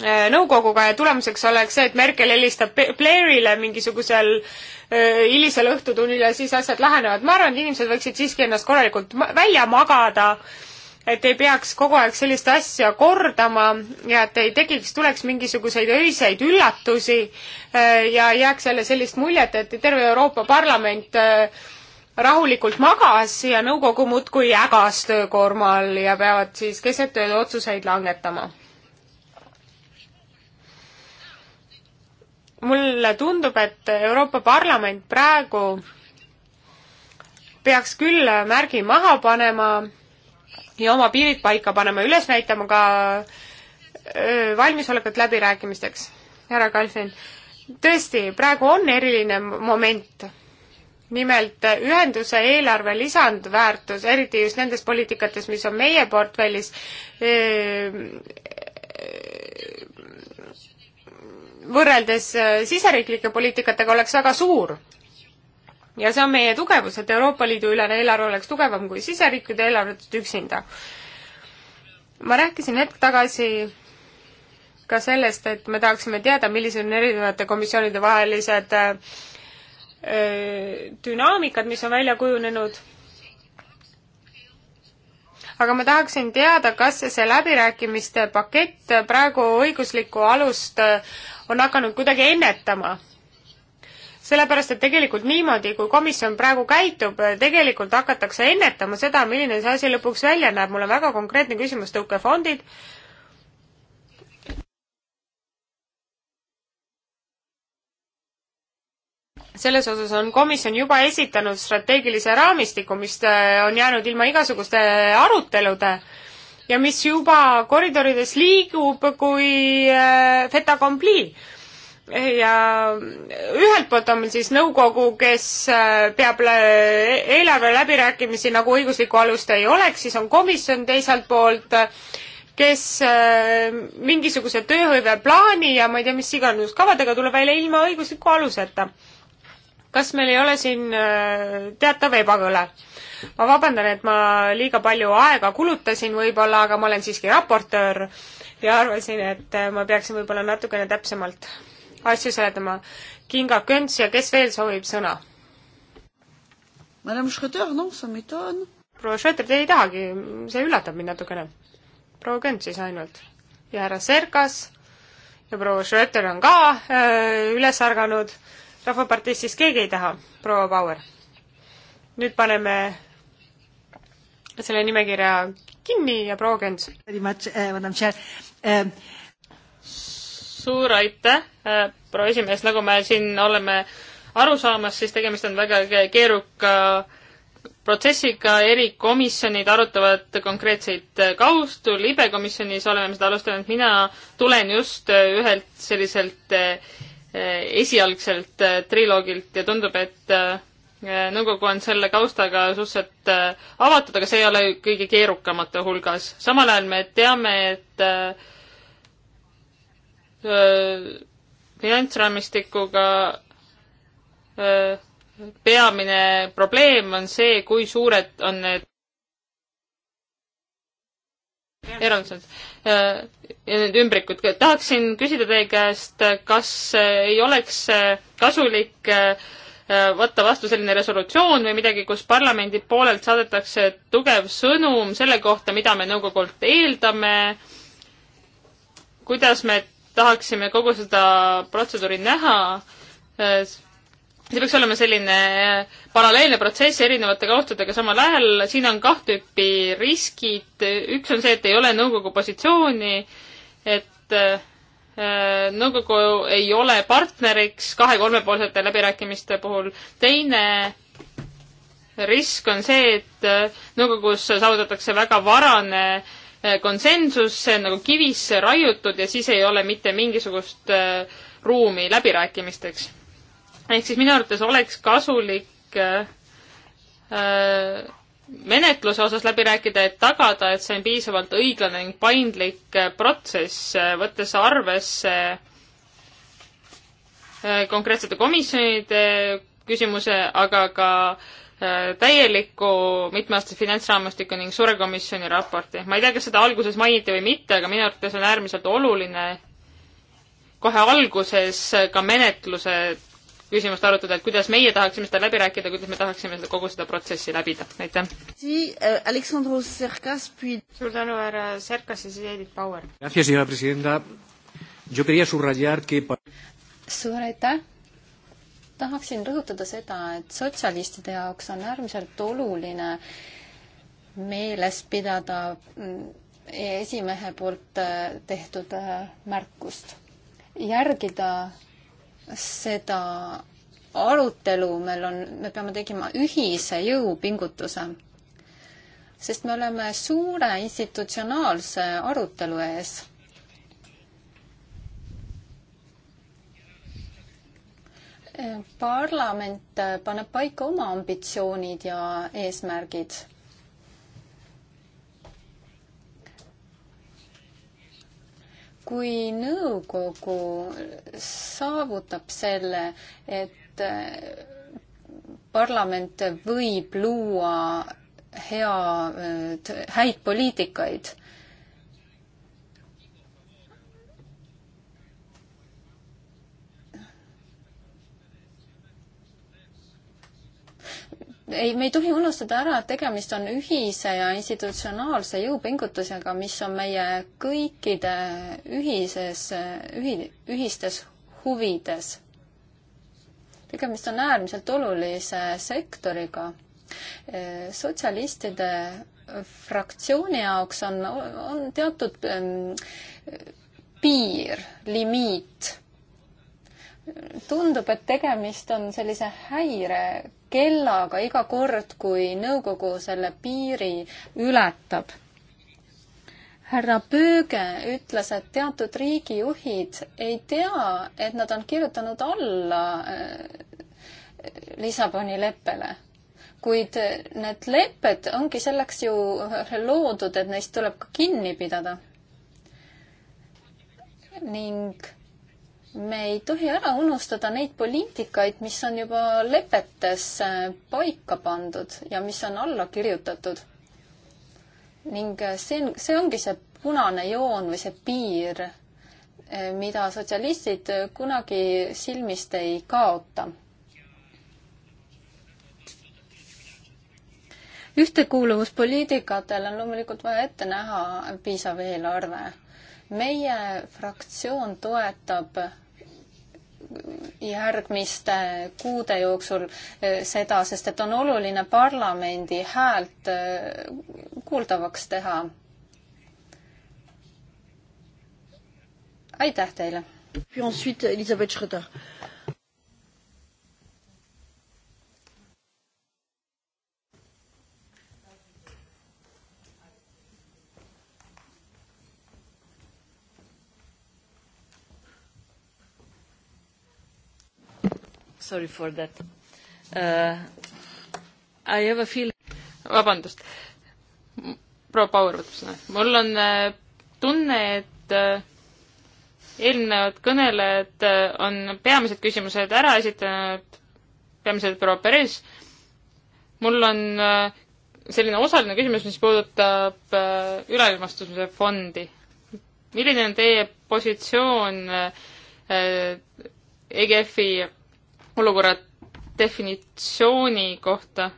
[SPEAKER 1] äh, nõukoguga ja tulemuseks oleks see, et Merkel helistab Blairile mingisugusel äh, hilisel õhtutunnil ja siis asjad lähenevad. ma arvan, et inimesed võiksid siiski ennast korralikult välja magada, et ei peaks kogu aeg sellist asja kordama ja et ei tekiks, tuleks mingisuguseid öiseid üllatusi äh, ja jääks jälle sellist muljet, et terve Euroopa Parlament äh, rahulikult magas ja nõukogu muudkui ägas töökoorma all ja peavad siis keset ööd otsuseid langetama. mulle tundub, et Euroopa Parlament praegu peaks küll märgi maha panema ja oma piirid paika panema, üles näitama ka valmisolekut läbirääkimisteks. härra Kalfin, tõesti, praegu on eriline moment nimelt ühenduse eelarve lisandväärtus, eriti just nendes poliitikates, mis on meie portfellis, eh, võrreldes eh, siseriiklike poliitikatega oleks väga suur. ja see on meie tugevus, et Euroopa Liidu ülene eelarve oleks tugevam kui siseriikide eelarvet üksinda. ma rääkisin hetk tagasi ka sellest, et me tahaksime teada, millised on erinevate komisjonide vahelised äh, Äh, dünaamikad, mis on välja kujunenud. aga ma tahaksin teada, kas see läbirääkimiste pakett praegu õiguslikku alust äh, on hakanud kuidagi ennetama sellepärast, et tegelikult niimoodi, kui komisjon praegu käitub, äh, tegelikult hakatakse ennetama seda, milline see asi lõpuks välja näeb. mul on väga konkreetne küsimus, tõukefondid, selles osas on komisjon juba esitanud strateegilise raamistiku, mis äh, on jäänud ilma igasuguste arutelude ja mis juba koridorides liigub kui äh, fait accompli ja ühelt poolt on meil siis nõukogu, kes äh, peab eelarve läbirääkimisi nagu õiguslikku alust ei oleks, siis on komisjon teiselt poolt, kes mingisuguse tööhõiveplaani ja ma ei tea, mis iganes kavadega tuleb välja ilma õigusliku aluseta kas meil ei ole siin äh, teatav ebakõla? ma vabandan, et ma liiga palju aega kulutasin võib-olla, aga ma olen siiski raportöör ja arvasin, et äh, ma peaksin võib-olla natukene täpsemalt asju seletama. Kinga Könts ja kes veel soovib sõna? proua Schröter, te ei tahagi, see üllatab mind natukene. proua Könts siis ainult. ja härra Serkas ja proua Schröter on ka öö, äh, üles ärganud rahvaparteist siis keegi ei taha, proua Bauer. nüüd paneme selle nimekirja kinni ja proua Kents. Eh, eh,
[SPEAKER 3] suur aitäh, eh, proua esimees, nagu me siin oleme aru saamas, siis tegemist on väga keeruka protsessiga, erikomisjonid arutavad konkreetseid kaustu, libekomisjonis oleme seda alustanud, mina tulen just ühelt selliselt Eh, esialgselt eh, triloogilt ja tundub, et eh, nõukogu on selle taustaga suhteliselt avatud, aga see ei ole kõige keerukamate hulgas. samal ajal me teame, et finantsraamistikuga peamine probleem on see, kui suured on need erandused ja äh, need ümbrikud. tahaksin küsida teie käest, kas äh, ei oleks äh, kasulik võtta vastu selline resolutsioon või midagi, kus parlamendi poolelt saadetakse tugev sõnum selle kohta, mida me nõukogult eeldame, kuidas me tahaksime kogu seda protseduuri näha, see peaks olema selline äh, paralleelne protsess erinevate kohtadega samal ajal, siin on kaht tüüpi riskid, üks on see, et ei ole nõukogu positsiooni, et äh, nõukogu ei ole partneriks kahe-kolmepoolsete läbirääkimiste puhul, teine risk on see, et äh, nõukogus saavutatakse väga varane konsensus, see on nagu kivisse raiutud ja siis ei ole mitte mingisugust ruumi läbirääkimisteks ehk siis minu arvates oleks kasulik äh, äh, menetluse osas läbi rääkida, et tagada, et see on piisavalt õiglane ning paindlik äh, protsess, võttes arvesse konkreetsete komisjonide küsimuse, aga ka täieliku mitmeaastase finantsraamistiku ning surekomisjoni raporti. ma ei tea, kas seda alguses mainiti või mitte, aga minu arvates on äärmiselt oluline kohe alguses ka menetluse küsimust arutada, et kuidas meie tahaksime seda läbi rääkida, kuidas me tahaksime seda, kogu seda protsessi läbida, aitäh.
[SPEAKER 2] Eh, suur tänu, härra Serkas ja siis Edith Bauer. suur aitäh. tahaksin rõhutada seda, et sotsialistide jaoks on äärmiselt oluline meeles pidada mm, esimehe poolt eh, tehtud eh, märkust. järgida seda arutelu, meil on, me peame tegema ühise jõupingutuse, sest me oleme suure institutsionaalse arutelu ees parlament paneb paika oma ambitsioonid ja eesmärgid kui nõukogu saavutab selle, et äh, parlament võib luua head, äh, häid poliitikaid, ei, me ei tohi unustada ära, et tegemist on ühise ja institutsionaalse jõupingutusega, mis on meie kõikide ühises, ühi-, ühistes huvides. tegemist on äärmiselt olulise sektoriga. sotsialistide fraktsiooni jaoks on, on teatud piir, limiit tundub, et tegemist on sellise häirekellaga iga kord, kui nõukogu selle piiri ületab. härra Pööge ütles, et teatud riigijuhid ei tea, et nad on kirjutanud alla äh, Lissaboni leppele. kuid äh, need lepped ongi selleks ju loodud, et neist tuleb ka kinni pidada. ning me ei tohi ära unustada neid poliitikaid, mis on juba lepetes äh, paika pandud ja mis on alla kirjutatud. ning äh, see on, see ongi see punane joon või see piir, äh, mida sotsialistid kunagi silmist ei kaota. ühtekuuluvuspoliitikatel on loomulikult vaja ette näha piisav eelarve meie fraktsioon toetab järgmiste kuude jooksul eh, seda, sest et on oluline parlamendi häält eh, kuuldavaks teha. aitäh teile! Puis ensuite, Elisabeth Schröder. Sorry for that uh,.
[SPEAKER 3] I have a feel-. vabandust. proua Power võtab sõna. mul on uh, tunne, et uh, eelnevad kõnelejad äh, on peamised küsimused ära esitanud, peamiselt proua Perez. mul on selline osaline küsimus, mis puudutab üleilmastuse fondi. milline on teie positsioon EGF-i olukorra definitsiooni kohta,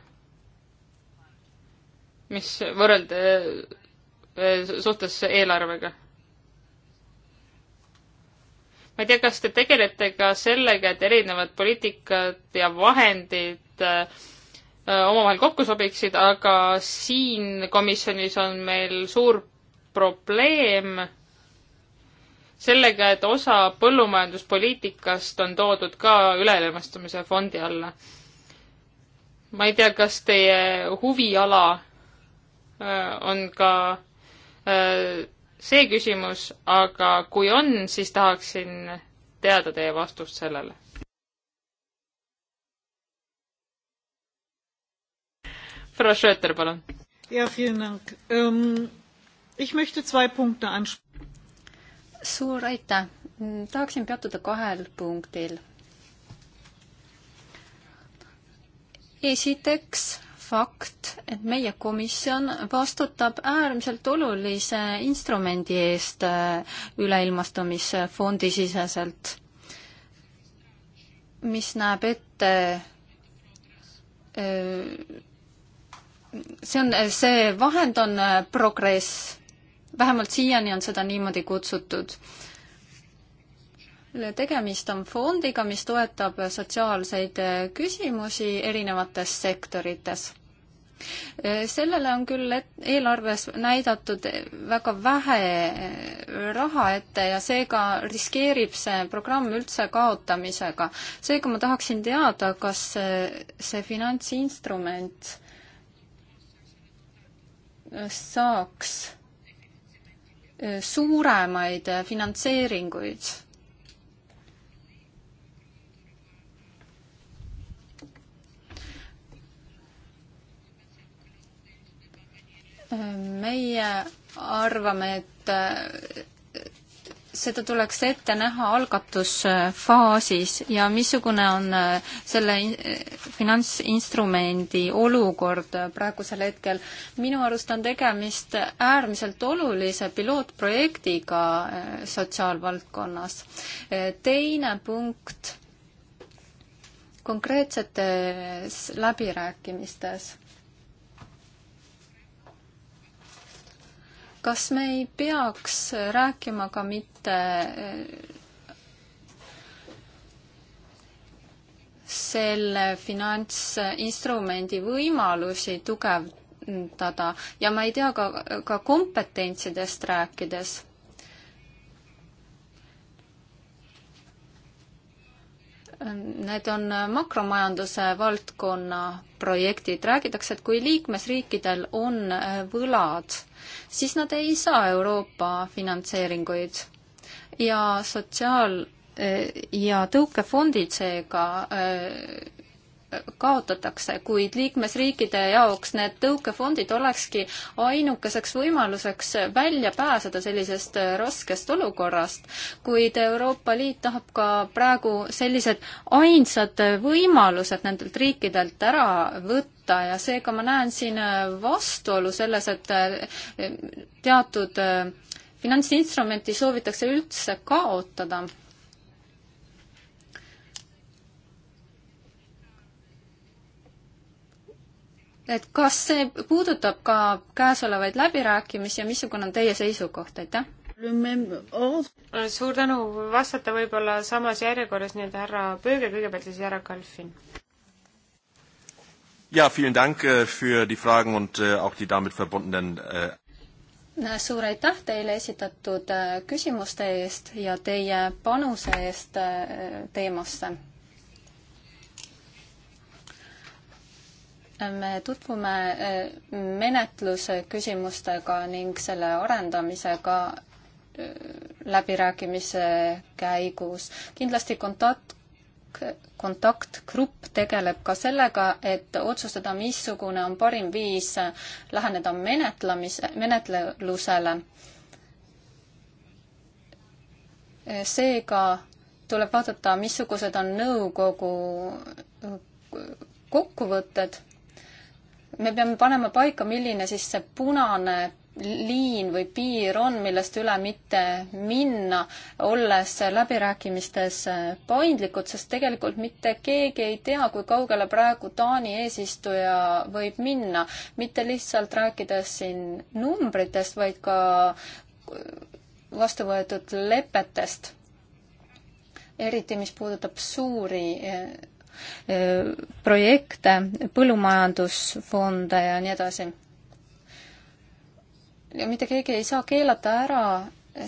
[SPEAKER 3] mis võrrelda eh, suhtes eelarvega. ma ei tea, kas te tegelete ka sellega, et erinevad poliitikad ja vahendid eh, omavahel kokku sobiksid, aga siin komisjonis on meil suur probleem sellega, et osa põllumajanduspoliitikast on toodud ka üleilmastumise fondi alla. ma ei tea, kas teie huviala äh, on ka äh, see küsimus, aga kui on, siis tahaksin teada teie vastust sellele. Frau Schröter, palun.
[SPEAKER 2] Ja, vielen Dank. Ähm, ich möchte zwei Punkte ansprechen suur aitäh! tahaksin peatuda kahel punktil. esiteks fakt, et meie komisjon vastutab äärmiselt olulise instrumendi eest äh, üleilmastumisfondi siseselt, mis näeb ette äh, see on, see vahend on äh, progress vähemalt siiani on seda niimoodi kutsutud. tegemist on fondiga, mis toetab sotsiaalseid eh, küsimusi erinevates sektorites eh, sellele on küll eelarves näidatud eh, väga vähe raha ette ja seega riskeerib see programm üldse kaotamisega. seega ma tahaksin teada, kas see finantsinstrument saaks suuremaid finantseeringuid. meie arvame, et seda tuleks ette näha algatusfaasis ja missugune on äh, selle äh, finantsinstrumendi olukord äh, praegusel hetkel. minu arust on tegemist äärmiselt olulise pilootprojektiga sotsiaalvaldkonnas. teine punkt konkreetsetes läbirääkimistes kas me ei peaks rääkima ka mitte eh, selle finantsinstrumendi võimalusi tugevdada ja ma ei tea ka, ka kompetentsidest rääkides Need on makromajanduse valdkonna projektid. räägitakse, et kui liikmesriikidel on võlad, siis nad ei saa Euroopa finantseeringuid ja sotsiaal- ja tõukefondid seega kaotatakse, kuid liikmesriikide jaoks need tõukefondid olekski ainukeseks võimaluseks välja pääseda sellisest raskest olukorrast, kuid Euroopa Liit tahab ka praegu sellised ainsad võimalused nendelt riikidelt ära võtta ja seega ma näen siin vastuolu selles, et teatud eh, finantsinstrumenti soovitakse üldse kaotada et kas see puudutab ka käesolevaid läbirääkimisi ja missugune on teie seisukoht, aitäh?
[SPEAKER 1] suur tänu, vastata võib-olla samas järjekorras, nii et härra Pööge kõigepealt ja siis härra Kalfin. Ja, vielen Dank äh, für die Fragen und äh, auch die damit verbundenen äh,
[SPEAKER 2] suur aitäh teile esitatud küsimuste eest ja teie panuse eest teemasse me tutvume eh, menetluse küsimustega ning selle arendamisega eh, läbirääkimise käigus. kindlasti kontakt, kontaktgrupp tegeleb ka sellega, et otsustada, missugune on parim viis läheneda menetlemise, menetlusele. seega tuleb vaadata, missugused on nõukogu kokkuvõtted me peame panema paika, milline siis see punane liin või piir on, millest üle mitte minna, olles läbirääkimistes paindlikud, sest tegelikult mitte keegi ei tea, kui kaugele praegu Taani eesistuja võib minna. mitte lihtsalt rääkides siin numbritest, vaid ka vastu võetud lepetest. eriti, mis puudutab suuri Äh, projekte, põllumajandusfonde ja nii edasi. ja mitte keegi ei saa keelata ära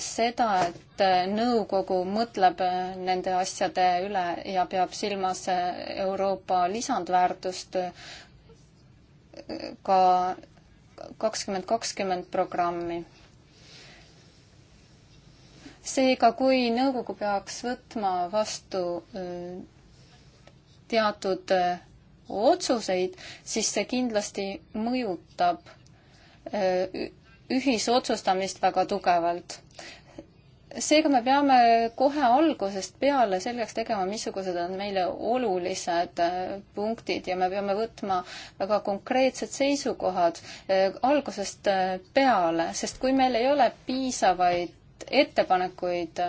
[SPEAKER 2] seda, et äh, nõukogu mõtleb äh, nende asjade üle ja peab silmas Euroopa lisandväärtust ka kakskümmend kakskümmend programmi seega, kui nõukogu peaks võtma vastu teatud äh, otsuseid, siis see kindlasti mõjutab äh, ühisotsustamist väga tugevalt. seega me peame kohe algusest peale selgeks tegema, missugused on meile olulised äh, punktid ja me peame võtma väga konkreetsed seisukohad algusest peale, sest kui meil ei ole piisavaid ettepanekuid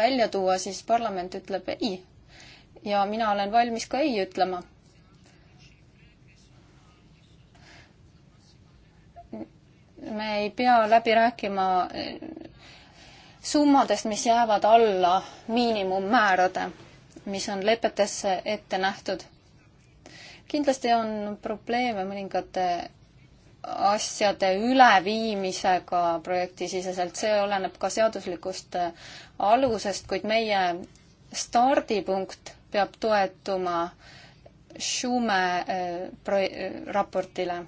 [SPEAKER 2] välja tuua, siis parlament ütleb ei ja mina olen valmis ka ei ütlema. me ei pea läbi rääkima eh, summadest, mis jäävad alla miinimummäärade, mis on lepetesse ette nähtud. kindlasti on probleeme mõningate asjade üleviimisega projektisiseselt, see oleneb ka seaduslikust alusest, kuid meie stardipunkt peab toetuma Schume eh, pro-, eh, raportile.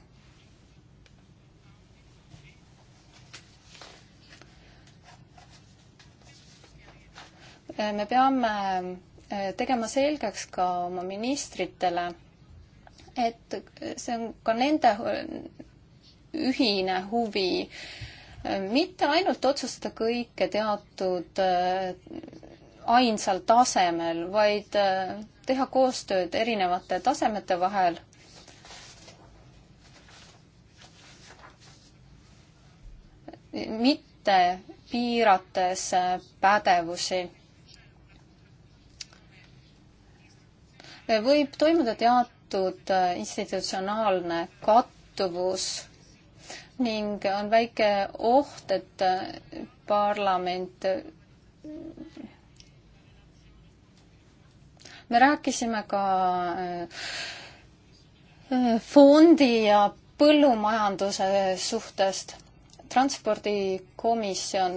[SPEAKER 2] me peame eh, tegema selgeks ka oma ministritele, et see on ka nende ühine huvi, mitte ainult otsustada kõike teatud ainsal tasemel, vaid äh, teha koostööd erinevate tasemete vahel. mitte piirates äh, pädevusi. võib toimuda teatud äh, institutsionaalne kattuvus ning on väike oht, et parlament me rääkisime ka äh, äh, fondi ja põllumajanduse suhtest. transpordikomisjon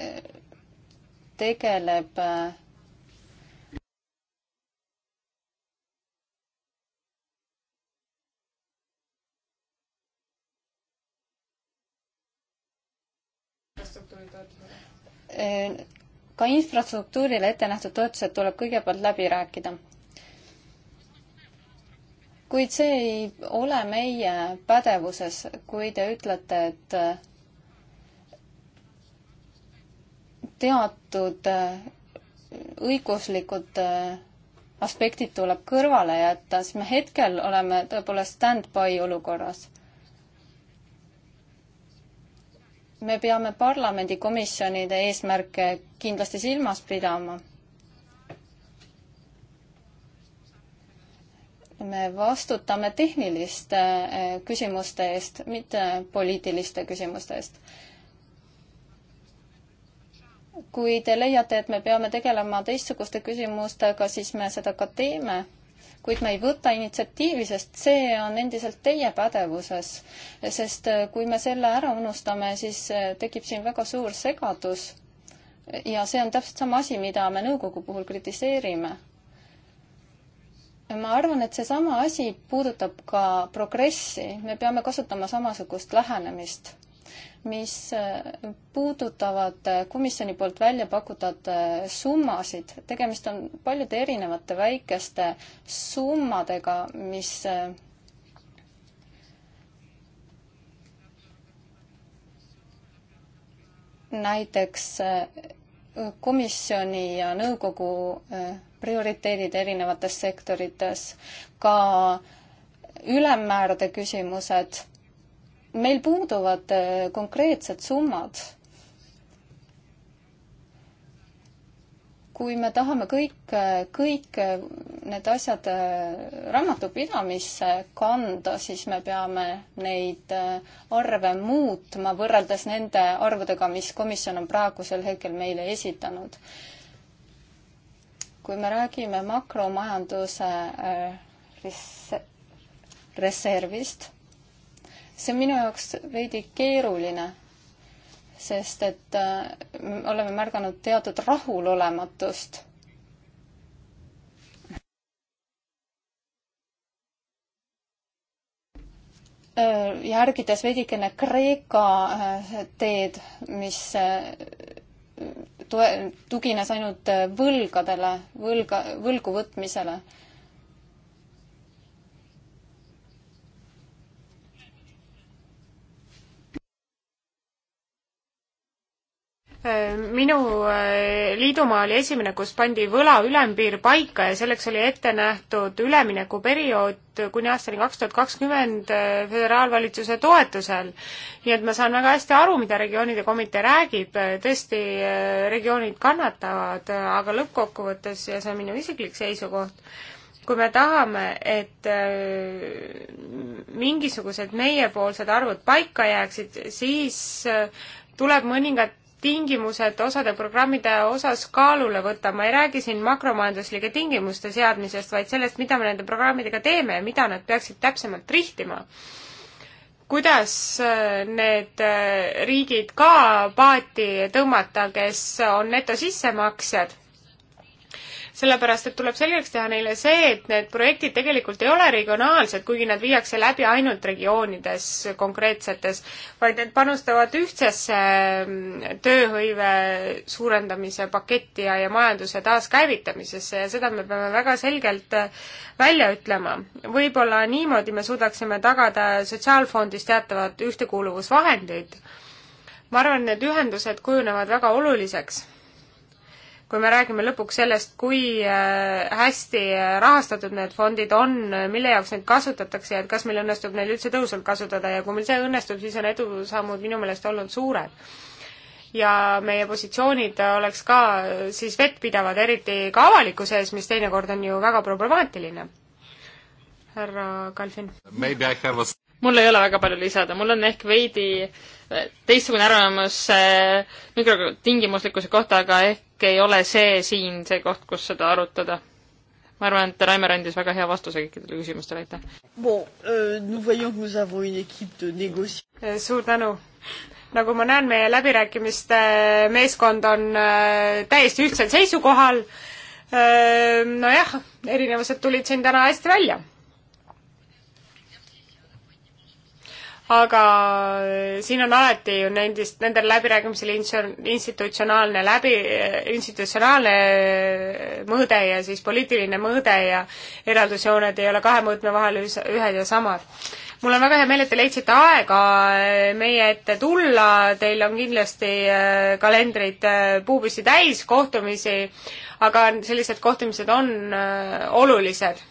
[SPEAKER 2] äh, tegeleb ka infrastruktuurile ette nähtud toetused tuleb kõigepealt läbi rääkida. kuid see ei ole meie pädevuses, kui te ütlete, et teatud äh, õiguslikud äh, aspektid tuleb kõrvale jätta, siis me hetkel oleme tõepoolest stand-by olukorras me peame parlamendikomisjonide eesmärke kindlasti silmas pidama. me vastutame tehniliste eh, küsimuste eest, mitte poliitiliste küsimuste eest. kui te leiate, et me peame tegelema teistsuguste küsimustega, siis me seda ka teeme kuid me ei võta initsiatiivi, sest see on endiselt teie pädevuses. sest äh, kui me selle ära unustame, siis äh, tekib siin väga suur segadus. ja see on täpselt sama asi, mida me nõukogu puhul kritiseerime. ma arvan, et seesama asi puudutab ka progressi, me peame kasutama samasugust lähenemist mis äh, puudutavad äh, komisjoni poolt välja pakutud äh, summasid. tegemist on paljude erinevate väikeste summadega, mis näiteks komisjoni ja nõukogu prioriteedid erinevates sektorites, ka ülemmäärade küsimused meil puuduvad äh, konkreetsed summad. kui me tahame kõik, äh, kõik äh, need asjad raamatupidamisse kanda, siis me peame neid arve muutma võrreldes nende arvudega, mis komisjon on praegusel hetkel meile esitanud. kui me räägime makromajanduse reservist see on minu jaoks veidi keeruline, sest et äh, oleme märganud teatud rahulolematust äh, järgides veidikene Kreeka äh, teed, mis toe-, tugines ainult võlgadele, võlga, võlgu võtmisele
[SPEAKER 1] minu äh, liidumaa oli esimene, kus pandi võla ülempiir paika ja selleks oli ette nähtud üleminekuperiood kuni aastani kaks tuhat kakskümmend äh, föderaalvalitsuse toetusel. nii et ma saan väga hästi aru, mida regioonide komitee räägib, tõesti, äh, regioonid kannatavad, aga lõppkokkuvõttes, ja see on minu isiklik seisukoht, kui me tahame, et mingisugused meiepoolsed arvud paika jääksid, siis tuleb mõningad tingimused osade programmide osas kaalule võtta, ma ei räägi siin makromajanduslike tingimuste seadmisest, vaid sellest, mida me nende programmidega teeme ja mida nad peaksid täpsemalt rihtima. kuidas äh, need äh, riigid ka paati tõmmata, kes on netosissemaksjad sellepärast et tuleb selgeks teha neile see, et need projektid tegelikult ei ole regionaalsed, kuigi nad viiakse läbi ainult regioonides konkreetsetes, vaid need panustavad ühtsesse mm, tööhõive suurendamise paketti ja, ja majanduse taaskäivitamisesse ja seda me peame väga selgelt äh, välja ütlema. võib-olla niimoodi me suudaksime tagada Sotsiaalfondist teatavad ühtekuuluvusvahendid ma arvan, need ühendused kujunevad väga oluliseks kui me räägime lõpuks sellest, kui äh, hästi äh, rahastatud need fondid on, mille jaoks neid kasutatakse ja et kas meil õnnestub neid üldse tõhusalt kasutada ja kui meil see õnnestub, siis on edusammud minu meelest olnud suured. ja meie positsioonid oleks ka äh, siis vettpidavad, eriti ka avalikkuse ees, mis teinekord on ju väga problemaatiline. härra Kalvin? mul ei ole
[SPEAKER 3] väga palju lisada, mul on ehk veidi teistsugune arvamus mikrotingimuslikkuse kohta, aga ehk ehk ei ole see siin see koht, kus seda arutada. ma arvan, et Raimer andis väga hea vastuse kõikidele küsimustele, aitäh
[SPEAKER 1] bon,. Euh, euh suur tänu nagu ma näen, meie läbirääkimiste äh, meeskond on äh, täiesti ühtsel seisukohal. Äh, nojah, erinevused tulid siin täna hästi välja aga eh, siin on alati ju nendest, nendel läbirääkimisel institutsionaalne läbi, institutsionaalne eh, mõõde ja siis poliitiline mõõde ja eraldusjooned ei ole kahe mõõtme vahel ühed ja samad. mul on väga hea meel, et te leidsite aega eh, meie ette tulla, teil on kindlasti kalendrid puupüsti täis kohtumisi, aga sellised kohtumised on olulised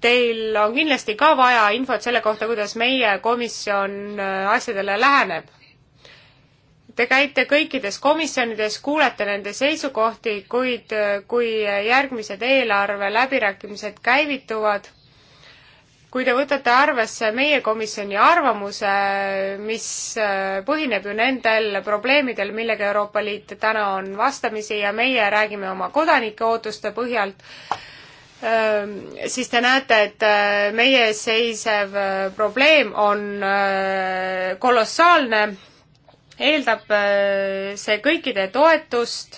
[SPEAKER 1] Teil on kindlasti ka vaja infot selle kohta, kuidas meie komisjon äh, asjadele läheneb. Te käite kõikides komisjonides, kuulete nende seisukohti, kuid äh, kui järgmised eelarve läbirääkimised käivituvad, kui te võtate arvesse meie komisjoni arvamuse, mis äh, põhineb ju nendel probleemidel, millega Euroopa Liit täna on vastamisi ja meie räägime oma kodanike ootuste põhjalt, Ehm, siis te näete, et äh, meie ees seisev äh, probleem on äh, kolossaalne, eeldab see kõikide toetust,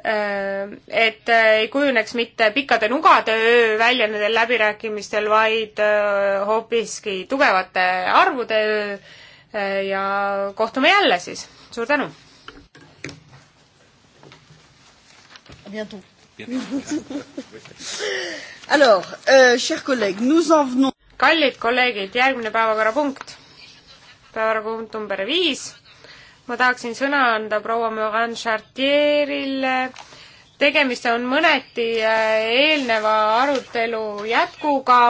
[SPEAKER 1] ehm, et ei kujuneks mitte pikkade nugade öö välja nendel läbirääkimistel, vaid hoopiski tugevate arvude öö ja kohtume jälle siis, suur tänu!
[SPEAKER 2] bientôt. Alors, euh, chers collègues, nous en venons...
[SPEAKER 1] kallid kolleegid, järgmine päevakorrapunkt, päevakorrapunkt number viis. ma tahaksin sõna anda proua Morin Chartierile. tegemist on mõneti äh, eelneva arutelu jätkuga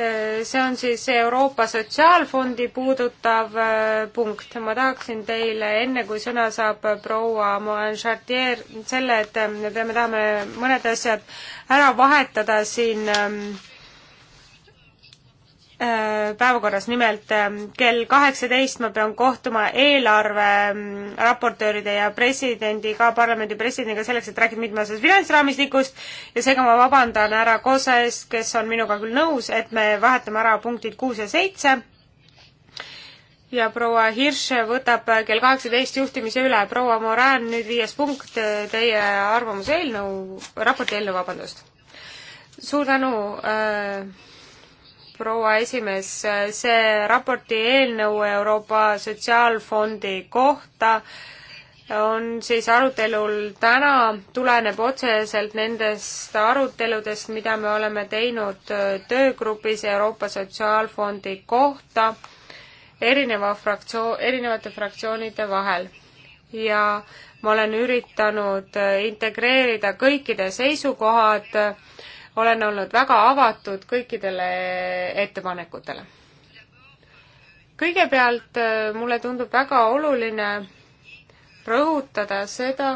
[SPEAKER 1] Äh, see on siis Euroopa Sotsiaalfondi puudutav äh, punkt. ma tahaksin teile, enne kui sõna saab äh, proua Moen Chartier, selle, et me peame, tahame mõned asjad ära vahetada siin äh, Äh, päevakorras, nimelt ähm, kell kaheksateist ma pean kohtuma eelarve ähm, raportööride ja presidendiga, parlamendi presidendiga selleks, et rääkida mitmeosast finantsraamistikust ja seega ma vabandan härra Kose ees, kes on minuga küll nõus, et me vahetame ära punktid kuus ja seitse. ja proua Hirš võtab kell kaheksateist juhtimise üle. proua Moran, nüüd viies punkt, teie arvamuse eelnõu, raporti eelnõu, vabandust. suur tänu äh, proua esimees, see raporti eelnõu Euroopa Sotsiaalfondi kohta on siis arutelul täna, tuleneb otseselt nendest aruteludest, mida me oleme teinud töögrupis Euroopa Sotsiaalfondi kohta erineva fraktsioon, erinevate fraktsioonide vahel. ja ma olen üritanud integreerida kõikide seisukohad olen olnud väga avatud kõikidele ettepanekutele. kõigepealt äh, mulle tundub väga oluline rõhutada seda,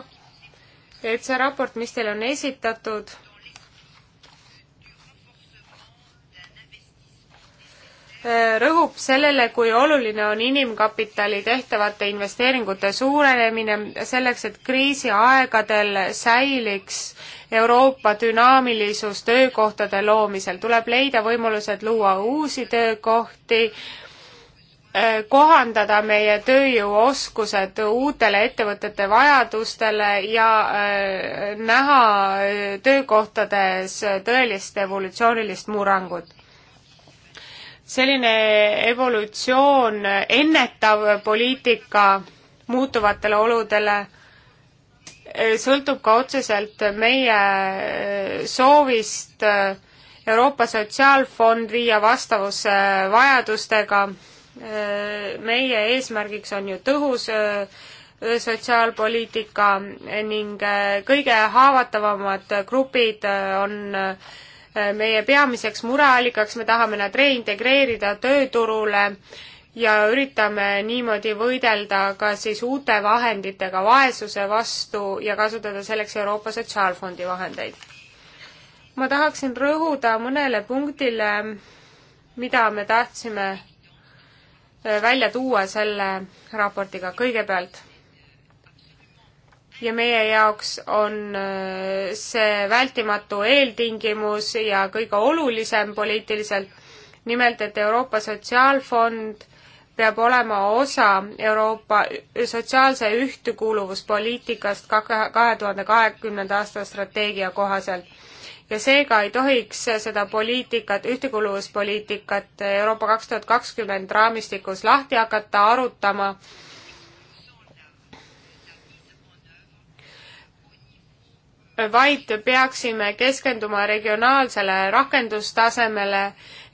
[SPEAKER 1] et see raport, mis teile on esitatud, äh, rõhub sellele, kui oluline on inimkapitali tehtavate investeeringute suurenemine selleks, et kriisiaegadel säiliks Euroopa dünaamilisus töökohtade loomisel, tuleb leida võimalused luua uusi töökohti, eh, kohandada meie tööjõuoskused uutele ettevõtete vajadustele ja eh, näha eh, töökohtades tõelist evolutsioonilist murrangut selline evolutsioon, ennetav poliitika muutuvatele oludele sõltub ka otseselt meie eh, soovist eh, Euroopa Sotsiaalfond viia vastavusse vajadustega. Eh, meie eesmärgiks on ju tõhus sotsiaalpoliitika ning kõige haavatavamad grupid on meie peamiseks mureallikaks, me tahame nad reintegreerida tööturule ja üritame niimoodi võidelda ka siis uute vahenditega vaesuse vastu ja kasutada selleks Euroopa Sotsiaalfondi vahendeid. ma tahaksin rõhuda mõnele punktile, mida me tahtsime äh, välja tuua selle raportiga kõigepealt. ja meie jaoks on äh, see vältimatu eeltingimus ja kõige olulisem poliitiliselt, nimelt et Euroopa Sotsiaalfond peab olema osa Euroopa sotsiaalse ühtekuuluvuspoliitikast kahe tuhande kahekümnenda aasta strateegia kohaselt. ja seega ei tohiks seda poliitikat, ühtekuuluvuspoliitikat Euroopa kaks tuhat kakskümmend raamistikus lahti hakata arutama äh, vaid peaksime keskenduma regionaalsele rakendustasemele,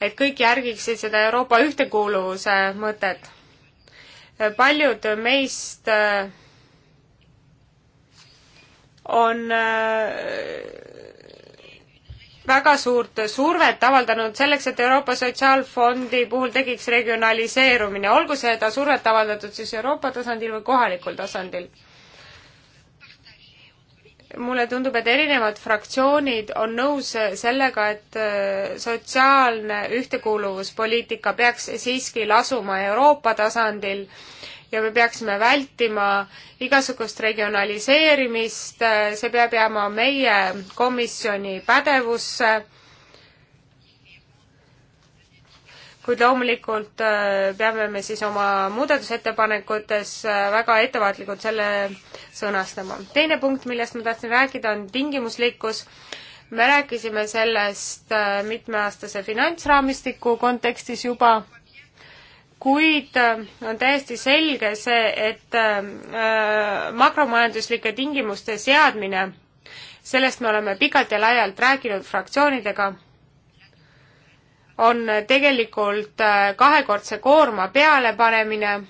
[SPEAKER 1] et kõik järgiksid seda Euroopa ühtekuuluvuse mõtet. paljud meist äh, on äh, väga suurt survet avaldanud selleks, et Euroopa Sotsiaalfondi puhul tekiks regionaliseerumine, olgu seda survet avaldatud siis Euroopa tasandil või kohalikul tasandil mulle tundub, et erinevad fraktsioonid on nõus sellega, et äh, sotsiaalne ühtekuuluvuspoliitika peaks siiski lasuma Euroopa tasandil ja me peaksime vältima igasugust regionaliseerimist, äh, see peab jääma meie komisjoni pädevusse kuid loomulikult äh, peame me siis oma muudatusettepanekutes äh, väga ettevaatlikult selle sõnastama. teine punkt, millest ma tahtsin rääkida, on tingimuslikkus. me rääkisime sellest äh, mitmeaastase finantsraamistiku kontekstis juba, kuid on täiesti selge see, et makromajanduslike tingimuste seadmine, sellest me oleme pikalt ja laialt rääkinud fraktsioonidega on tegelikult äh, kahekordse koorma pealepanemine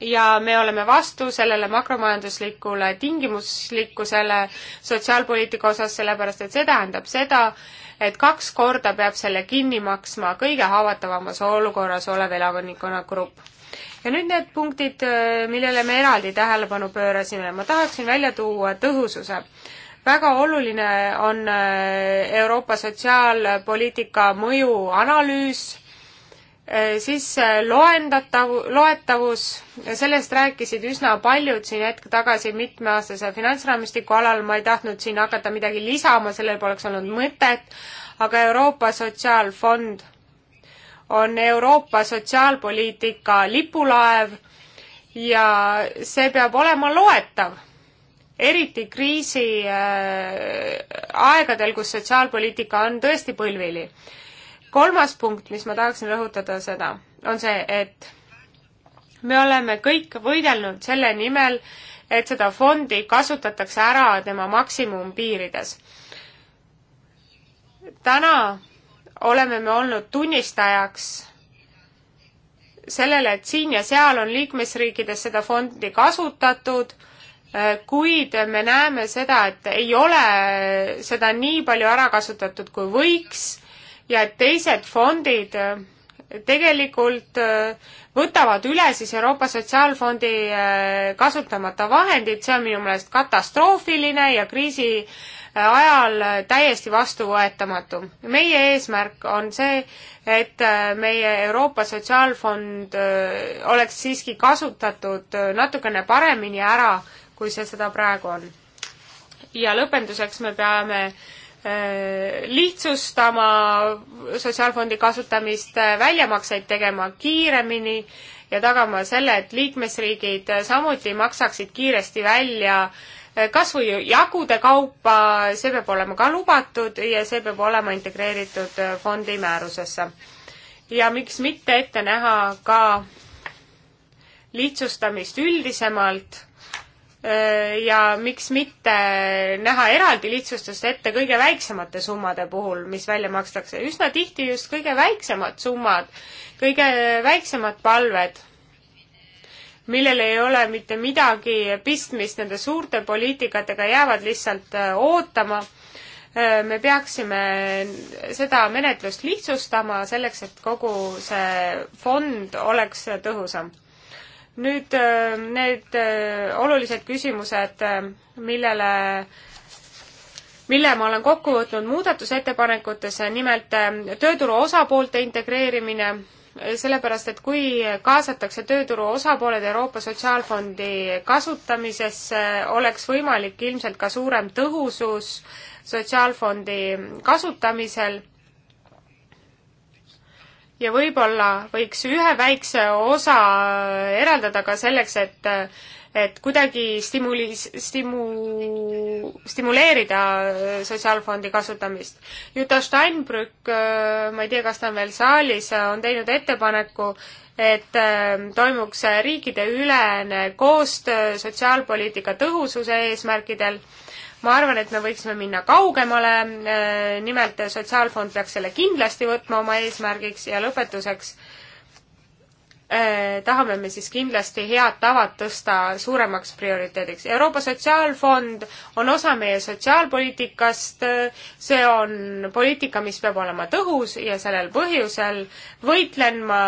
[SPEAKER 1] ja me oleme vastu sellele makromajanduslikule tingimuslikkusele sotsiaalpoliitika osas, sellepärast et see tähendab seda, et kaks korda peab selle kinni maksma kõige haavatavamas olukorras olev elanikkonna grupp. ja nüüd need punktid, äh, millele me eraldi tähelepanu pöörasime, ma tahaksin välja tuua tõhususe väga oluline on äh, Euroopa sotsiaalpoliitika mõju analüüs, äh, siis äh, loendatav, loetavus, sellest rääkisid üsna paljud siin hetk tagasi mitmeaastase finantsraamistiku alal, ma ei tahtnud siin hakata midagi lisama, sellel poleks olnud mõtet, aga Euroopa Sotsiaalfond on Euroopa sotsiaalpoliitika lipulaev ja see peab olema loetav eriti kriisi äh, aegadel, kus sotsiaalpoliitika on tõesti põlvili. kolmas punkt, mis ma tahaksin rõhutada seda, on see, et me oleme kõik võidelnud selle nimel, et seda fondi kasutatakse ära tema maksimumpiirides. täna oleme me olnud tunnistajaks sellele, et siin ja seal on liikmesriikides seda fondi kasutatud Äh, kuid me näeme seda, et ei ole seda nii palju ära kasutatud, kui võiks ja et teised fondid äh, tegelikult äh, võtavad üle siis Euroopa Sotsiaalfondi kasutamata vahendid, see on minu meelest katastroofiline ja kriisi ajal täiesti vastuvõetamatu. meie eesmärk on see, et meie Euroopa Sotsiaalfond oleks siiski kasutatud natukene paremini ära kui see seda praegu on. ja lõpetuseks me peame äh, lihtsustama sotsiaalfondi kasutamist, äh, väljamakseid tegema kiiremini ja tagama selle, et liikmesriigid äh, samuti maksaksid kiiresti välja kas või jagude kaupa, see peab olema ka lubatud ja see peab olema integreeritud fondi määrusesse. ja miks mitte ette näha ka lihtsustamist üldisemalt Äh, ja miks mitte näha eraldi lihtsustust ette kõige väiksemate summade puhul, mis välja makstakse. üsna tihti just kõige väiksemad summad, kõige väiksemad palved, millel ei ole mitte midagi pistmist nende suurte poliitikatega, jäävad lihtsalt äh, ootama. Äh, me peaksime seda menetlust lihtsustama selleks, et kogu see fond oleks tõhusam nüüd äh, need äh, olulised küsimused, äh, millele mille ma olen kokku võtnud muudatusettepanekutes, nimelt tööturu osapoolte integreerimine, sellepärast et kui kaasatakse tööturu osapooled Euroopa Sotsiaalfondi kasutamisesse, oleks võimalik ilmselt ka suurem tõhusus sotsiaalfondi kasutamisel ja võib-olla võiks ühe väikse osa eraldada ka selleks, et et kuidagi stimuli-, stimu-, stimuleerida sotsiaalfondi kasutamist. Juta Steinbrück, ma ei tea, kas ta on veel saalis, on teinud ettepaneku, et ähm, toimuks riikideülene koostöö sotsiaalpoliitika tõhususe eesmärkidel ma arvan, et me võiksime minna kaugemale, äh, nimelt Sotsiaalfond peaks selle kindlasti võtma oma eesmärgiks ja lõpetuseks Äh, tahame me siis kindlasti head tavad tõsta suuremaks prioriteediks. Euroopa Sotsiaalfond on osa meie sotsiaalpoliitikast, see on poliitika, mis peab olema tõhus ja sellel põhjusel võitlen ma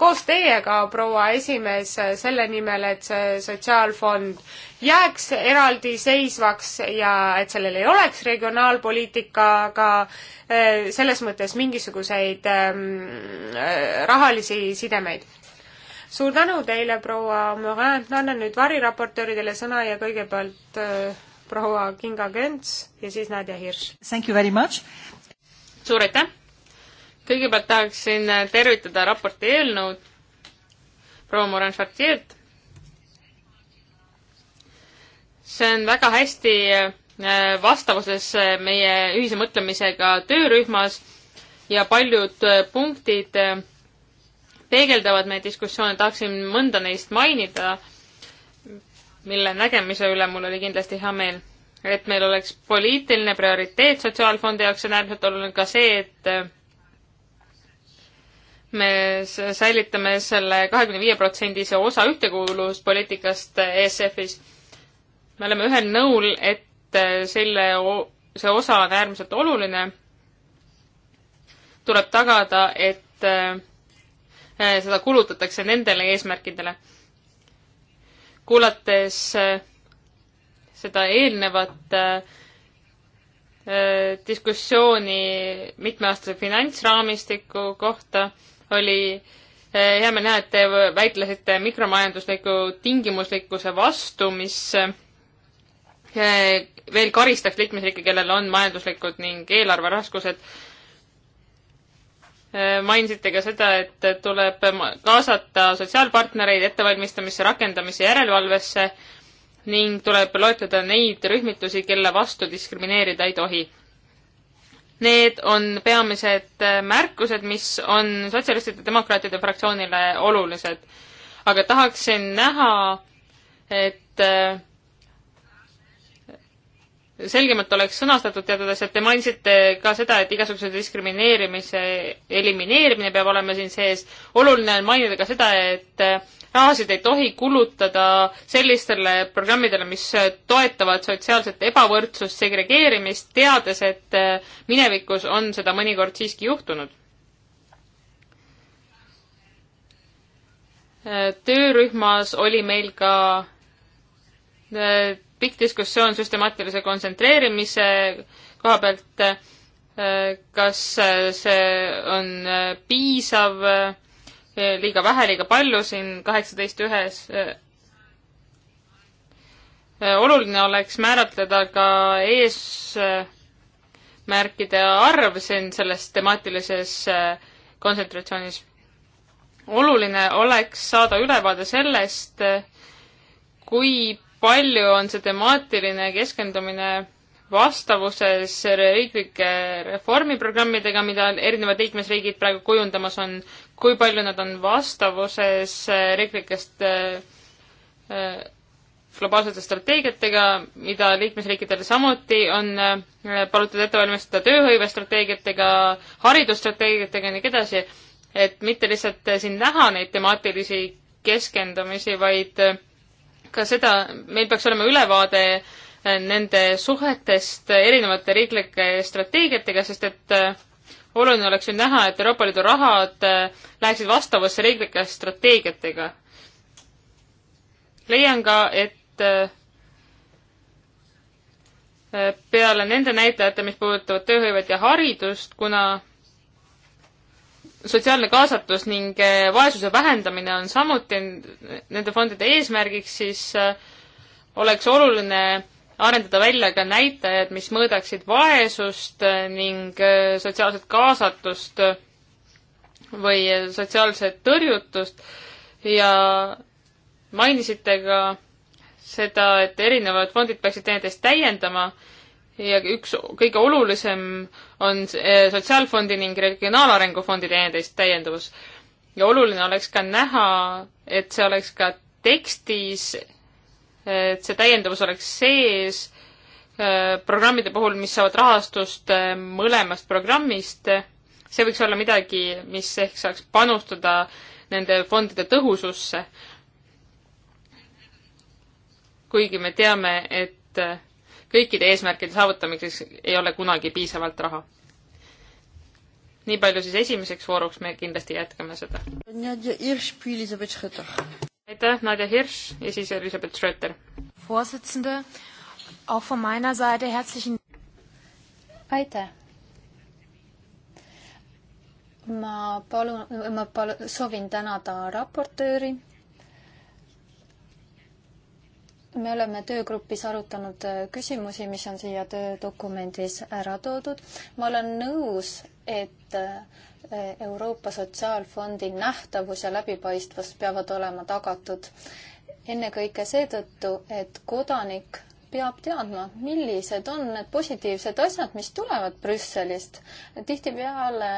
[SPEAKER 1] koos teiega, proua esimees, selle nimel, et see sotsiaalfond jääks eraldiseisvaks ja et sellel ei oleks regionaalpoliitikaga äh, selles mõttes mingisuguseid ähm, äh, rahalisi sidemeid suur tänu teile, proua Morin, annan nüüd variraportööridele sõna ja kõigepealt äh, proua Kinga Könts ja siis Nadja Hirš.
[SPEAKER 2] Thank you very much!
[SPEAKER 3] suur aitäh! kõigepealt tahaksin äh, tervitada raporti eelnõud proua Morin Chartier'lt. see on väga hästi äh, vastavuses meie ühise mõtlemisega töörühmas ja paljud punktid peegeldavad meie diskussioone, tahaksin mõnda neist mainida, mille nägemise üle mul oli kindlasti hea meel. et meil oleks poliitiline prioriteet Sotsiaalfondi jaoks, on äärmiselt oluline ka see, et me säilitame selle kahekümne viie protsendise osa ühtekuuluvuspoliitikast ESF-is. me oleme ühel nõul, et selle, see osa on äärmiselt oluline tuleb tagada, et Eh, seda kulutatakse nendele eesmärkidele. kuulates eh, seda eelnevat eh, diskussiooni mitmeaastase finantsraamistiku kohta, oli hea meel näha, et te väitlesite mikromajandusliku tingimuslikkuse vastu, mis veel karistaks liikmesriike, kellel on majanduslikud ning eelarveraskused Äh, mainisite ka seda, et tuleb kaasata sotsiaalpartnereid ettevalmistamisse, rakendamisse, järelevalvesse ning tuleb loetleda neid rühmitusi, kelle vastu diskrimineerida ei tohi. Need on peamised äh, märkused, mis on sotsialistide demokraatide fraktsioonile olulised. aga tahaksin näha, et äh, selgemalt oleks sõnastatud teatud asjad, te mainisite ka seda, et igasuguse diskrimineerimise elimineerimine peab olema siin sees. oluline on mainida ka seda, et äh, rahasid ei tohi kulutada sellistele programmidele, mis toetavad sotsiaalset ebavõrdsust, segregeerimist, teades, et äh, minevikus on seda mõnikord siiski juhtunud. Äh, töörühmas oli meil ka pikk diskussioon süstemaatilise kontsentreerimise koha pealt, äh, kas äh, see on äh, piisav, liiga vähe, liiga palju siin kaheksateist ühes. oluline oleks määratleda ka eesmärkide arv siin selles temaatilises kontsentratsioonis. oluline oleks saada ülevaade sellest, kui palju on see temaatiline keskendumine vastavuses riiklike reformiprogrammidega, mida erinevad liikmesriigid praegu kujundamas on, kui palju nad on vastavuses äh, riiklikest äh, äh, globaalsete strateegiatega, mida liikmesriikidel samuti on äh, palutud ette valmistada tööhõivestrateegiatega, haridusstrateegiatega ja nii edasi, et mitte lihtsalt äh, siin näha neid temaatilisi keskendumisi, vaid äh, ka seda, meil peaks olema ülevaade äh, nende suhetest erinevate riiklike strateegiatega, sest et äh, oluline oleks ju näha, et Euroopa Liidu rahad äh, läheksid vastavusse riiklike strateegiatega. leian ka, et peale nende näitajate, mis puudutavad tööhõivet ja haridust, kuna sotsiaalne kaasatus ning eh, vaesuse vähendamine on samuti nende fondide eesmärgiks, siis eh, oleks oluline arendada välja ka näitajad, mis mõõdaksid vaesust eh, ning sotsiaalset kaasatust või sotsiaalset tõrjutust ja mainisite ka seda, et erinevad fondid peaksid teineteist täiendama ja üks kõige olulisem on eh, Sotsiaalfondi ning Regionaalarengu fondi teineteist täienduvus. ja oluline oleks ka näha, et see oleks ka tekstis, et see täienduvus oleks sees eh, programmide puhul, mis saavad rahastust eh, mõlemast programmist. see võiks olla midagi, mis ehk saaks panustada nende fondide tõhususse. kuigi me teame, et kõikide eesmärkide saavutamiseks ei ole kunagi piisavalt raha. nii palju siis esimeseks vooruks, me kindlasti jätkame seda. aitäh, Nadja Hirš ja siis Elizabeth Schröter.
[SPEAKER 2] aitäh ma palun, ma palun, soovin tänada raportööri me oleme töögrupis arutanud äh, küsimusi, mis on siia töödokumendis ära toodud. ma olen nõus, et äh, Euroopa Sotsiaalfondi nähtavus ja läbipaistvus peavad olema tagatud ennekõike seetõttu, et kodanik peab teadma, millised on need positiivsed asjad, mis tulevad Brüsselist. tihtipeale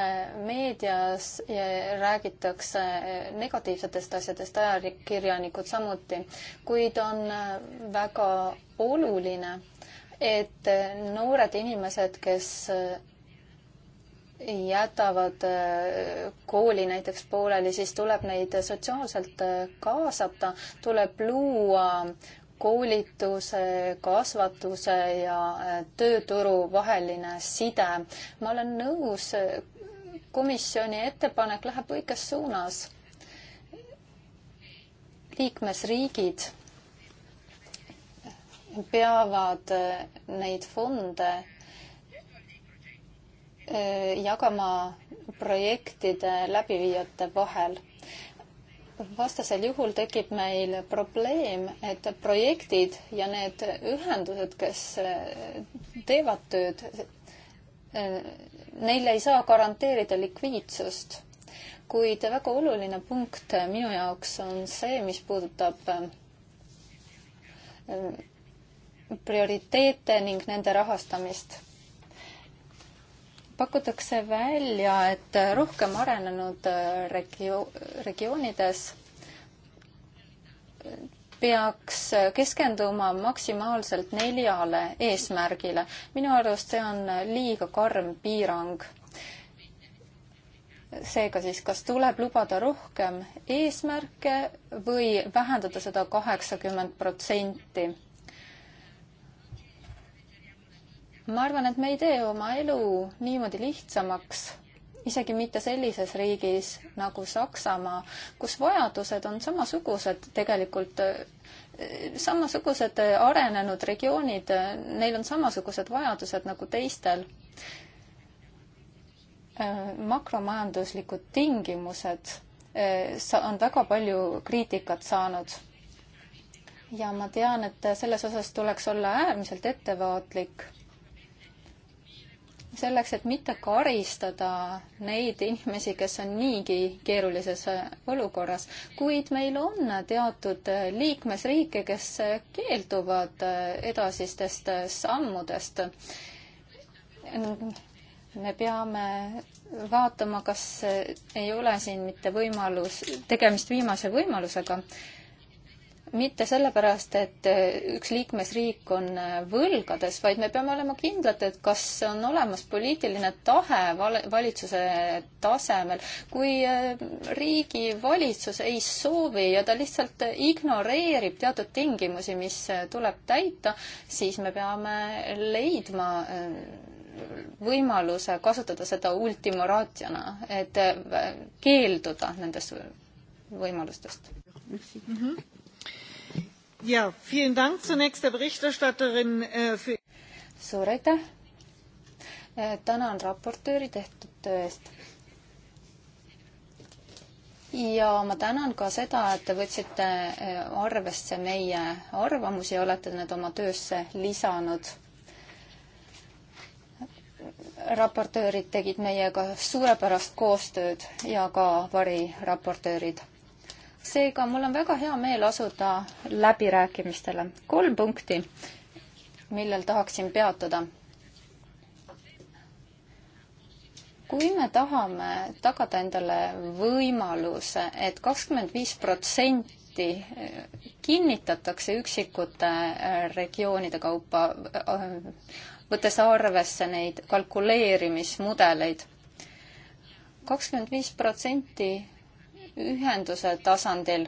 [SPEAKER 2] meedias eh, räägitakse eh, negatiivsetest asjadest, ajakirjanikud samuti, kuid on eh, väga oluline, et noored inimesed, kes jätavad kooli näiteks pooleli, siis tuleb neid sotsiaalselt kaasata, tuleb luua koolituse, kasvatuse ja äh, tööturu vaheline side. ma olen nõus, komisjoni ettepanek läheb õiges suunas. liikmesriigid peavad äh, neid fonde äh, jagama projektide läbiviijate vahel vastasel juhul tekib meil probleem, et projektid ja need ühendused, kes äh, teevad tööd, äh, neile ei saa garanteerida likviidsust. kuid väga oluline punkt minu jaoks on see, mis puudutab äh, prioriteete ning nende rahastamist pakutakse välja, et rohkem arenenud äh, regio-, regioonides peaks äh, keskenduma maksimaalselt neljale eesmärgile. minu arust see on äh, liiga karm piirang. seega siis, kas tuleb lubada rohkem eesmärke või vähendada seda kaheksakümmend protsenti ma arvan, et me ei tee oma elu niimoodi lihtsamaks, isegi mitte sellises riigis nagu Saksamaa, kus vajadused on samasugused tegelikult eh, samasugused eh, arenenud regioonid, eh, neil on samasugused vajadused nagu teistel. makromajanduslikud tingimused on väga palju kriitikat saanud. ja ma tean, et selles osas tuleks olla äärmiselt ettevaatlik selleks, et mitte karistada neid inimesi, kes on niigi keerulises äh, olukorras, kuid meil on teatud äh, liikmesriike, kes äh, keelduvad edasistest sammudest. me peame vaatama, kas ei ole siin mitte võimalus, tegemist viimase võimalusega mitte sellepärast, et äh, üks liikmesriik on äh, võlgades, vaid me peame olema kindlad, et kas on olemas poliitiline tahe val-, valitsuse tasemel. kui äh, riigi valitsus ei soovi ja ta lihtsalt ignoreerib teatud tingimusi, mis tuleb täita, siis me peame leidma võimaluse kasutada seda ultima ratio'na, et keelduda nendest võimalustest. Mm -hmm ja, vielen Dank zunächst der Berichterstatterin äh, für. suur aitäh. Äh, tänan raportööri tehtud töö eest. ja ma tänan ka seda, et te võtsite äh, arvesse meie arvamusi ja olete need oma töösse lisanud raportöörid tegid meiega suurepärast koostööd ja ka variraportöörid seega mul on väga hea meel asuda läbirääkimistele. kolm punkti, millel tahaksin peatuda. kui me tahame tagada endale võimaluse et, et kakskümmend viis protsenti tihti kinnitatakse üksikute äh, regioonide kaupa, äh, võttes arvesse neid kalkuleerimismudeleid. kakskümmend viis protsenti ühenduse tasandil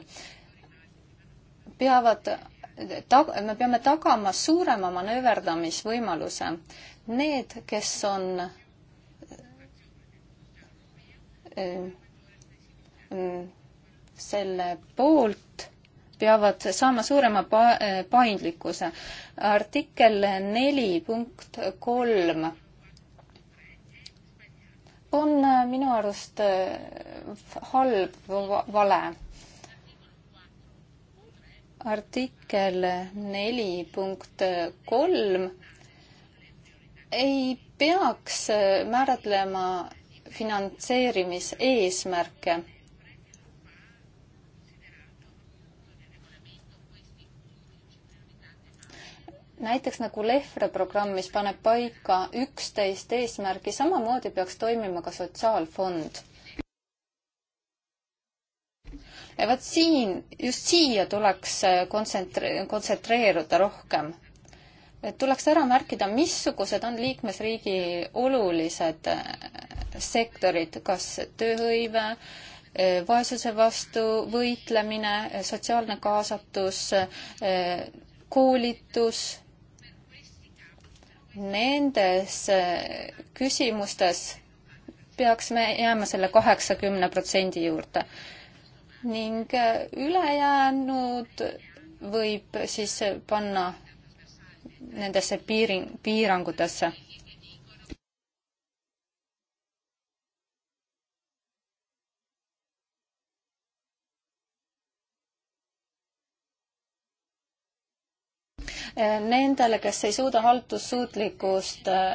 [SPEAKER 2] peavad tag-, me peame tagama suurema manööverdamisvõimaluse. Need, kes on äh, selle poolt, peavad saama suurema pa-, äh, paindlikkuse. artikkel neli punkt kolm on äh, minu arust halb vale. artikkel neli punkt kolm ei peaks määratlema finantseerimiseesmärke näiteks nagu Lehvre programm, mis paneb paika üksteist eesmärgi, samamoodi peaks toimima ka sotsiaalfond. Eh, vot siin, just siia tuleks eh, kontsentre-, kontsentreeruda rohkem. et tuleks ära märkida, missugused on liikmesriigi olulised eh, sektorid, kas tööhõive, vaesuse vastu võitlemine, sotsiaalne kaasatus, koolitus, nendes küsimustes peaks me jääma selle kaheksakümne protsendi juurde ning äh, ülejäänud võib siis panna nendesse piiring, piirangutesse. Äh, nendele, kes ei suuda haldussuutlikkust äh,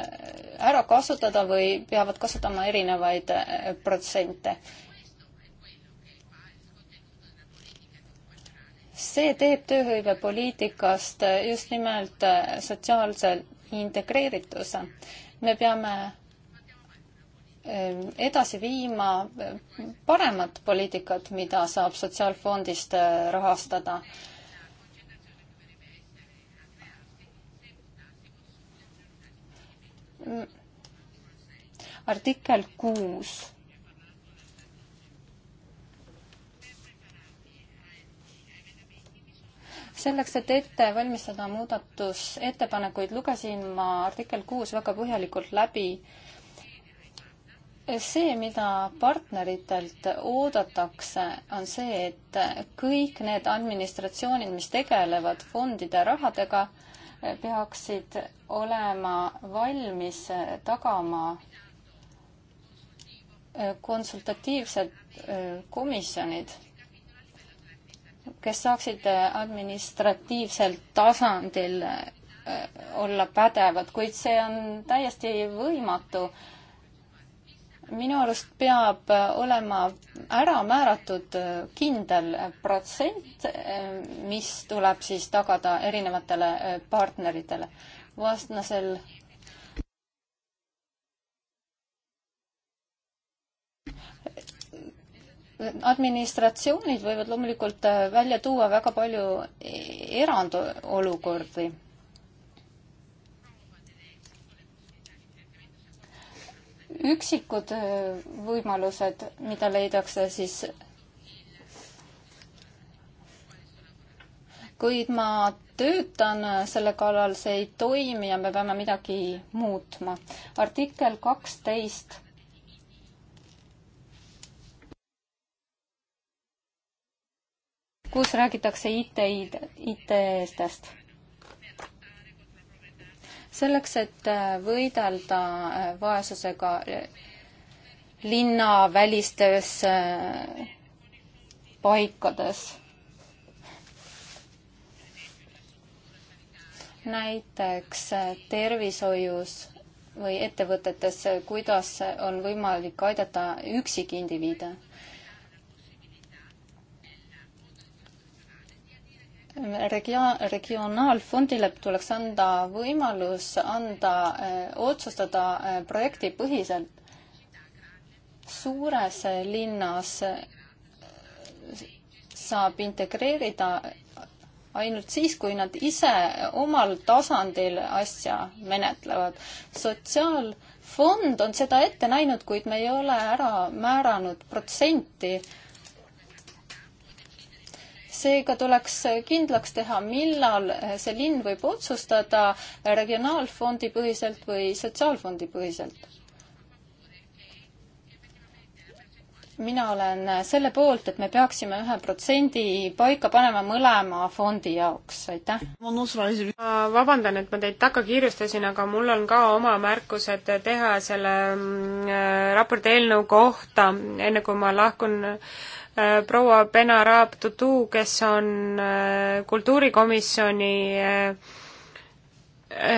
[SPEAKER 2] ära kasutada või peavad kasutama erinevaid protsente see teeb tööhõivepoliitikast just nimelt äh, sotsiaalse integreerituse. me peame ähm, edasi viima äh, paremat poliitikat, mida saab Sotsiaalfondist äh, rahastada. Mm. artikkel kuus selleks, et ette valmistada muudatusettepanekuid, lugesin ma artikkel kuus väga põhjalikult läbi. see, mida partneritelt oodatakse, on see, et kõik need administratsioonid, mis tegelevad fondide rahadega, peaksid olema valmis tagama konsultatiivsed äh, komisjonid kes saaksid äh, administratiivsel tasandil äh, olla pädevad, kuid see on täiesti võimatu. minu arust peab äh, olema ära määratud kindel protsent, mis tuleb siis tagada erinevatele partneritele. vastasel administratsioonid võivad loomulikult äh, välja tuua väga palju e-, erandolukordi. üksikud äh, võimalused, mida leidakse siis kuid ma töötan äh, selle kallal, see ei toimi ja me peame midagi muutma. artikkel kaksteist kus räägitakse IT, IT-stest. selleks, et äh, võidelda äh, vaesusega äh, linnavälistes paikades näiteks tervishoius või ettevõtetes, kuidas on võimalik aidata üksikindiviide? regia-, regionaalfondile tuleks anda võimalus anda, eh, otsustada eh, projektipõhiselt. suures linnas eh, saab integreerida ainult siis, kui nad ise omal tasandil asja menetlevad. sotsiaalfond on seda ette näinud, kuid me ei ole ära määranud protsenti seega tuleks kindlaks teha, millal see linn võib otsustada regionaalfondi põhiselt või sotsiaalfondi põhiselt. mina olen selle poolt, et me peaksime ühe protsendi paika panema mõlema fondi jaoks, aitäh. ma vabandan, et ma teid takka
[SPEAKER 1] kiirustasin, aga mul on ka oma märkused teha selle mm, äh, raporti eelnõu kohta, enne kui ma lahkun äh, Äh, proua Bena Raab Tutu, kes on äh, kultuurikomisjoni äh,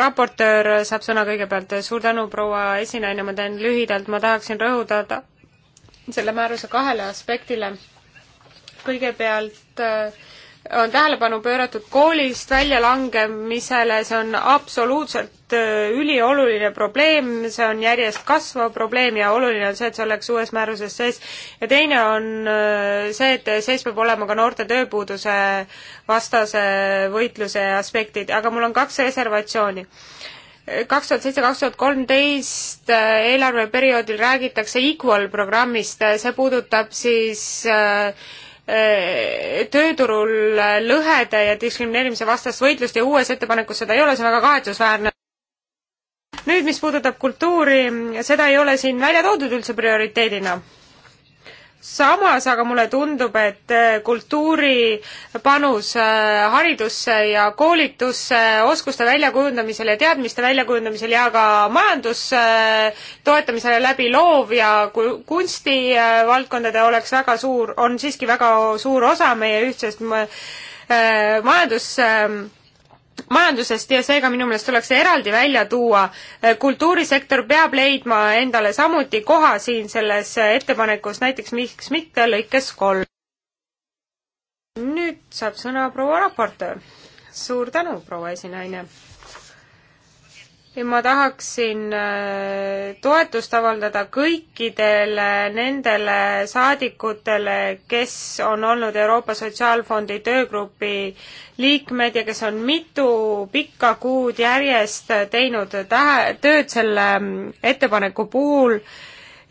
[SPEAKER 1] raportöör saab sõna kõigepealt, suur tänu, proua esinaine, ma teen lühidalt, ma tahaksin rõhutada selle määruse kahele aspektile. kõigepealt äh, on tähelepanu pööratud koolist väljalangemisele, see on absoluutselt äh, ülioluline probleem, see on järjest kasvav probleem ja oluline on see, et see oleks uues määruses sees. ja teine on äh, see, et sees peab olema ka noorte tööpuuduse vastase võitluse aspektid, aga mul on kaks reservatsiooni kaks tuhat seitse, kaks tuhat kolmteist äh, eelarveperioodil räägitakse Equal programmist, see puudutab siis äh, Äh, tööturul lõhede ja diskrimineerimise vastast võitlust ja uues ettepanekus seda ei ole, see on väga kahetsusväärne. nüüd, mis puudutab kultuuri, seda ei ole siin välja toodud üldse prioriteedina samas aga mulle tundub, et äh, kultuuri panus äh, haridusse ja koolitusse, oskuste väljakujundamisel ja teadmiste väljakujundamisel ja ka majanduse äh, toetamisele läbi loov- ja kunstivaldkondade oleks väga suur, on siiski väga suur osa meie ühtsest majandus äh, majandusest ja seega minu meelest tuleks see eraldi välja tuua. kultuurisektor peab leidma endale samuti koha siin selles ettepanekus, näiteks miks mitte lõikes kolm. nüüd saab sõna proua raportöör. suur tänu, proua esinaine ja ma tahaksin äh, toetust avaldada kõikidele nendele saadikutele, kes on olnud Euroopa Sotsiaalfondi töögrupi liikmed ja kes on mitu pikka kuud järjest teinud tähe, tööd selle mm, ettepaneku puhul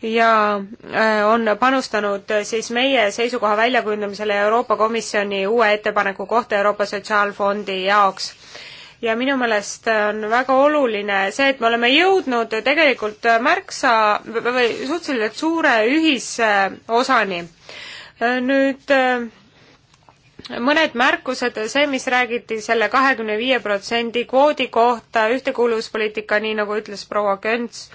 [SPEAKER 1] ja äh, on panustanud siis meie seisukoha väljakujundamisele Euroopa Komisjoni uue ettepaneku kohta Euroopa Sotsiaalfondi jaoks ja minu meelest on väga oluline see, et me oleme jõudnud tegelikult märksa või suhteliselt suure ühisosani. nüüd äh, mõned märkused, see, mis räägiti selle kahekümne viie protsendi kvoodi kohta, ühtekuuluvuspoliitika, nii nagu ütles proua Könts,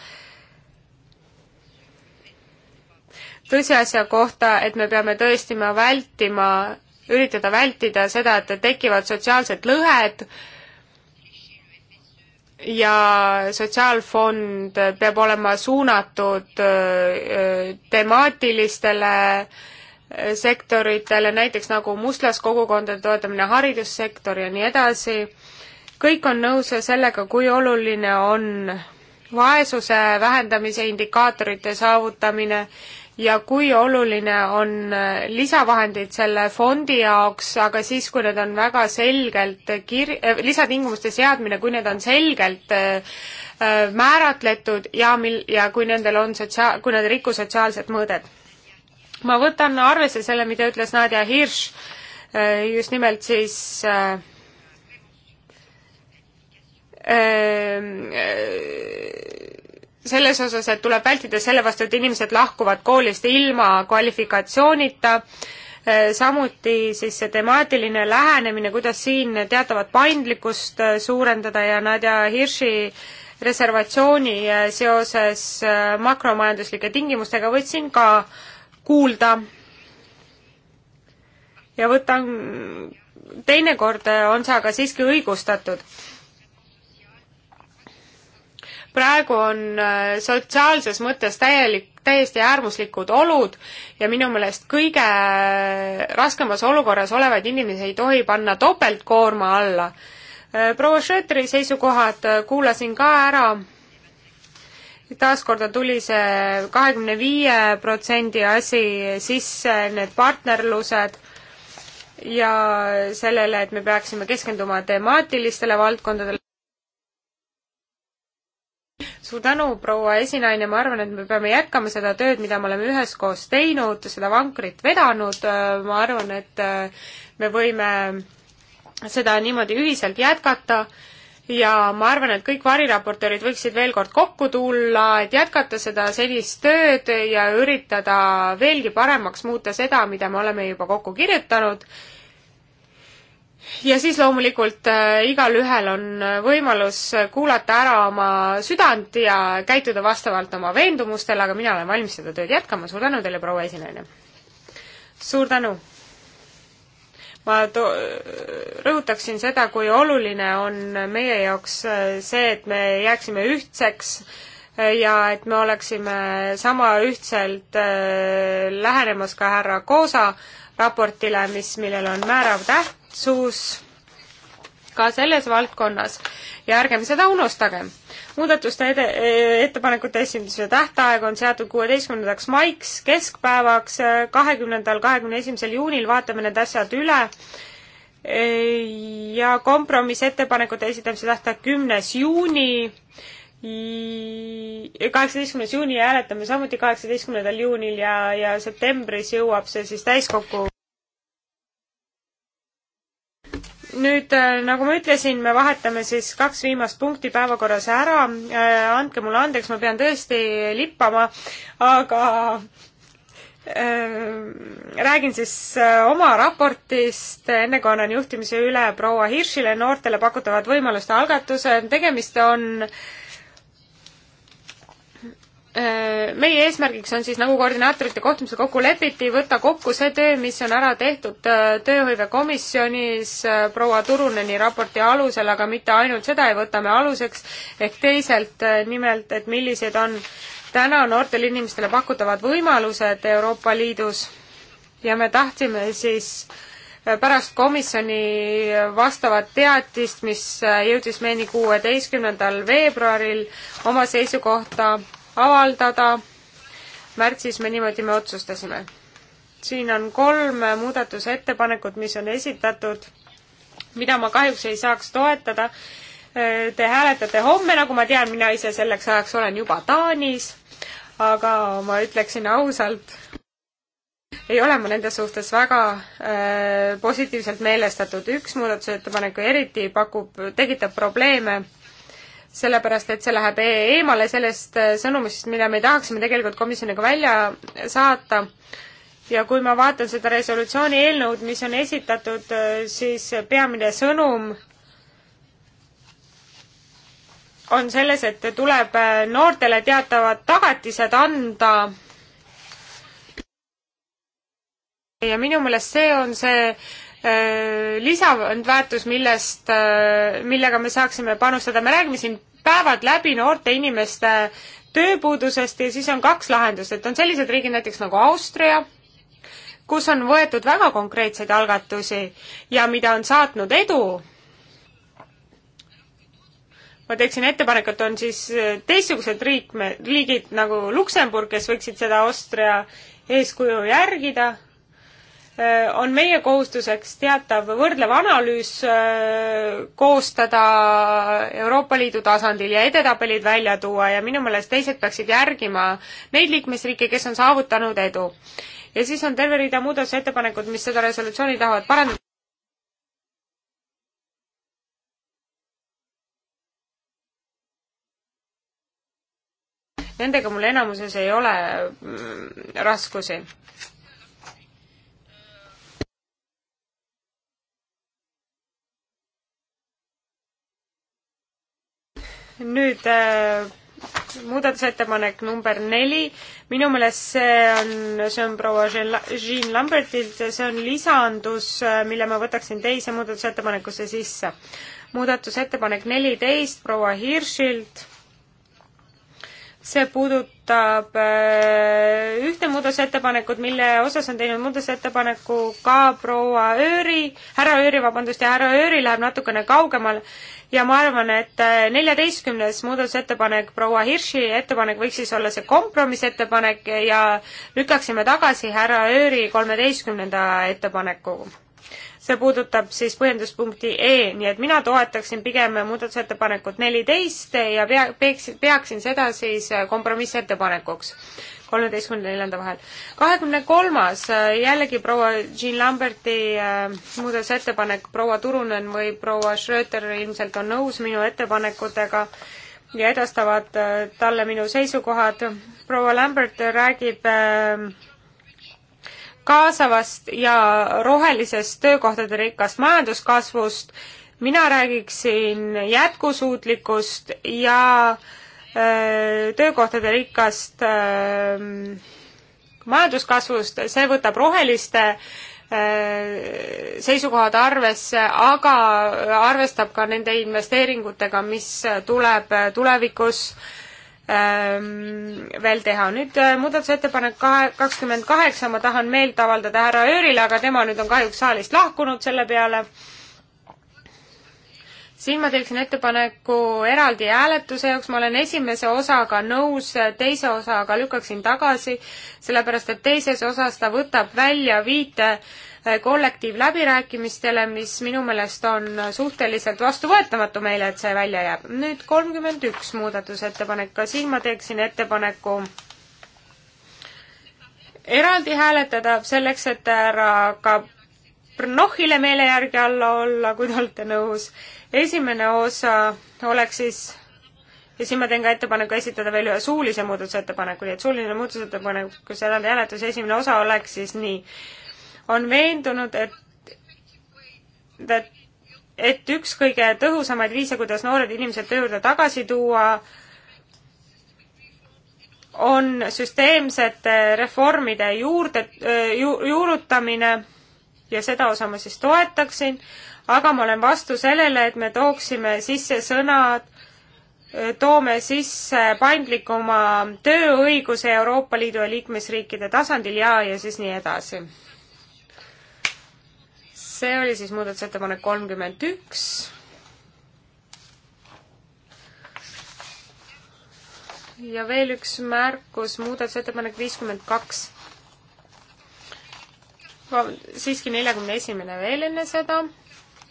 [SPEAKER 1] tõsiasja kohta, et me peame tõesti vältima, üritada vältida seda, et tekivad sotsiaalsed lõhed, ja sotsiaalfond peab olema suunatud äh, temaatilistele äh, sektoritele, näiteks nagu mustlaskogukondade toetamine, haridussektor ja nii edasi. kõik on nõus sellega, kui oluline on vaesuse vähendamise indikaatorite saavutamine ja kui oluline on äh, lisavahendid selle fondi jaoks, aga siis, kui need on väga selgelt kir-, äh, lisatingimuste seadmine, kui need on selgelt äh, määratletud ja mil-, ja kui nendel on sotsiaal, kui nad ei riku sotsiaalset mõõdet. ma võtan arvesse selle, mida ütles Nadja Hirš, just nimelt siis äh, äh, selles osas, et tuleb vältida selle vastu, et inimesed lahkuvad koolist ilma kvalifikatsioonita, eh, samuti siis see temaatiline lähenemine, kuidas siin teatavat paindlikkust eh, suurendada ja Nadja Hirši reservatsiooni eh, seoses makromajanduslike tingimustega võtsin ka kuulda. ja võtan, teinekord on see aga siiski õigustatud praegu on äh, sotsiaalses mõttes täielik, täiesti äärmuslikud olud ja minu meelest kõige äh, raskemas olukorras olevaid inimesi ei tohi panna topeltkoorma alla. Äh, proua Schröteri seisukohad kuulasin ka ära, taaskorda tuli see kahekümne viie protsendi asi sisse, need partnerlused, ja sellele, et me peaksime keskenduma temaatilistele valdkondadele, suur tänu, proua esinaine, ma arvan, et me peame jätkama seda tööd, mida me oleme üheskoos teinud, seda vankrit vedanud, ma arvan, et äh, me võime seda niimoodi ühiselt jätkata ja ma arvan, et kõik variraportöörid võiksid veel kord kokku tulla, et jätkata seda senist tööd ja üritada veelgi paremaks muuta seda, mida me oleme juba kokku kirjutanud ja siis loomulikult äh, igalühel on äh, võimalus kuulata ära oma südant ja käituda vastavalt oma veendumustele, aga mina olen valmis seda tööd jätkama, suur tänu teile, proua esinaine! suur tänu! ma to-, rõhutaksin seda, kui oluline on meie jaoks äh, see, et me jääksime ühtseks ja et me oleksime sama ühtselt lähenemas ka härra Koosa raportile, mis, millel on määrav tähtsus ka selles valdkonnas ja ärgem seda unustagem. muudatuste ede-, ettepanekute esindamise tähtaeg on seatud kuueteistkümnendaks maiks keskpäevaks, kahekümnendal, kahekümne esimesel juunil vaatame need asjad üle ja kompromissettepanekute esitamise tähtaeg kümnes juuni kaheksateistkümnes juuni hääletame samuti kaheksateistkümnendal juunil ja, ja septembris jõuab see siis täiskokku. nüüd äh, nagu ma ütlesin, me vahetame siis kaks viimast punkti päevakorras ära. Äh, andke mulle andeks, ma pean tõesti lippama, aga äh, räägin siis oma raportist, enne kui annan juhtimise üle proua Hirschile, noortele pakutavad võimaluste algatuse. tegemist on äh, Äh, meie eesmärgiks on siis, nagu koordinaatorite kohtumisel kokku lepiti, võtta kokku see töö, mis on ära tehtud äh, tööhõivekomisjonis äh, proua Turuneni raporti alusel, aga mitte ainult seda ei võta me aluseks, ehk teisalt nimelt, et millised on täna noortele inimestele pakutavad võimalused Euroopa Liidus ja me tahtsime siis pärast komisjoni vastavat teatist, mis jõudis meieni kuueteistkümnendal veebruaril, oma seisukohta avaldada. märtsis me niimoodi me otsustasime. siin on kolm muudatusettepanekut, mis on esitatud, mida ma kahjuks ei saaks toetada. Äh, te hääletate homme, nagu ma tean, mina ise selleks ajaks olen juba Taanis, aga ma ütleksin ausalt, ei ole ma nende suhtes väga äh, positiivselt meelestatud. üks muudatusettepanek eriti pakub, tekitab probleeme äh, sellepärast et see läheb e-, eemale sellest äh, sõnumist, mida me tahaksime tegelikult komisjoniga välja saata. ja kui ma vaatan seda resolutsiooni eelnõud, mis on esitatud, äh, siis peamine sõnum on selles, et tuleb äh, noortele teatavad tagatised anda. ja minu meelest see on see Äh, lisandväärtus, millest, äh, millega me saaksime panustada, me räägime siin päevad läbi noorte inimeste tööpuudusest ja siis on kaks lahendust, et on sellised riigid näiteks nagu Austria, kus on võetud väga konkreetseid algatusi ja mida on saatnud edu. ma teeksin ettepaneku, et on siis teistsugused riikme, riigid nagu Luksemburg, kes võiksid seda Austria eeskuju järgida Äh, on meie kohustuseks teatav võrdlev analüüs äh, koostada Euroopa Liidu tasandil ja edetabelid välja tuua ja minu meelest teised peaksid järgima neid liikmesriike, kes on saavutanud edu. ja siis on terve rida muudatusettepanekud, mis seda resolutsiooni tahavad parandada. Nendega mul enamuses ei ole
[SPEAKER 2] mm,
[SPEAKER 1] raskusi nüüd äh, muudatusettepanek number neli, minu meelest see on, see on proua Jean Lambertilt, see on lisandus, äh, mille ma võtaksin teise muudatusettepanekusse sisse. muudatusettepanek neliteist proua Hirschilt, see puudut-, puudutab äh, ühte muudatusettepanekut, mille osas on teinud muudatusettepaneku ka proua Ööri, härra Ööri, vabandust, ja härra Ööri läheb natukene kaugemale ja ma arvan, et äh, neljateistkümnes muudatusettepanek, proua Hirši ettepanek võiks siis olla see kompromissettepanek ja lükkaksime tagasi härra Ööri kolmeteistkümnenda ettepaneku see puudutab siis põhjenduspunkti E, nii et mina toetaksin pigem muudatusettepanekut neliteist ja pea, peaksin, peaksin seda siis kompromissettepanekuks kolmeteistkümnenda ja neljanda vahel. kahekümne kolmas, jällegi proua Jean Lamberti äh, muudatusettepanek, proua Turunen või proua Schröter ilmselt on nõus minu ettepanekutega ja edastavad äh, talle minu seisukohad. proua Lambert räägib äh, kaasavast ja rohelisest töökohtade rikkast majanduskasvust, mina räägiksin jätkusuutlikust ja öö, äh, töökohtade rikkast öö, äh, majanduskasvust, see võtab roheliste öö, äh, seisukohad arvesse, aga arvestab ka nende investeeringutega, mis tuleb tulevikus öö, Ehm, veel teha. nüüd äh, muudatusettepanek kahe, kakskümmend kaheksa, ma tahan meelt avaldada härra Öörile, aga tema nüüd on kahjuks saalist lahkunud selle peale. siin ma teeksin ettepaneku eraldi hääletuse jaoks, ma olen esimese osaga nõus, teise osaga lükkaksin tagasi, sellepärast et teises osas ta võtab välja viite äh, kollektiivläbirääkimistele, mis minu meelest on suhteliselt vastuvõetamatu meile, et see välja jääb. nüüd kolmkümmend üks muudatusettepanek, ka siin ma teeksin ettepaneku eraldi hääletada selleks, et härra ka Brnohile meele järgi alla olla, kui te olete nõus. esimene osa oleks siis ja siin ma teen ka ettepaneku esitada veel ühe suulise muudatusettepaneku, nii et suuline muudatusettepaneku, kus eraldi hääletus esimene osa oleks siis nii on veendunud, et, et, et üks kõige tõhusamaid viise, kuidas noored inimesed töö juurde tagasi tuua, on süsteemsete reformide juurde ju,, juurutamine ja seda osa ma siis toetaksin, aga ma olen vastu sellele, et me tooksime sisse sõnad, toome sisse paindlikuma tööõiguse Euroopa Liidu ja liikmesriikide tasandil ja, ja siis nii edasi see oli siis muudatusettepanek kolmkümmend üks. ja veel üks märkus, muudatusettepanek viiskümmend kaks. siiski neljakümne esimene veel enne seda,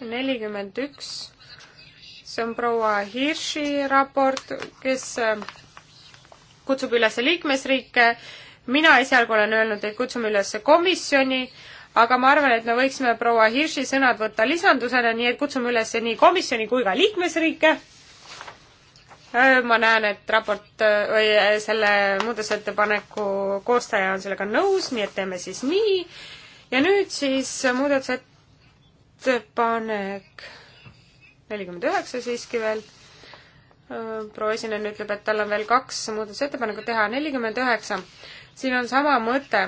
[SPEAKER 1] nelikümmend üks, see on proua Hirši raport, kes äh, kutsub üles liikmesriike, mina esialgu olen öelnud, et kutsume üles komisjoni, aga ma arvan, et me võiksime proua Hirši sõnad võtta lisandusena, nii et kutsume üles nii komisjoni kui ka liikmesriike. Äh, ma näen, et raport äh, või äh, selle muudatusettepaneku koostaja on sellega nõus, nii et teeme siis nii. ja nüüd siis muudatusettepanek nelikümmend üheksa siiski veel proua esinejana ütleb, et tal on veel kaks muudatusettepanekut teha, nelikümmend üheksa siin on sama mõte,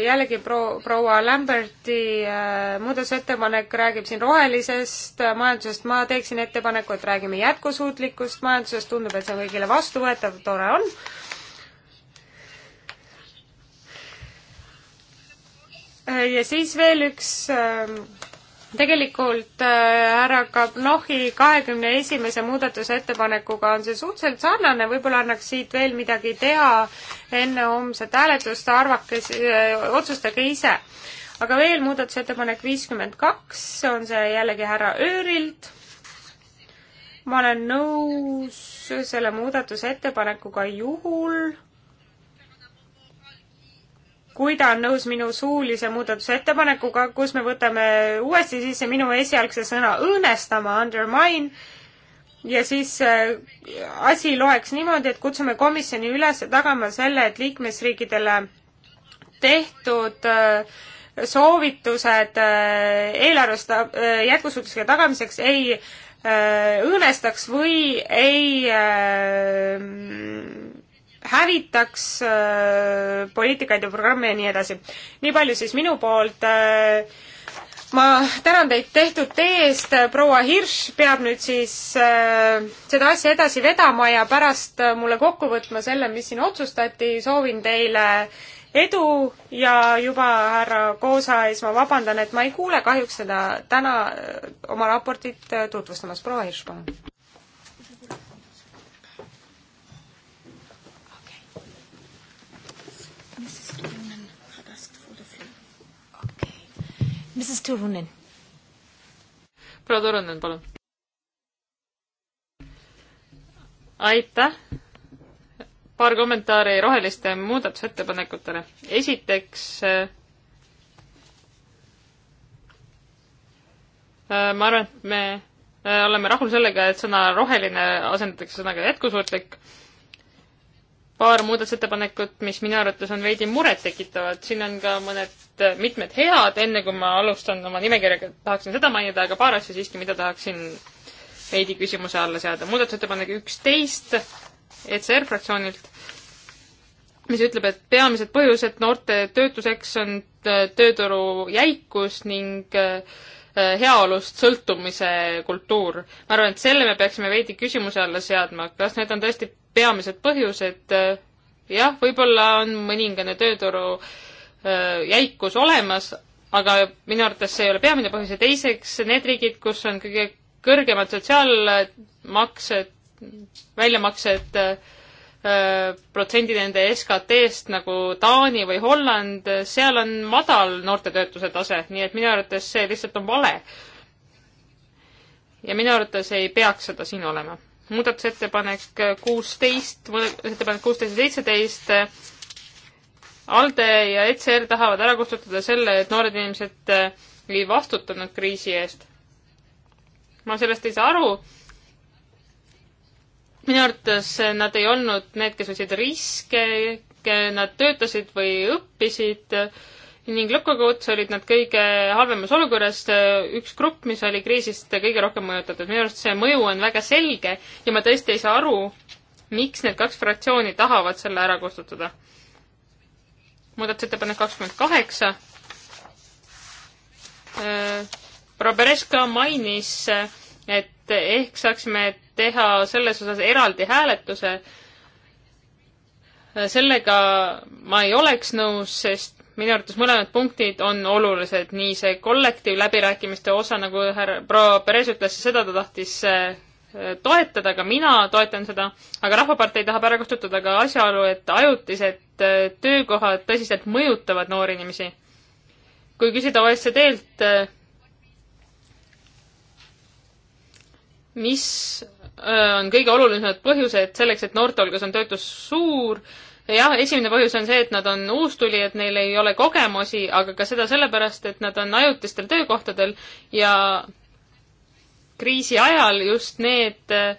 [SPEAKER 1] jällegi pro-, proua Lamberti äh, muudatusettepanek räägib siin rohelisest äh, majandusest, ma teeksin ettepaneku, et räägime jätkusuutlikust majandusest, tundub, et see on kõigile vastuvõetav, tore on. Äh, ja siis veel üks äh, tegelikult äh, härra äh, Kapnohi kahekümne esimese muudatusettepanekuga on see suhteliselt sarnane, võib-olla annaks siit veel midagi teha enne homset hääletust, arvake äh,, otsustage ise. aga veel muudatusettepanek viiskümmend kaks, on see jällegi härra Öörilt. ma olen nõus selle muudatusettepanekuga juhul kui ta on nõus minu suulise muudatusettepanekuga, kus me võtame uuesti sisse minu esialgse sõna õõnestama, undermine, ja siis äh, asi loeks niimoodi, et kutsume komisjoni üles tagama selle, et liikmesriikidele tehtud äh, soovitused äh, eelarvest jätkusuutlikkuse tagamiseks ei õõnestaks või ei hävitaks äh, poliitikaid ja programme ja nii edasi. nii palju siis minu poolt äh, ma tänan teid tehtud tee eest, proua Hirš peab nüüd siis äh, seda asja edasi vedama ja pärast äh, mulle kokku võtma selle, mis siin otsustati, soovin teile edu ja juba härra Koosa ees ma vabandan, et ma ei kuule kahjuks seda täna äh, oma raportit äh, tutvustamas, proua Hirš, palun. Mrs Turunen.
[SPEAKER 3] proua Turunen, palun. aitäh. paar kommentaari roheliste muudatusettepanekutele. esiteks äh, äh, ma arvan, et me äh, oleme rahul sellega, et sõna roheline asendatakse sõnaga jätkusuutlik. paar muudatusettepanekut, mis minu arvates on veidi murettekitavad, siin on ka mõned Äh, mitmed head, enne kui ma alustan oma nimekirjaga, tahaksin seda mainida, aga paar asja siiski, mida tahaksin veidi küsimuse alla seada. muudatusettepanek üksteist ECR fraktsioonilt, mis ütleb, et peamised põhjused noorte töötuseks on äh, tööturu jäikus ning äh, heaolust sõltumise kultuur. ma arvan, et selle me peaksime veidi küsimuse alla seadma, kas need on tõesti peamised põhjused, jah, võib-olla on mõningane tööturu äh, jäikus olemas, aga minu arvates see ei ole peamine põhjus ja teiseks need riigid, kus on kõige kõrgemad sotsiaalmaksed, väljamaksed protsendid nende SKT-st nagu Taani või Holland, seal on madal noortetöötuse tase, nii et minu arvates see lihtsalt on vale. ja minu arvates ei peaks seda siin olema. muudatusettepanek kuusteist, muudatusettepanek kuusteist ja seitseteist ALDE ja ECR tahavad ära kustutada selle, et noored inimesed äh, ei vastutanud kriisi eest. ma sellest ei saa aru. minu arvates nad ei olnud need, kes võtsid riske, nad töötasid või õppisid ning lõppkokkuvõttes olid nad kõige halvemas olukorras üks grupp, mis oli kriisist kõige rohkem mõjutatud. minu arust see mõju on väga selge ja ma tõesti ei saa aru, miks need kaks fraktsiooni tahavad selle ära kustutada muudatusettepanek kakskümmend kaheksa. Äh, Robereska mainis, et ehk saaksime teha selles osas eraldi hääletuse. Äh, sellega ma ei oleks nõus, sest minu arvates mõlemad punktid on olulised, nii see kollektiivläbirääkimiste osa, nagu härra proua Perez ütles, seda ta tahtis äh, toetada, ka mina toetan seda, aga Rahvapartei tahab ära kustutada ka asjaolu, et ajutised äh, töökohad tõsiselt mõjutavad noori inimesi. kui küsida OECD-lt, äh, mis äh, on kõige olulisemad põhjused selleks, et noorte hulgas on töötus suur, jah, esimene põhjus on see, et nad on uustulijad, neil ei ole kogemusi, aga ka seda sellepärast, et nad on ajutistel töökohtadel ja kriisi ajal just need, äh, äh,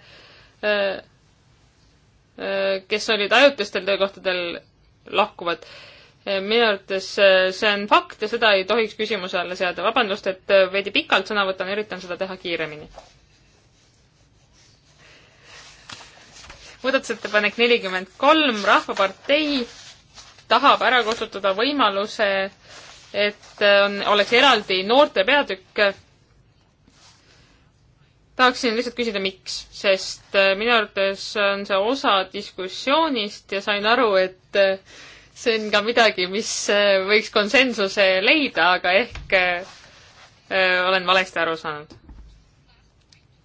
[SPEAKER 3] kes olid ajutistel töökohtadel, lahkuvad. Äh, minu arvates see on fakt ja seda ei tohiks küsimuse alla seada. vabandust, et veidi pikalt sõna võtan, üritan seda teha kiiremini. muudatusettepanek nelikümmend kolm, Rahvapartei tahab ära kasutada võimaluse, et on, oleks eraldi noorte peatükk tahaksin lihtsalt küsida, miks, sest äh, minu arvates on see osa diskussioonist ja sain aru, et äh, see on ka midagi, mis äh, võiks konsensuse leida, aga ehk olen valesti aru saanud.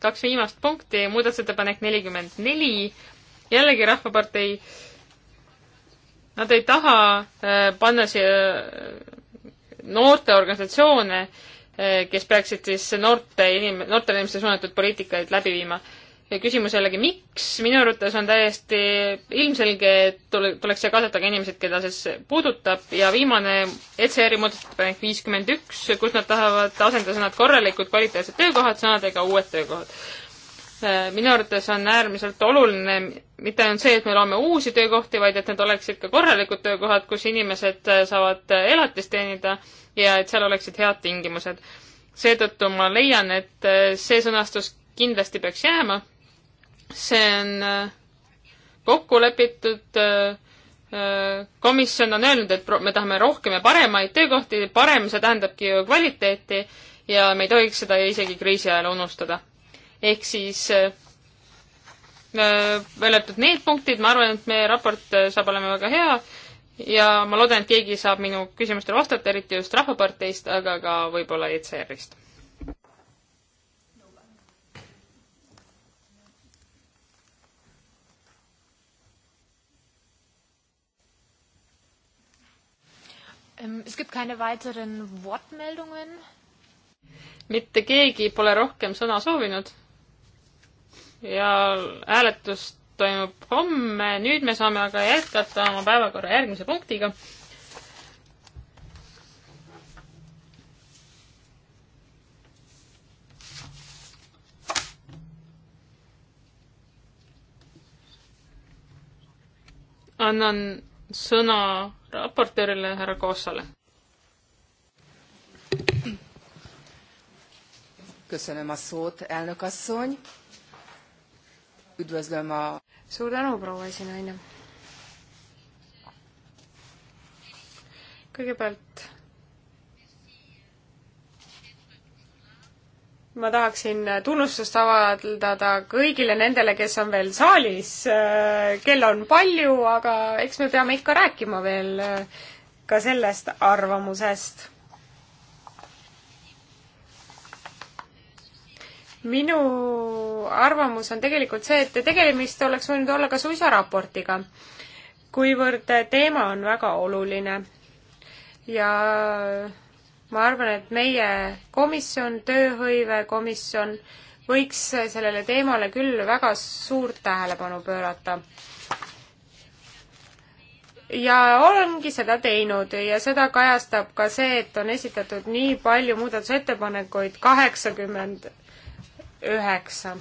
[SPEAKER 3] kaks viimast punkti, muudatusettepanek nelikümmend neli, jällegi Rahvapartei, nad ei taha panna siia noorteorganisatsioone äh, Eh, kes peaksid siis noorte inim-, noortele inimestele suunatud poliitikaid läbi viima. ja küsimus jällegi, miks, minu arvates on täiesti ilmselge, et tule, tuleks siia kaasata ka inimesed, keda see puudutab ja viimane ECR-i muudatusettepanek viiskümmend üks, kus nad tahavad asendada sõnad korralikud kvaliteetsed töökohad sõnadega uued töökohad. Äh, minu arvates on äärmiselt oluline mitte ainult see, et me loome uusi töökohti, vaid et need oleksid ka korralikud töökohad, kus inimesed äh, saavad äh, elatist teenida ja et seal oleksid head tingimused. seetõttu ma leian, et see sõnastus kindlasti peaks jääma. see on kokku lepitud, komisjon on öelnud, et me tahame rohkem ja paremaid töökohti, parem, see tähendabki ju kvaliteeti ja me ei tohiks seda isegi kriisi ajal unustada ehk siis äh, välja arvatud need punktid, ma arvan, et meie raport äh, saab olema väga hea ja ma loodan, et keegi saab minu küsimustele vastata, eriti just Rahvaparteist, aga ka võib-olla ECR-ist.
[SPEAKER 1] Ähm, es gibt keine weiteren Wortmeldungen.
[SPEAKER 3] mitte keegi pole rohkem sõna soovinud ja hääletus toimub homme, nüüd me saame aga jätkata oma päevakorra järgmise punktiga. annan sõna raportöörile härra Koossale.
[SPEAKER 2] köszönöm a szót, elnök asszony
[SPEAKER 1] üdvözlöm a... suur tänu, proua esinaine! kõigepealt ma tahaksin tunnustust avaldada kõigile nendele, kes on veel saalis. kell on palju, aga eks me peame ikka rääkima veel ka sellest arvamusest minu arvamus on tegelikult see, et tegemist oleks võinud olla ka suisa raportiga, kuivõrd teema on väga oluline. ja ma arvan, et meie komisjon, tööhõivekomisjon, võiks sellele teemale küll väga suurt tähelepanu pöörata ja olengi seda teinud ja seda kajastab ka see, et on esitatud nii palju muudatusettepanekuid, kaheksakümmend üheksa.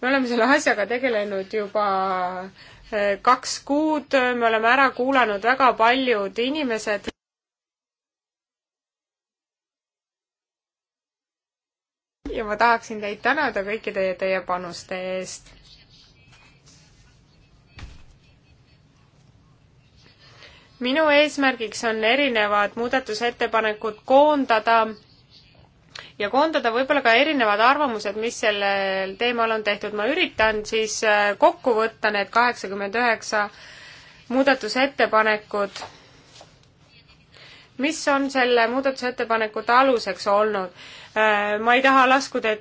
[SPEAKER 1] me oleme selle asjaga tegelenud juba eh, kaks kuud, me oleme ära kuulanud väga paljud inimesed. ja ma tahaksin teid tänada kõikide teie, teie panuste eest minu eesmärgiks on erinevad muudatusettepanekud koondada ja koondada võib-olla ka erinevad arvamused, mis sellel teemal on tehtud. ma üritan siis äh, kokku võtta need kaheksakümmend üheksa muudatusettepanekut, mis on selle muudatusettepanekute aluseks olnud. Äh, ma ei taha laskuda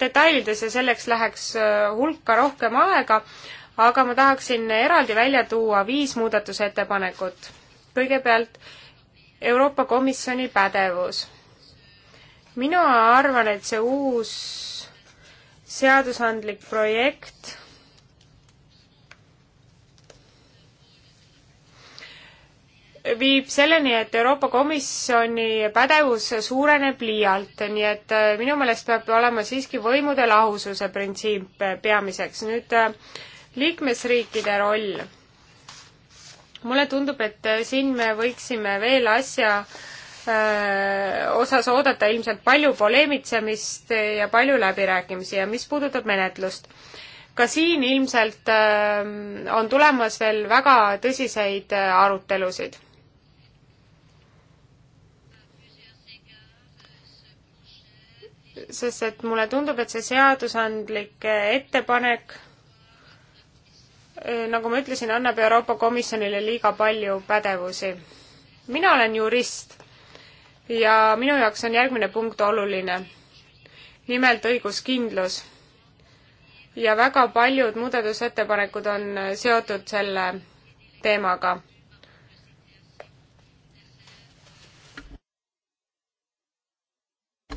[SPEAKER 1] detailidesse, selleks läheks äh, hulka rohkem aega, aga ma tahaksin eraldi välja tuua viis muudatusettepanekut. kõigepealt Euroopa Komisjoni pädevus mina arvan, et see uus seadusandlik projekt viib selleni, et Euroopa Komisjoni pädevus suureneb liialt, nii et äh, minu meelest peab olema siiski võimude lahususe printsiip äh, peamiseks. nüüd äh, liikmesriikide roll. mulle tundub, et siin me võiksime veel asja äh, Äh, osas oodata ilmselt palju poleemitsemist ja palju läbirääkimisi ja mis puudutab menetlust, ka siin ilmselt ähm, on tulemas veel väga tõsiseid äh, arutelusid. sest et mulle tundub, et see seadusandlik äh, ettepanek nagu ma ütlesin, annab Euroopa Komisjonile liiga palju pädevusi. mina olen jurist ja minu jaoks on järgmine punkt oluline. nimelt õiguskindlus. ja väga paljud muudatusettepanekud on seotud selle teemaga.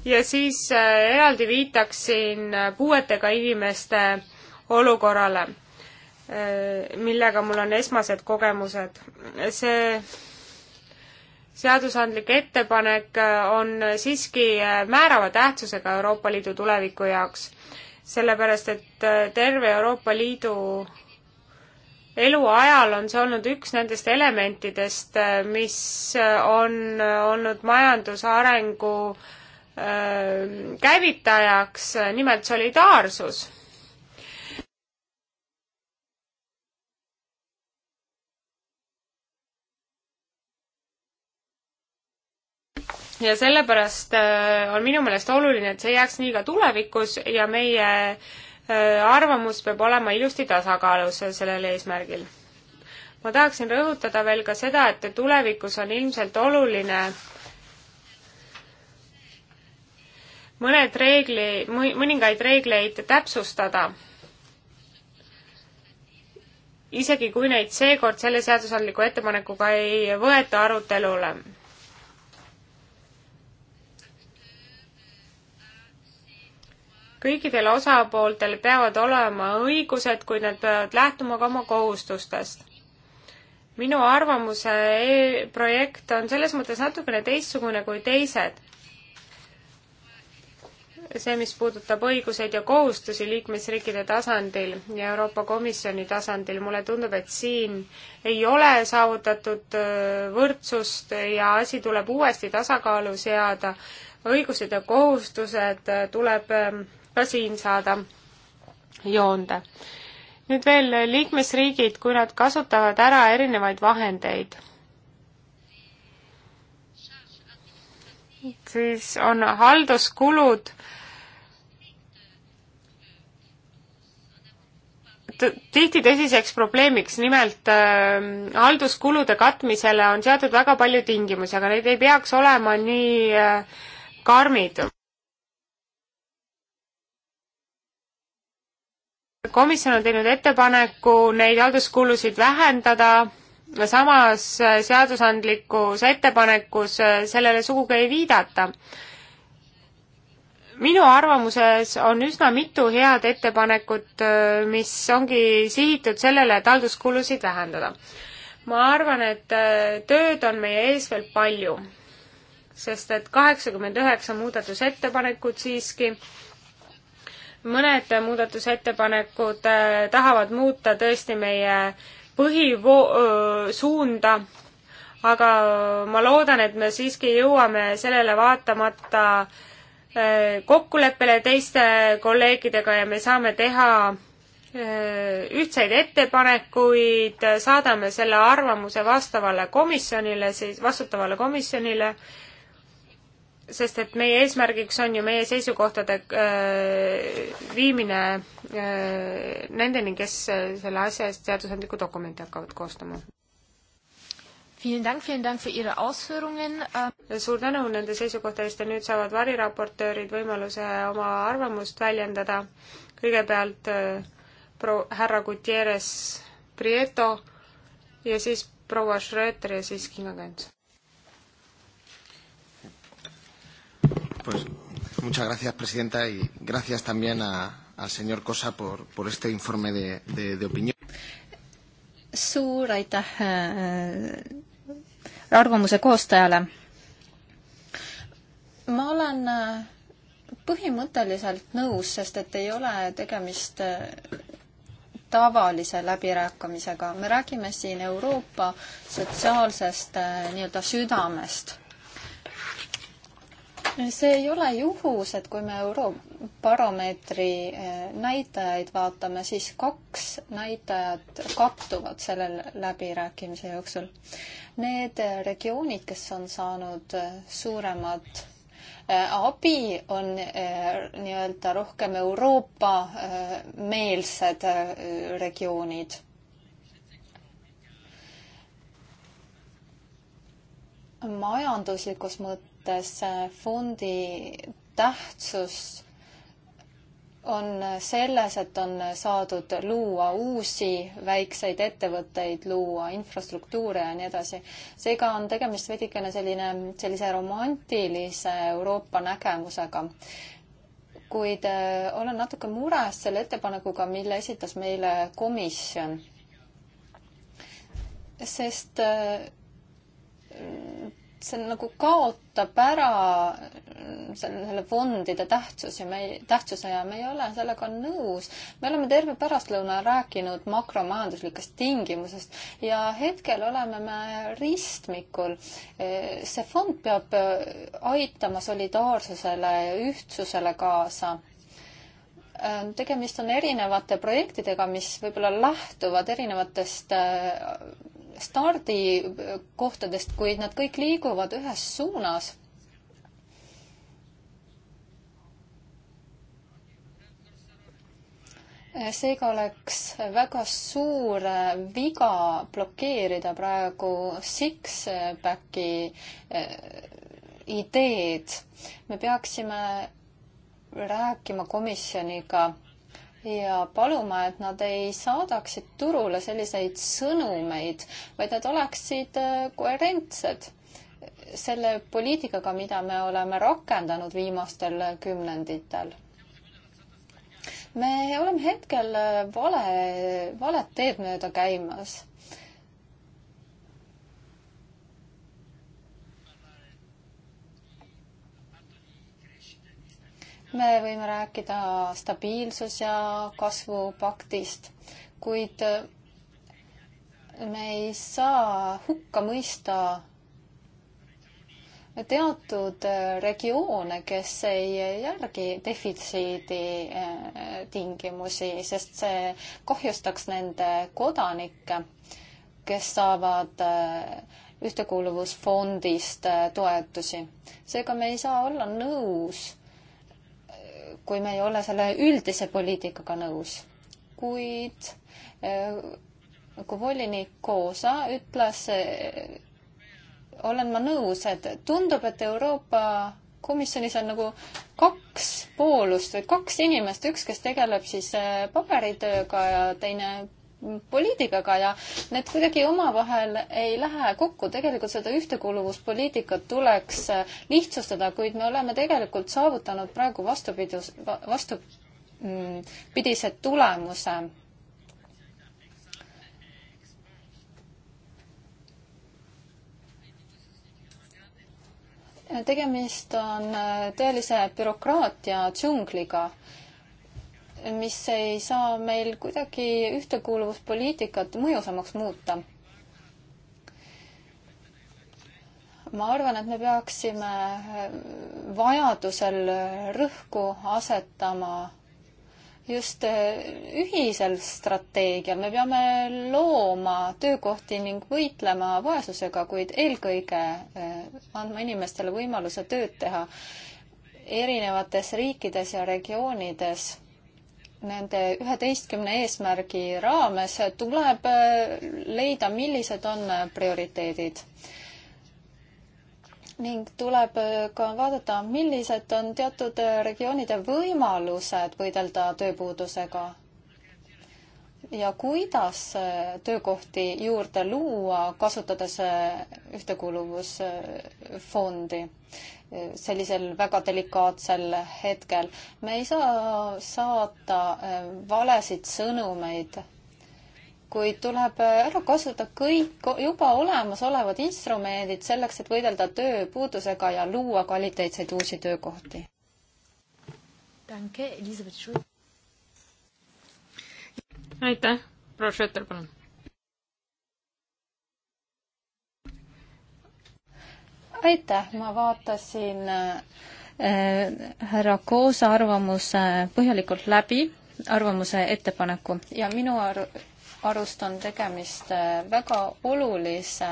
[SPEAKER 1] ja siis äh, eraldi viitaksin puuetega inimeste olukorrale äh, millega mul on esmased kogemused. see seadusandlik ettepanek äh, on siiski äh, määrava tähtsusega Euroopa Liidu tuleviku jaoks, sellepärast et äh, terve Euroopa Liidu eluajal on see olnud üks nendest elementidest, mis on olnud majandusarengu käivitajaks, nimelt solidaarsus ja sellepärast äh, on minu meelest oluline, et see jääks nii ka tulevikus ja meie äh, arvamus peab olema ilusti tasakaalus sellel eesmärgil. ma tahaksin rõhutada veel ka seda, et tulevikus on ilmselt oluline mõned reegli, mõningaid reegleid täpsustada. isegi kui neid seekord selle seadusandliku ettepanekuga ei võeta arutelule kõikidel osapooltel peavad olema õigused, kuid nad peavad lähtuma ka oma kohustustest. minu arvamuse e projekt on selles mõttes natukene teistsugune kui teised. see, mis puudutab õiguseid ja kohustusi liikmesriikide tasandil ja Euroopa Komisjoni tasandil, mulle tundub, et siin ei ole saavutatud võrdsust ja asi tuleb uuesti tasakaalu seada. õigused ja kohustused tuleb ka siin saada joonde. nüüd veel liikmesriigid, kui nad kasutavad ära erinevaid vahendeid, siis on halduskulud tihti tõsiseks probleemiks, nimelt äh, halduskulude katmisele on seatud väga palju tingimusi, aga need ei peaks olema nii äh, karmid. komisjon on teinud ettepaneku neid halduskulusid vähendada, samas seadusandlikus ettepanekus sellele sugugi ei viidata. minu arvamuses on üsna mitu head ettepanekut, mis ongi sihitud sellele, et halduskulusid vähendada. ma arvan, et tööd on meie ees veel palju, sest et kaheksakümmend üheksa muudatusettepanekut siiski mõned muudatusettepanekud äh, tahavad muuta tõesti meie põhisuunda, aga ma loodan, et me siiski jõuame sellele vaatamata äh, kokkuleppele teiste kolleegidega ja me saame teha äh, ühtseid ettepanekuid, saadame selle arvamuse vastavale komisjonile, siis vastutavale komisjonile sest et meie eesmärgiks on ju meie seisukohtade äh, viimine äh, nendeni, kes äh, selle asja eest seadusandlikku dokumenti hakkavad koostama. Ähm, suur tänu nende seisukohta eest ja nüüd saavad variraportöörid võimaluse oma arvamust väljendada. kõigepealt pro-, härra Gutierrez Prieto ja siis proua Schröter ja siis Kinga Kents Pues
[SPEAKER 3] muchas gracias, presidenta, y gracias también a, al señor Cosa por, por este informe de, de, de opinión.
[SPEAKER 2] suur aitäh äh, äh, arvamuse koostajale. ma olen äh, põhimõtteliselt nõus, sest et ei ole tegemist äh, tavalise läbirääkimisega. me räägime siin Euroopa sotsiaalsest äh, nii-öelda südamest see ei ole juhus, et kui me Eurobaromeetri eh, näitajaid vaatame, siis kaks näitajat kattuvad sellel läbirääkimise jooksul. Need regioonid, kes on saanud eh, suuremat eh, abi, on nii-öelda rohkem Euroopa-meelsed regioonid majanduslikus mõttes mõttes äh, fondi tähtsus on selles, et on saadud luua uusi väikseid ettevõtteid, luua infrastruktuure ja nii edasi. seega on tegemist veidikene selline, sellise romantilise Euroopa nägemusega. kuid äh, olen natuke mures selle ettepanekuga, mille esitas meile komisjon. sest äh, see nagu kaotab ära selle, selle fondide tähtsus ja me ei, tähtsuse ja me ei ole sellega nõus. me oleme terve pärastlõuna rääkinud makromajanduslikest tingimusest ja hetkel oleme me ristmikul. see fond peab aitama solidaarsusele ja ühtsusele kaasa tegemist on erinevate projektidega, mis võib-olla lähtuvad erinevatest stardikohtadest, kuid nad kõik liiguvad ühes suunas. seega oleks väga suur viga blokeerida praegu six-packi eh, ideed. me peaksime rääkima komisjoniga ja paluma, et nad ei saadaksid turule selliseid sõnumeid, vaid nad oleksid äh, koherentsed selle poliitikaga, mida me oleme rakendanud viimastel kümnenditel. me oleme hetkel äh, vale, valet teed mööda käimas me võime rääkida stabiilsus- ja kasvupaktist, kuid äh, me ei saa hukka mõista teatud äh, regioone, kes ei järgi defitsiidi äh, tingimusi, sest see kahjustaks nende kodanikke, kes saavad ühtekuuluvusfondist toetusi. seega me ei saa olla nõus kui me ei ole selle üldise poliitikaga nõus. kuid eh, kui volinik Koosa ütles, eh, olen ma nõus, et tundub, et Euroopa komisjonis on nagu kaks poolust või kaks inimest, üks, kes tegeleb siis eh, paberitööga ja teine poliitikaga ja need kuidagi omavahel ei lähe kokku. tegelikult seda ühtekuuluvuspoliitikat tuleks äh, lihtsustada, kuid me oleme tegelikult saavutanud praegu vastupidus, vastupidise mm, tulemuse. tegemist on äh, tõelise bürokraatia džungliga mis ei saa meil kuidagi ühtekuuluvuspoliitikat mõjusamaks muuta. ma arvan, et me peaksime äh, vajadusel rõhku asetama just äh, ühisel strateegial, me peame looma töökohti ning võitlema vaesusega, kuid eelkõige äh, andma inimestele võimaluse tööd teha erinevates riikides ja regioonides nende üheteistkümne eesmärgi raames tuleb äh, leida, millised on äh, prioriteedid. ning tuleb äh, ka vaadata, millised on teatud regioonide võimalused võidelda tööpuudusega ja kuidas töökohti juurde luua, kasutades ühtekuuluvusfondi sellisel väga delikaatsel hetkel. me ei saa saata äh, valesid sõnumeid, kuid tuleb äh, ära kasutada kõik juba olemasolevad instrumendid selleks, et võidelda tööpuudusega ja luua kvaliteetseid uusi töökohti. aitäh,
[SPEAKER 3] proua Schütter, palun
[SPEAKER 2] aitäh, ma vaatasin äh, härra Koosa arvamuse põhjalikult läbi, arvamuse ettepaneku ja minu ar-, arust on tegemist äh, väga olulise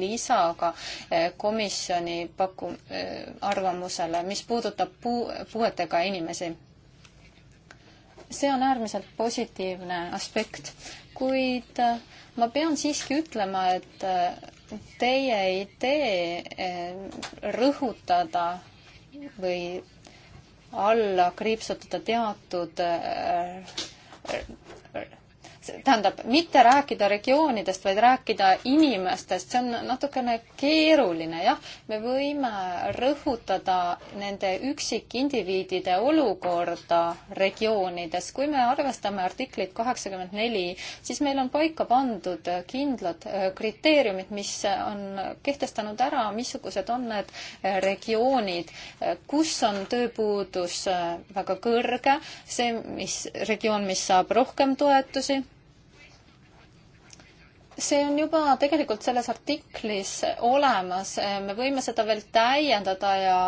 [SPEAKER 2] lisaga äh, komisjoni paku-, arvamusele, mis puudutab puu-, puuetega inimesi. see on äärmiselt positiivne aspekt, kuid ma pean siiski ütlema, et teie idee eh, rõhutada või alla kriipsutada teatud eh, tähendab, mitte rääkida regioonidest, vaid rääkida inimestest, see on natukene keeruline, jah. me võime rõhutada nende üksikindiviidide olukorda regioonides. kui me arvestame artiklit kaheksakümmend neli, siis meil on paika pandud kindlad äh, kriteeriumid, mis on kehtestanud ära, missugused on need äh, regioonid, äh, kus on tööpuudus väga kõrge, see, mis regioon, mis saab rohkem toetusi see on juba tegelikult selles artiklis olemas, me võime seda veel täiendada ja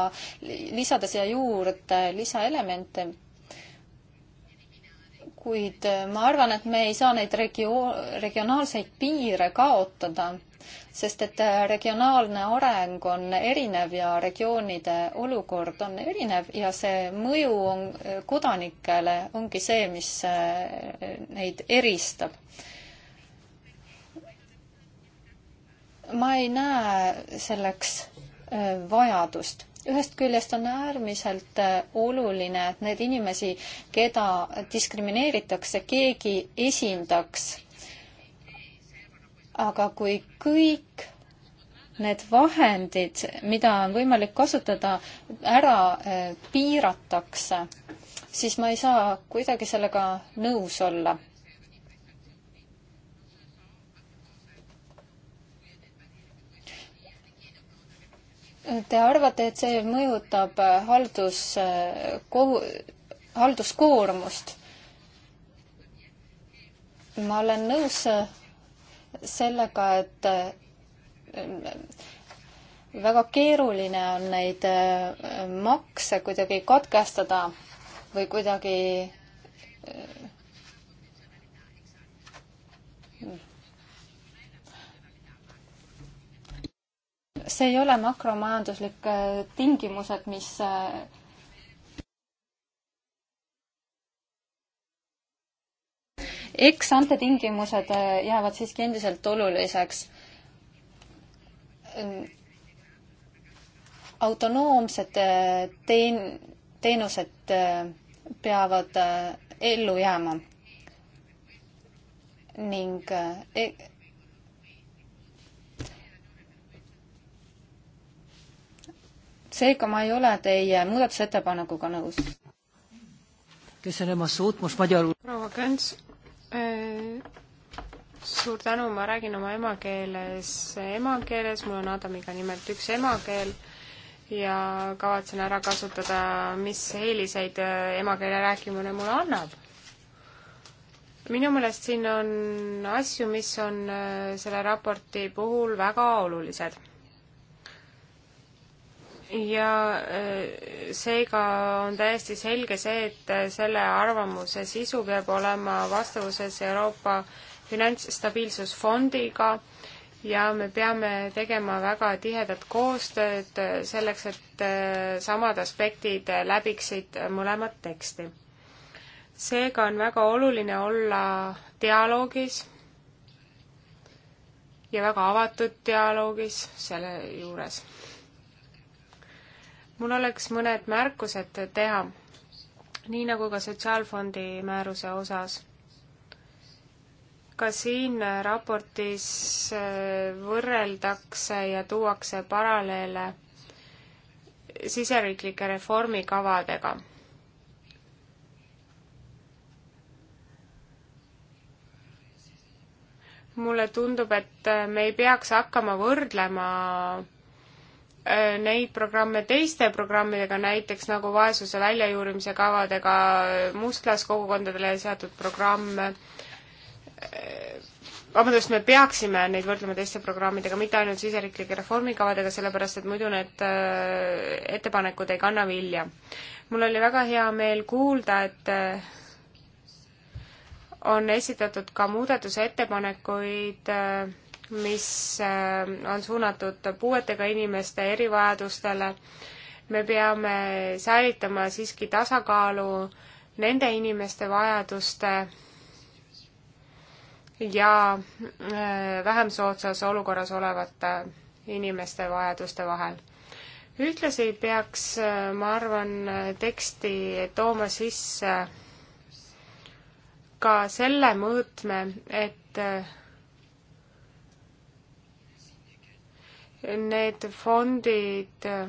[SPEAKER 2] lisada siia juurde lisaelemente. kuid ma arvan, et me ei saa neid regio-, regionaalseid piire kaotada, sest et regionaalne areng on erinev ja regioonide olukord on erinev ja see mõju on kodanikele, ongi see, mis neid eristab ma ei näe selleks äh, vajadust ühest küljest on äärmiselt äh, oluline, et neid inimesi, keda diskrimineeritakse, keegi esindaks. aga kui kõik need vahendid, mida on võimalik kasutada, ära äh, piiratakse, siis ma ei saa kuidagi sellega nõus olla Te arvate, et see mõjutab äh, haldus, äh, halduskoormust? ma olen nõus äh, sellega, et väga keeruline on neid makse kuidagi katkestada või kuidagi see ei ole makromajanduslik äh, tingimused, mis äh, eks ante tingimused äh, jäävad siiski endiselt oluliseks. Ähm, autonoomsed teen-, teenused peavad ellu jääma ning e seega ma ei ole teie muudatusettepanekuga nõus.
[SPEAKER 1] proua Kõns, suur tänu, ma räägin oma emakeeles, emakeeles, mul on Adamiga nimelt üks emakeel ja kavatsen ära kasutada, mis eeliseid emakeele rääkimine mulle annab minu meelest siin on asju, mis on selle raporti puhul väga olulised ja äh, seega on täiesti selge see, et äh, selle arvamuse sisu peab olema vastavuses Euroopa finantsstabiilsusfondiga ja me peame tegema väga tihedat koostööd äh, selleks, et samad aspektid läbiksid mõlemat teksti. seega on väga oluline olla dialoogis ja väga avatud dialoogis selle juures mul oleks mõned märkused teha, nii nagu ka Sotsiaalfondi määruse osas. ka siin raportis äh, võrreldakse ja tuuakse paralleele siseriiklike reformikavadega mulle tundub, et me ei peaks hakkama võrdlema Äh, neid programme teiste programmidega, näiteks nagu vaesuse väljajuurimise kavadega, mustlaskogukondadele seatud programm, äh, vabandust, me peaksime neid võrdlema teiste programmidega, mitte ainult siseriiklike reformikavadega, sellepärast et muidu need äh, ettepanekud ei kanna vilja. mul oli väga hea meel kuulda, et on esitatud ka muudatusettepanekuid äh, mis äh, on suunatud puuetega inimeste erivajadustele. me peame säilitama siiski tasakaalu nende inimeste vajaduste ja äh, vähem soodsas olukorras olevate inimeste vajaduste vahel. ühtlasi peaks, äh, ma arvan, teksti tooma sisse ka selle mõõtme, et need fondid äh,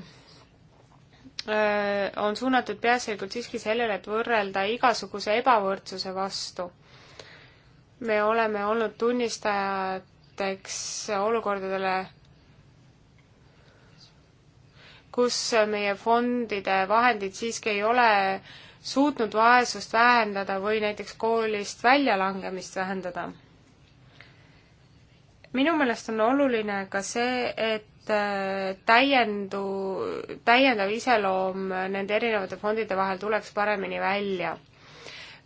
[SPEAKER 1] on suunatud peaasjalikult siiski sellele, et võrrelda igasuguse ebavõrdsuse vastu. me oleme olnud tunnistajateks olukordadele, kus meie fondide vahendid siiski ei ole suutnud vaesust vähendada või näiteks koolist väljalangemist vähendada minu meelest on oluline ka see, et äh, täiendu, täiendav iseloom nende erinevate fondide vahel tuleks paremini välja.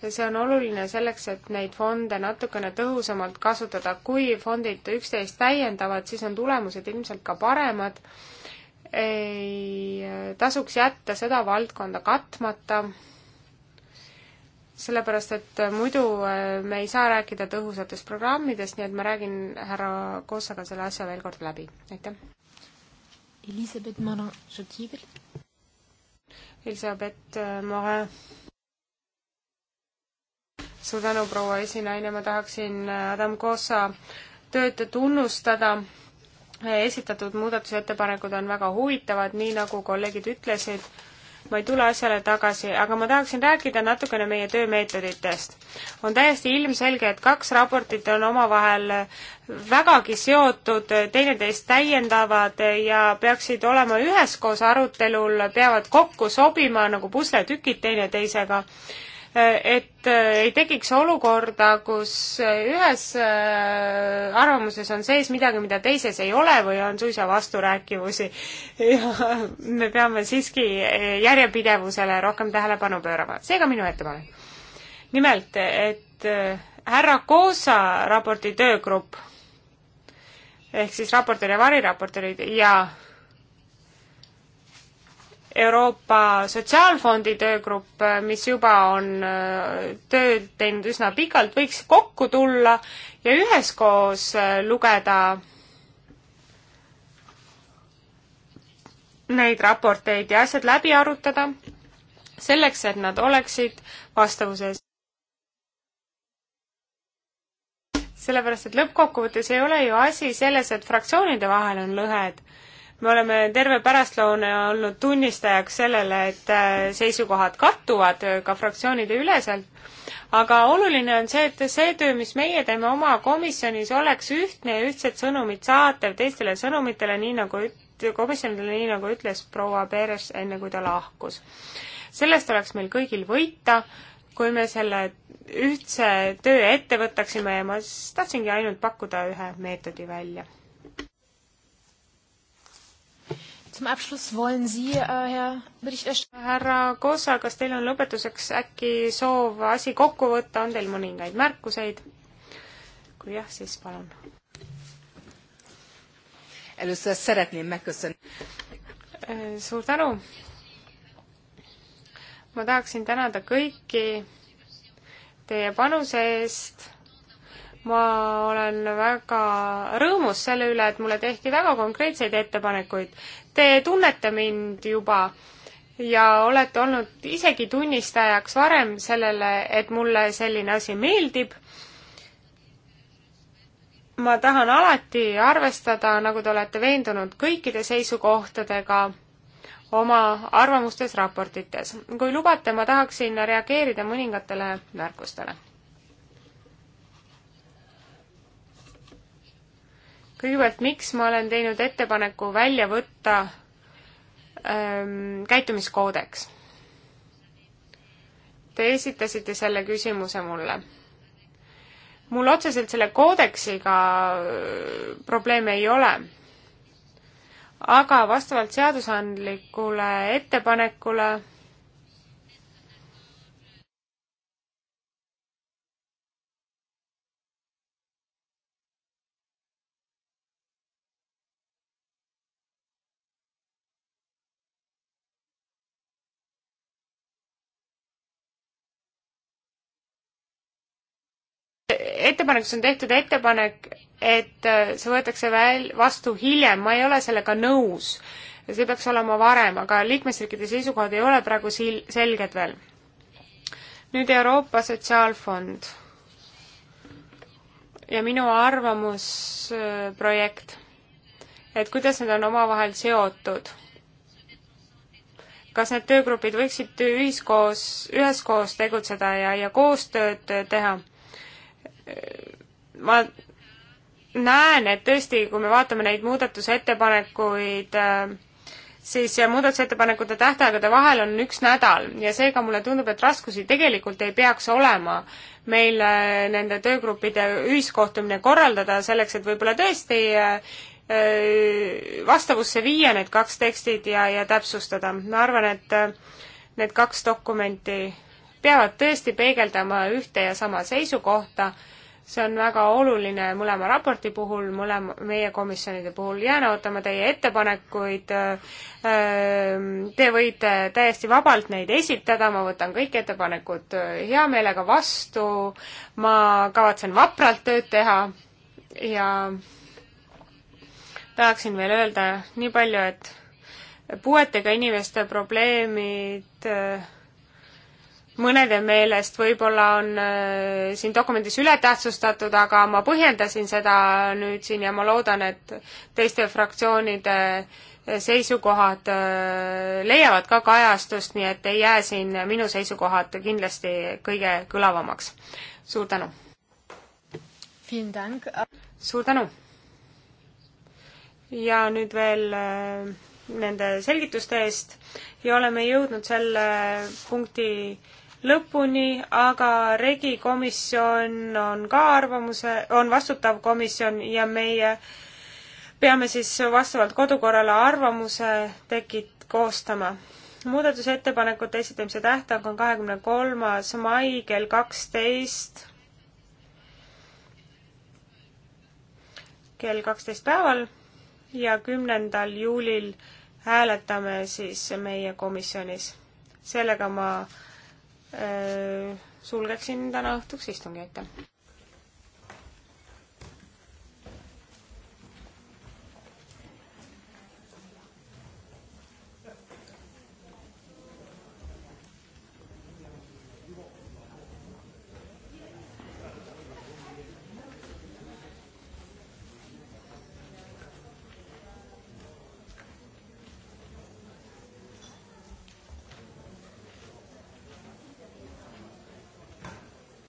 [SPEAKER 1] see on oluline selleks, et neid fonde natukene tõhusamalt kasutada, kui fondid üksteist täiendavad, siis on tulemused ilmselt ka paremad ei äh, tasuks jätta seda valdkonda katmata sellepärast, et äh, muidu äh, me ei saa rääkida tõhusatest programmidest, nii et ma räägin härra Kossaga selle asja veel kord läbi, aitäh. Elizabeth Morin-Sotivel. Elizabeth äh, Morin. suur tänu, proua esinaine, ma tahaksin Adam Kossa tööd tunnustada esitatud muudatusettepanekud on väga huvitavad, nii nagu kolleegid ütlesid ma ei tule asjale tagasi, aga ma tahaksin rääkida natukene meie töömeetoditest. on täiesti ilmselge, et kaks raportit on omavahel vägagi seotud, teineteist täiendavad ja peaksid olema üheskoos arutelul, peavad kokku sobima nagu pusletükid teineteisega Äh, et äh, ei tekiks olukorda, kus äh, ühes arvamuses on sees midagi, mida teises ei ole või on suisa vasturääkivusi. ja me peame siiski järjepidevusele rohkem tähelepanu pöörama, seega minu ettepanek. nimelt, et härra Koosa raporti töögrupp ehk siis raportöör ja variraportöörid ja Euroopa Sotsiaalfondi töögrupp, mis juba on äh, tööd teinud üsna pikalt, võiks kokku tulla ja üheskoos äh, lugeda neid raporteid ja asjad läbi arutada, selleks et nad oleksid vastavuses. sellepärast, et lõppkokkuvõttes ei ole ju asi selles, et fraktsioonide vahel on lõhed me oleme terve pärastlõuna olnud tunnistajaks sellele, et äh, seisukohad kattuvad äh, ka fraktsioonide üleselt, aga oluline on see, et see töö, mis meie teeme oma komisjonis, oleks ühtne ja ühtset sõnumit saatev teistele sõnumitele, nii nagu üt-, komisjonidele, nii nagu ütles proua Peres, enne kui ta lahkus. sellest oleks meil kõigil võita, kui me selle ühtse töö ette võtaksime ja ma tahtsingi ainult pakkuda ühe meetodi välja Zum Abschluss wollen Sie, äh, Herr Berichterstatter. härra Kosa, kas teil on lõpetuseks äkki soov asi kokku võtta, on teil mõningaid märkuseid? kui jah, siis palun. suur tänu. ma tahaksin tänada kõiki teie panuse eest ma olen väga rõõmus selle üle, et mulle tehti väga konkreetseid ettepanekuid. Te tunnete mind juba ja olete olnud isegi tunnistajaks varem sellele, et mulle selline asi meeldib. ma tahan alati arvestada, nagu te olete veendunud, kõikide seisukohtadega oma arvamustes raportites. kui lubate, ma tahaksin reageerida mõningatele märkustele kõigepealt, miks ma olen teinud ettepaneku välja võtta ähm, käitumiskoodeks? Te esitasite selle küsimuse mulle. mul otseselt selle koodeksiga äh, probleeme ei ole. aga vastavalt seadusandlikule ettepanekule ettepanekus on tehtud ettepanek, et äh, see võetakse väl-, vastu hiljem, ma ei ole sellega nõus. see peaks olema varem, aga liikmesriikide seisukohad ei ole praegu sil-, selged veel. nüüd Euroopa Sotsiaalfond ja minu arvamusprojekt, et kuidas need on omavahel seotud. kas need töögrupid võiksid ühiskoos, üheskoos tegutseda ja, ja koostööd teha? ma näen, et tõesti, kui me vaatame neid muudatusettepanekuid, siis muudatusettepanekute tähtaegade vahel on üks nädal ja seega mulle tundub, et raskusi tegelikult ei peaks olema meil äh, nende töögruppide ühiskohtumine korraldada, selleks et võib-olla tõesti äh, äh, vastavusse viia need kaks tekstit ja, ja täpsustada. ma arvan, et need kaks dokumenti peavad tõesti peegeldama ühte ja sama seisukohta see on väga oluline mõlema raporti puhul, mõlema, meie komisjonide puhul. jään ootama teie ettepanekuid. Te võite täiesti vabalt neid esitada, ma võtan kõik ettepanekud hea meelega vastu. ma kavatsen vapralt tööd teha ja tahaksin veel öelda nii palju, et puuetega inimeste probleemid äh, mõnede meelest võib-olla on äh, siin dokumendis ületähtsustatud, aga ma põhjendasin seda nüüd siin ja ma loodan, et teiste fraktsioonide äh, seisukohad äh, leiavad ka kajastust, nii et ei jää siin minu seisukohad kindlasti kõige kõlavamaks. suur tänu! suur tänu! ja nüüd veel nende selgituste eest ja oleme jõudnud selle punkti lõpuni, aga Regi komisjon on ka arvamuse, on vastutav komisjon ja meie peame siis vastavalt kodukorrale arvamuse tekit-, koostama. muudatusettepanekute esitamise tähtaeg on kahekümne kolmas mai kell kaksteist kell kaksteist päeval ja kümnendal juulil hääletame siis meie komisjonis. sellega ma Äh, sulgeksin täna õhtuks istungi, aitäh!